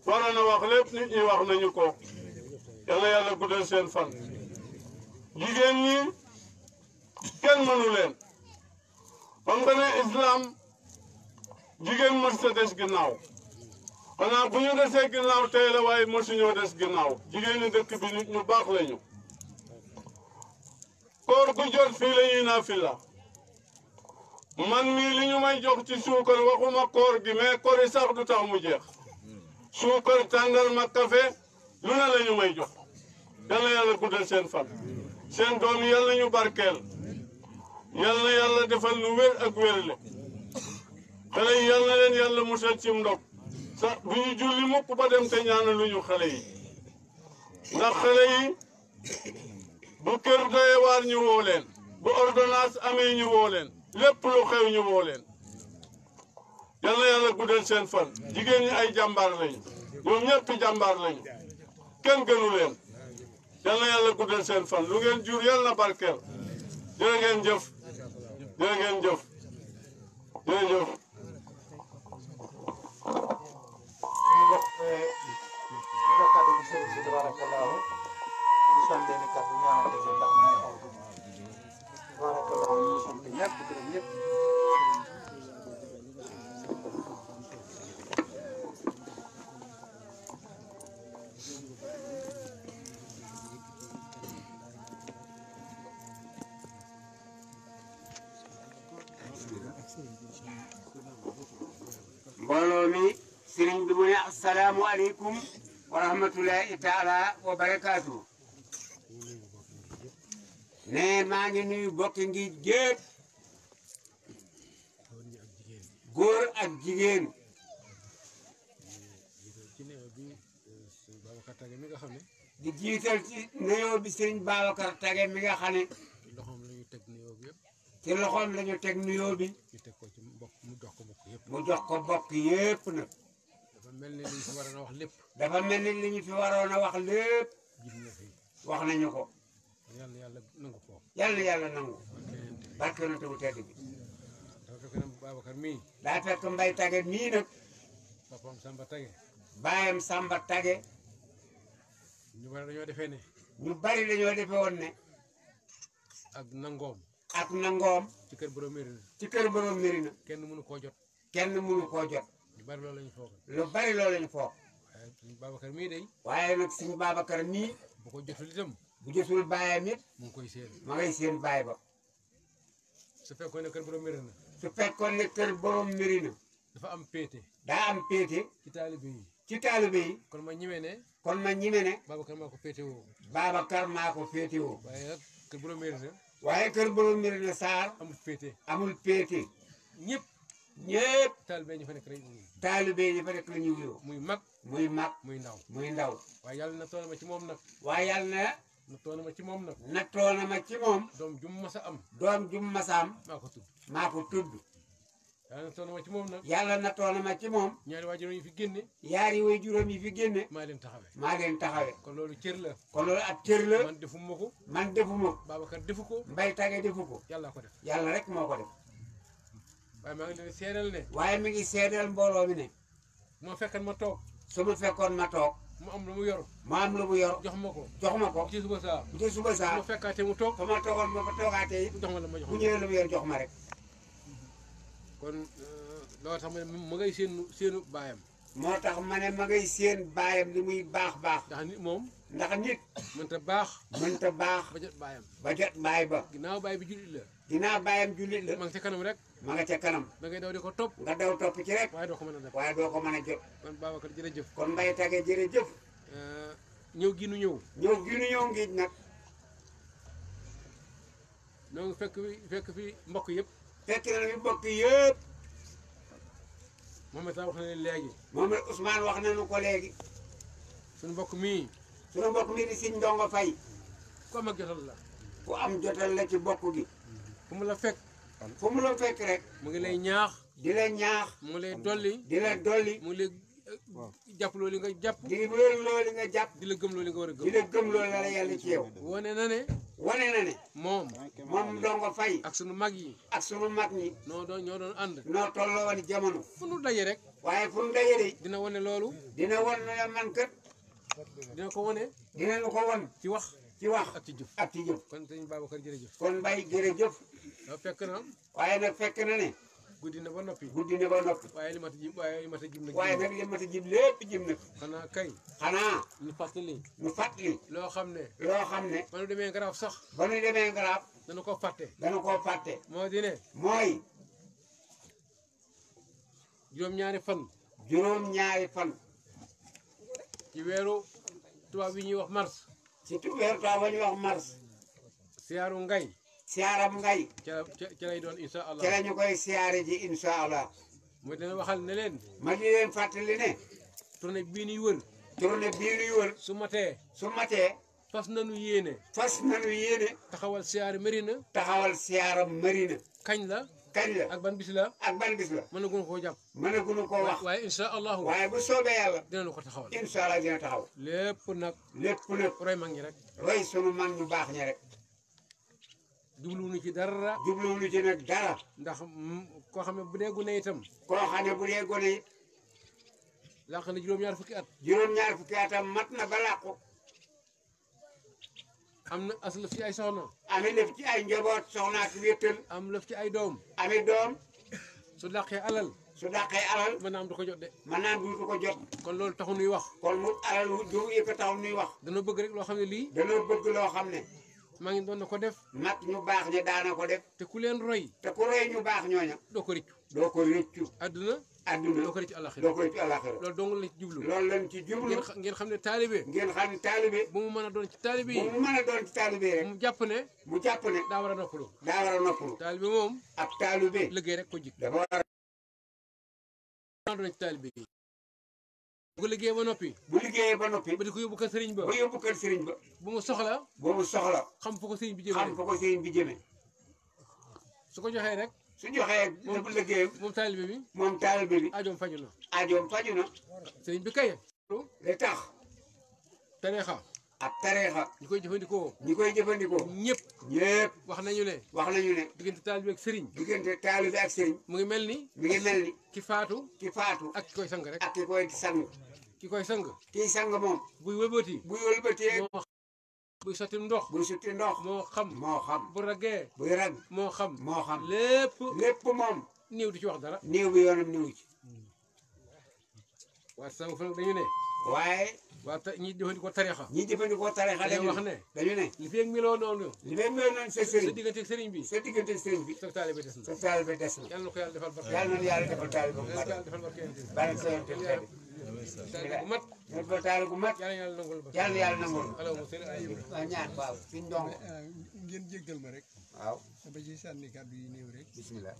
waroon a wax lépp nit wax nañu ko yal na yàlla guddal seen fan jigéen ñi kenn mënu leen xam nga ne jigéen mës a des ginnaaw xanaa bu ñu desee ginnaaw tey la waaye mësuñoo des ginnaaw jigéen ñi dëkk bi ñu baax lañu koor gu jot fii naa ñuy naafila man mii li ñu may jox ci suukar waxuma koor gi mais koor yi du tax mu jeex suukar tàngal makka fe lu ne la may jox yàlla yàlla guddal seen fan seen doom yàlla ñu barkeel yàlla yàlla defal lu wér ak wérle xale yi yàlla leen yàlla musal ci ndox sax bu ñu julli mukk ba dem te ñaana lu ñu xale yi ndax xale yi bu kër doyee waar ñu woo leen bu ordonnance amee ñu woo leen lépp lu xew ñu woo leen yal na yàlla guddal seen fan jigéen ñi ay jambar lañ ñoom ñëpp jàmbaar lañ kenn gënu leen yal na yàlla guddal seen fan lu ngeen jur yal na barkeel jërë ngeen jëf jërë ngeen jëf jërëjëf ñu sant mbooloo mi sëriñ bi mu ne asalaamu aleykum wa rahmatulahi taala wa barakaatu ne maa ngi nuyu bokki ngi jéeg góor ak jigéen di jiital ci nuyoo bi sëriñ Babacar Tage mi nga xam ne ci loxoom la ñu teg nuyoo bi. ñu teg ko mu jox ko bokk yépp nag. dafa mel ni li ñu fi waroon a wax lépp. dafa mel ni li ñu fi waroon a wax lépp. wax nañu ko. yàlla yàlla nangu barke na tawu tedd bi. daa fekk nag Babacar mii. daa fekk Mbaye Tage mii nag. papaam Samba Tage. baayam Samba ñu bari dañoo defee ne. ñu bari dañoo defee woon ne. ak nangoom. ak nangoom. ci kër borom Mérina. ci kër borom Mérina. kenn mënu koo jot. kenn mënu koo jot. lu bari loolu la ñu foog. lu bari loolu la ñu foog. waaye suñu Babacar mii day. waaye nag suñu Babacar mii. bu ko jotul itam. bu jotul bàyyam it. mu ngi koy seen. ma ngay seen bàyyi ba. su fekkoon ne kër borom mbiri na. su fekkoon ne kër borom mbiri na. dafa am péete. daa am péete. ci taalibe yi. ci taalibe yi. kon ma ñime ne. kon ma ñime ne. Babacar maa ko féete woo. Babacar maa ko féete woo. waaye nag kër borom mbiri na. waaye kër borom mbiri na Sarr. amul péete amul péete. ñëpp. ñëpp. taalibe yi ñu fa nekk rek ñu. taalibe yi fa nekk la ñu muy mag muy mag muy ndaw muy ndaw. waaye yàlla na toona ma ci moom nag. waaye yàlla na. na toona ma ci moom nag. na toona ma ci moom. doom jum masa am. doom jum mas a am. maa ko tudd maa ko tudd. yàlla na toona ma ci moom nag. yàlla na toona ma ci moom. ñaari waajuram yi fi génne. yaari way juróom yi fi génne. maa leen taxawee. maa leen taxawee. ko loolu cër la. kon loolu ab cër la. man defuma ko. man defuma ko. Babacar defu ko. Mbaye Tage defu ko. yàlla ko def yàlla rek moo waaye maa ngi leen seedal ne. waaye mi ngi seeneel mbooloo mi ne. ma fekkee ma toog. su ma fekkoon ma toog. mu am lu mu yor. mu am lu mu yor. jox ma ko jox ma ko. ci suba saa. ci suba saa. ma fekkaatee mu toog. fa ma toogoon ma ma la ma jox ma bu ñëwee mu jox ma rek. kon euh, loolu tax ma ne ma ngay séenu baayam. moo tax ma ne ma ngay baayam li muy baax baax. ndax nit moom. ndax nit. mënta baax. mënta baax. ba jot baayam. ba jot baay ba. ginnaaw baay bi jullit la. dinaa bàyyam jullit la. ma nga ca kanam rek. ma nga ca kanam. da daw di ko topp. nga daw topp ci rek. waaye doo ko mën a def waaye doo ko mën a jot. kon Babacar jërëjëf. kon Mbaye Tagge jërëjëf. Euh, ñëw gi nu ñëw. ñëw gi mbokk yëpp. fekk na fi mbokk yëpp. Mouhamed wax na leen ko léegi. suñu mbokk mii. suñu mbokk mii di siñ ndongo fay. ku am ak jotal la. ku am jotal la ci mbokk gi. fu mu la fekk fu mu la fekk rek mu ngi lay ñaax dina ñaax mu ngi lay dolli di la dolli mu lay jàpp loolu li nga jàpp di jàpp di la gëm loolu nga war a gëm di loolu la la yàlla ci na ne wane na ne moom moom dongo fay ak sunu mag yi ak sunu mag ñi noo doon ñoo doon ànd noo tolloo woon jamono fu nu daje rek waaye fu nu daje de dina wane loolu dina wan na man kët dina ko wane dina nu ko wan ci wax ci wax ak ci jëf ak ci jëf. kon sëñ Babacar jërëjëf. kon Mbaye jërëjëf. Ah, fekk na. waaye nag fekk na ne. guddi na ba noppi. guddi na ba noppi. waaye li mat a jib waaye mat a jib nag. waaye nag li mat a jib lépp jib nag. xanaa kay. xanaa. ñu fàttali. ñu fàttali. loo xam ne. loo xam ne. ba nu demee ngaraaf sax. ba nu demee ngaraaf. dana ko fàtte. dana ko fàtte. moo di mooy. juróom-ñaari fan. juróom-ñaari fan. ci weeru tubaab yi ñuy wax mars. surtout weeru taa ba wax mars. siyaaru ngay. siyaaram ngay. ca ca lay doon incha allah ca la ñu koy siyaare ji incha allah. ma dina waxal ne leen. ma di leen fàttali ne. tournée bii nuy wër. su matee. su matee. fas nanu yéene. fas nanu yéene. taxawal siyaare Marina. taxawal siyaara Marina. kañ la. kañ la ak ban bis la ak ban bis la mën koo jàpp mënaguñu koo wax waaye incha allahu waaye bu soobee yàlla dinañu ko taxawal incha allah dina taxaw lépp nag lépp nag roy mag ñi rek roy sunu mag ñu baax ñi rek ci dara jubluwuñu ci nag dara ndax ko xam ne bu dee gone itam koo xam ne bu dee gone it na juróom-ñaar fukki at juróom-ñaar fukki atam mat na ba am na as lëf ci ay soxna. ami lëf ci ay njaboot soxna ak wéttal. am lëf ci ay doom. ami doom. su dàqee alal. su dàqee alal. maanaam du ko jot de. maanaam du ko jot. kon loolu taxu nuy wax. kon mu alal du yëpp taxu nuy wax. dana bëgg rek loo xam ne lii. dana bëgg loo xam ne. maa ngi doon na ko def. mag ñu baax ñi daana ko def. te ku leen roy. te ku roy ñu baax ñooña. doo ko rëccu. doo ko rëccu. adduna. àdduna loo ko def ci àllaxira loo ko def ci loolu dong lañ ci jublu ngeen xam ne taalibe ngeen xam ne taalibe bu mu mën a doon ci taalibe mu a doon jàpp ne mu jàpp ne daa war a noppalu daa war a noppalu taalibe moom ab taalibe liggéey rek ko jik dafa war doon ci taalibe yi ba noppi bu liggéeyee ba noppi ba di ko mu soxla bu mu soxla xam fa ko bi jëmee xam fa ko sëriñ bi jëmee su ko joxee rek su joxee lépp liggéeyam moom taalibe bi moom taalibe bi ajoom faju na ajoom faju na sëriñ bi kay li tax tareexa ak tareexa ñi koy jëfandikoo ñi koy jëfandikoo ñëpp ñëpp wax nañu ne wax nañu ne diggante taalibe ak sëriñ diggante taalibe ak sëriñ mu ngi mel ni mu ngi mel ni ki faatu ki faatu ak ki koy sang rek ak ki koy sang ki sang moom buy wëlbati buy wëlbati buy sotti ndox buy sotti ndox moo xam moo xam bu raggee buy rag moo xam moo xam lépp lépp moom néew du ci wax dara néew bi yoonam néew ci waa tasawuf nag dañu ne waaye waa ta ñi jëfandikoo tarixa ñi jëfandikoo tarixa dañu wax ne dañu ne li feeg miloo noonu li feeg miloo noonu sa sëriñ sa diggante sëriñ bi sa diggante sëriñ bi sa taalibe des na sa taalibe des na yàlla na ko yàlla defal barke yàlla na yàlla defal taalibe barke yàlla defal barke barke taal gu mat ba taal gu mat na ah, ma rek waaw ba ci sànni kàddu yi néew rek bismillah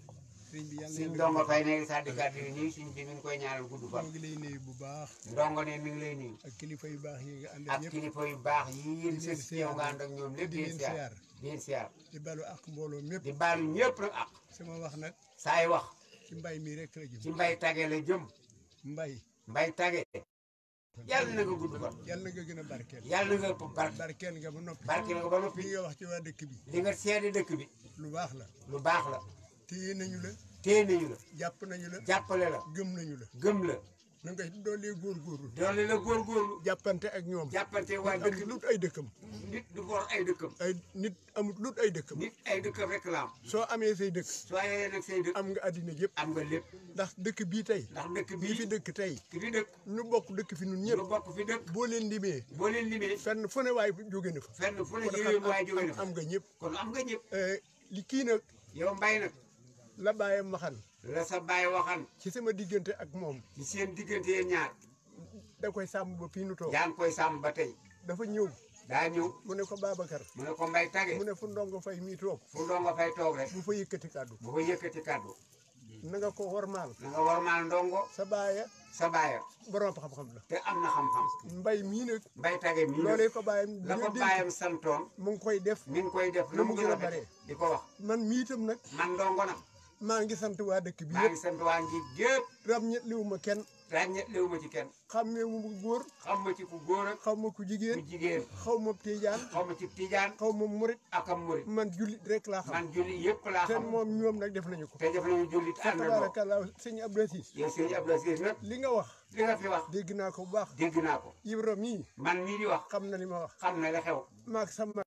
suñ ndongo ak kilifa yu baax yi nga ànd baax yi yéen sëf si yow nga ànd ak mbooloo mépp. di balu sama wax nag. saay wax. ci mbay mi rek la jëm. ci mbay tage la jëm. mbay. mbay tage yàlla na nga gudd kon yàlla nga gën a barkeel yàlla nga barkeel nga ba noppi barkeel nga ba noppi li nga wax ci waa dëkk bi li nga seede dëkk bi lu baax la lu baax la téye nañu la téye nañu la jàpp nañu la jàppale la gëm nañu la gëm la na ngay doolee góorgóorlu. doole góor góorgóorlu. jàppante ak ñoom. jàppante waa dëkk nit amut lut ay dëkkam. nit du boor ay dëkkam. ay nit amut lut ay dëkkam. nit ay dëkkam rek la am. soo amee say dëkk. soo amee nag say dëkk. am nga àddina yëpp. am nga lépp. ndax dëkk bii tey. ndax dëkk bii fi dëkk tey. ki fi dëkk. bokk dëkk fi ñun ñëpp. ñu bokk fi dëkk. boo leen limee. boo leen limee. fenn fu ne waay jóge na fa. fenn fu ne waay jóge na am nga ñëpp. kon am nga ñëpp. Eh, li kii nag. yow mbay nag. la bàyyam waxan la sa baay waxan ci sama diggante ak moom ci seen diggante yéen ñaar da koy sàmm ba fii nu toog yaa ngi koy sàmm ba tey dafa ñëw daa ñëw mu ne ko Babacar mu ne ko Mbaye Tage mu ne fu ndongo fay mii toog fu ndongo fay toog rek bu fa yëkkati kàddu bu fa yëkkati kàddu na nga ko wormaal na nga wormaal ndongo sa baaya sa baaya borom xam-xam te am na xam-xam mbay mii nag Mbaye Tage mii nag loolee ko bàyyam la ko bàyyam santoon mu ngi koy def mi koy def lu mu gën a bare di ko wax man miitam nag man ndongo maa ngi sant waa dëkk bi yëpp maa ngi sant waa njiit ma kenn. ràññeet liwu ma ci kenn. xamee wu ma góor. xam ma ci ku góor ak. xaw ma ku jigéen jigéen. xaw ma tijaan. xaw ma ci tijaan. xaw ma murit. ak am man jullit rek laa xam. man jullit yëpp laa xam. te moom ñoom nag def nañu ko. te def nañu jullit ànd ak moom tabaarakallaah sëñ li nga wax. li nga naa ko bu baax. dégg naa ko. Ibra mii. man mii di wax. xam na li ma wax. xam na la maak sama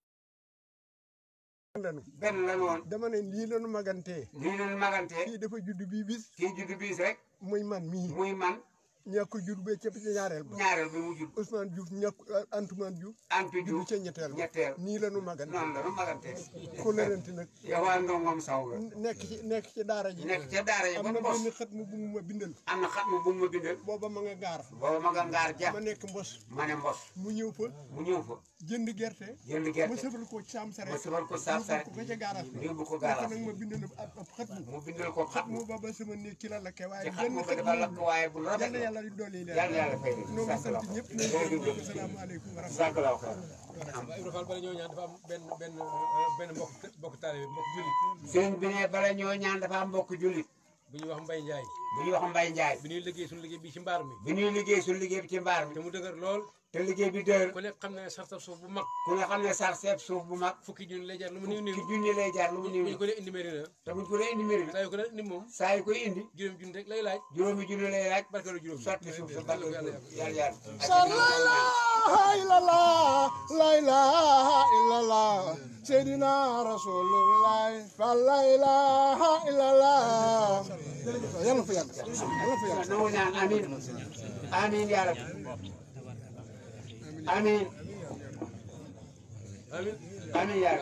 lanu benn lan woon dama ne lii lanu magantee lii lanu magantee kii dafa judd bii bis kii judd bis rek muy man mii muy man ñàkk jur ba ca ñaareel ba ñaareel bi mu jur Ousmane Diouf ñàkk eh, Antoumane Diouf Antou Diouf ca ñetteel ñetteel nii la nu magante noonu la nu magante ku lërante nag yow nekk ci nekk ci daara ji nekk ca daara ji am na benn xat mu bu ma bindal am na xat mu bu ma bindal booba ma nga gaar booba ma nekk mbos ma ne mu ñëw fa mu ñëw fa jënd gerte. jënd gerte ma sëfal ko saam sareet. ma sëfal ko saam sareet yóbbu ko ca gaaraas bi yóbbu ko gaaraas bi nag ma bindal ab ab xat mu. mu bindal ko xat mu ba ba sama néeg ci la lakke waaye. ci xat mu ba dafa lakk waaye bu rafet yàlla yàlla di dolli leen. yàlla yàlla fay leen saako la wax ñoo ngi sant ñëpp ñoo ngi salaamaaleykum wa rahmatulah. saako la wax Ibrahima Fall bala ñoo ñaan dafa am benn benn uh, benn mbokk mbokk taalibe mbokk jullit. sëñ bi ne bala ñoo ñaan dafa am mbokk jullit. bu ñuy wax Mbaye Ndiaye. bu ñuy wax Mbaye Ndiaye. bi ñuy liggéey suñu liggéey bi ci mbaar mi. bi ñuy liggéey suñu liggéey bi ci mbaar mi. te mu dëgër lool. te liggéey bi dër ku ne xam ne sartab suuf bu mag bu mag fukki junni lay jaar lu mu néew néew fukki junni lay jaar lu mu néew néew bu ñu ko dee indi ko dee indi mairie la saa yu ko dee indi moom saa yu koy indi juróomi junni rek lay laaj juróomi junni lay laaj barkeelu juróomi sotti suuf sa barkeelu yàlla yàlla laa ilaaha laa seydina rasulullah fa laa ilaaha illallah yàlla fa fa yàgg amiin amiin amiin amiin yaay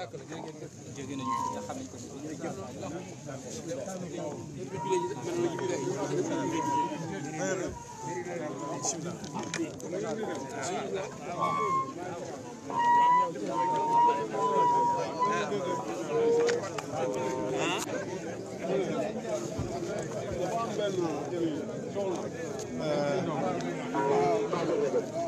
Thank you.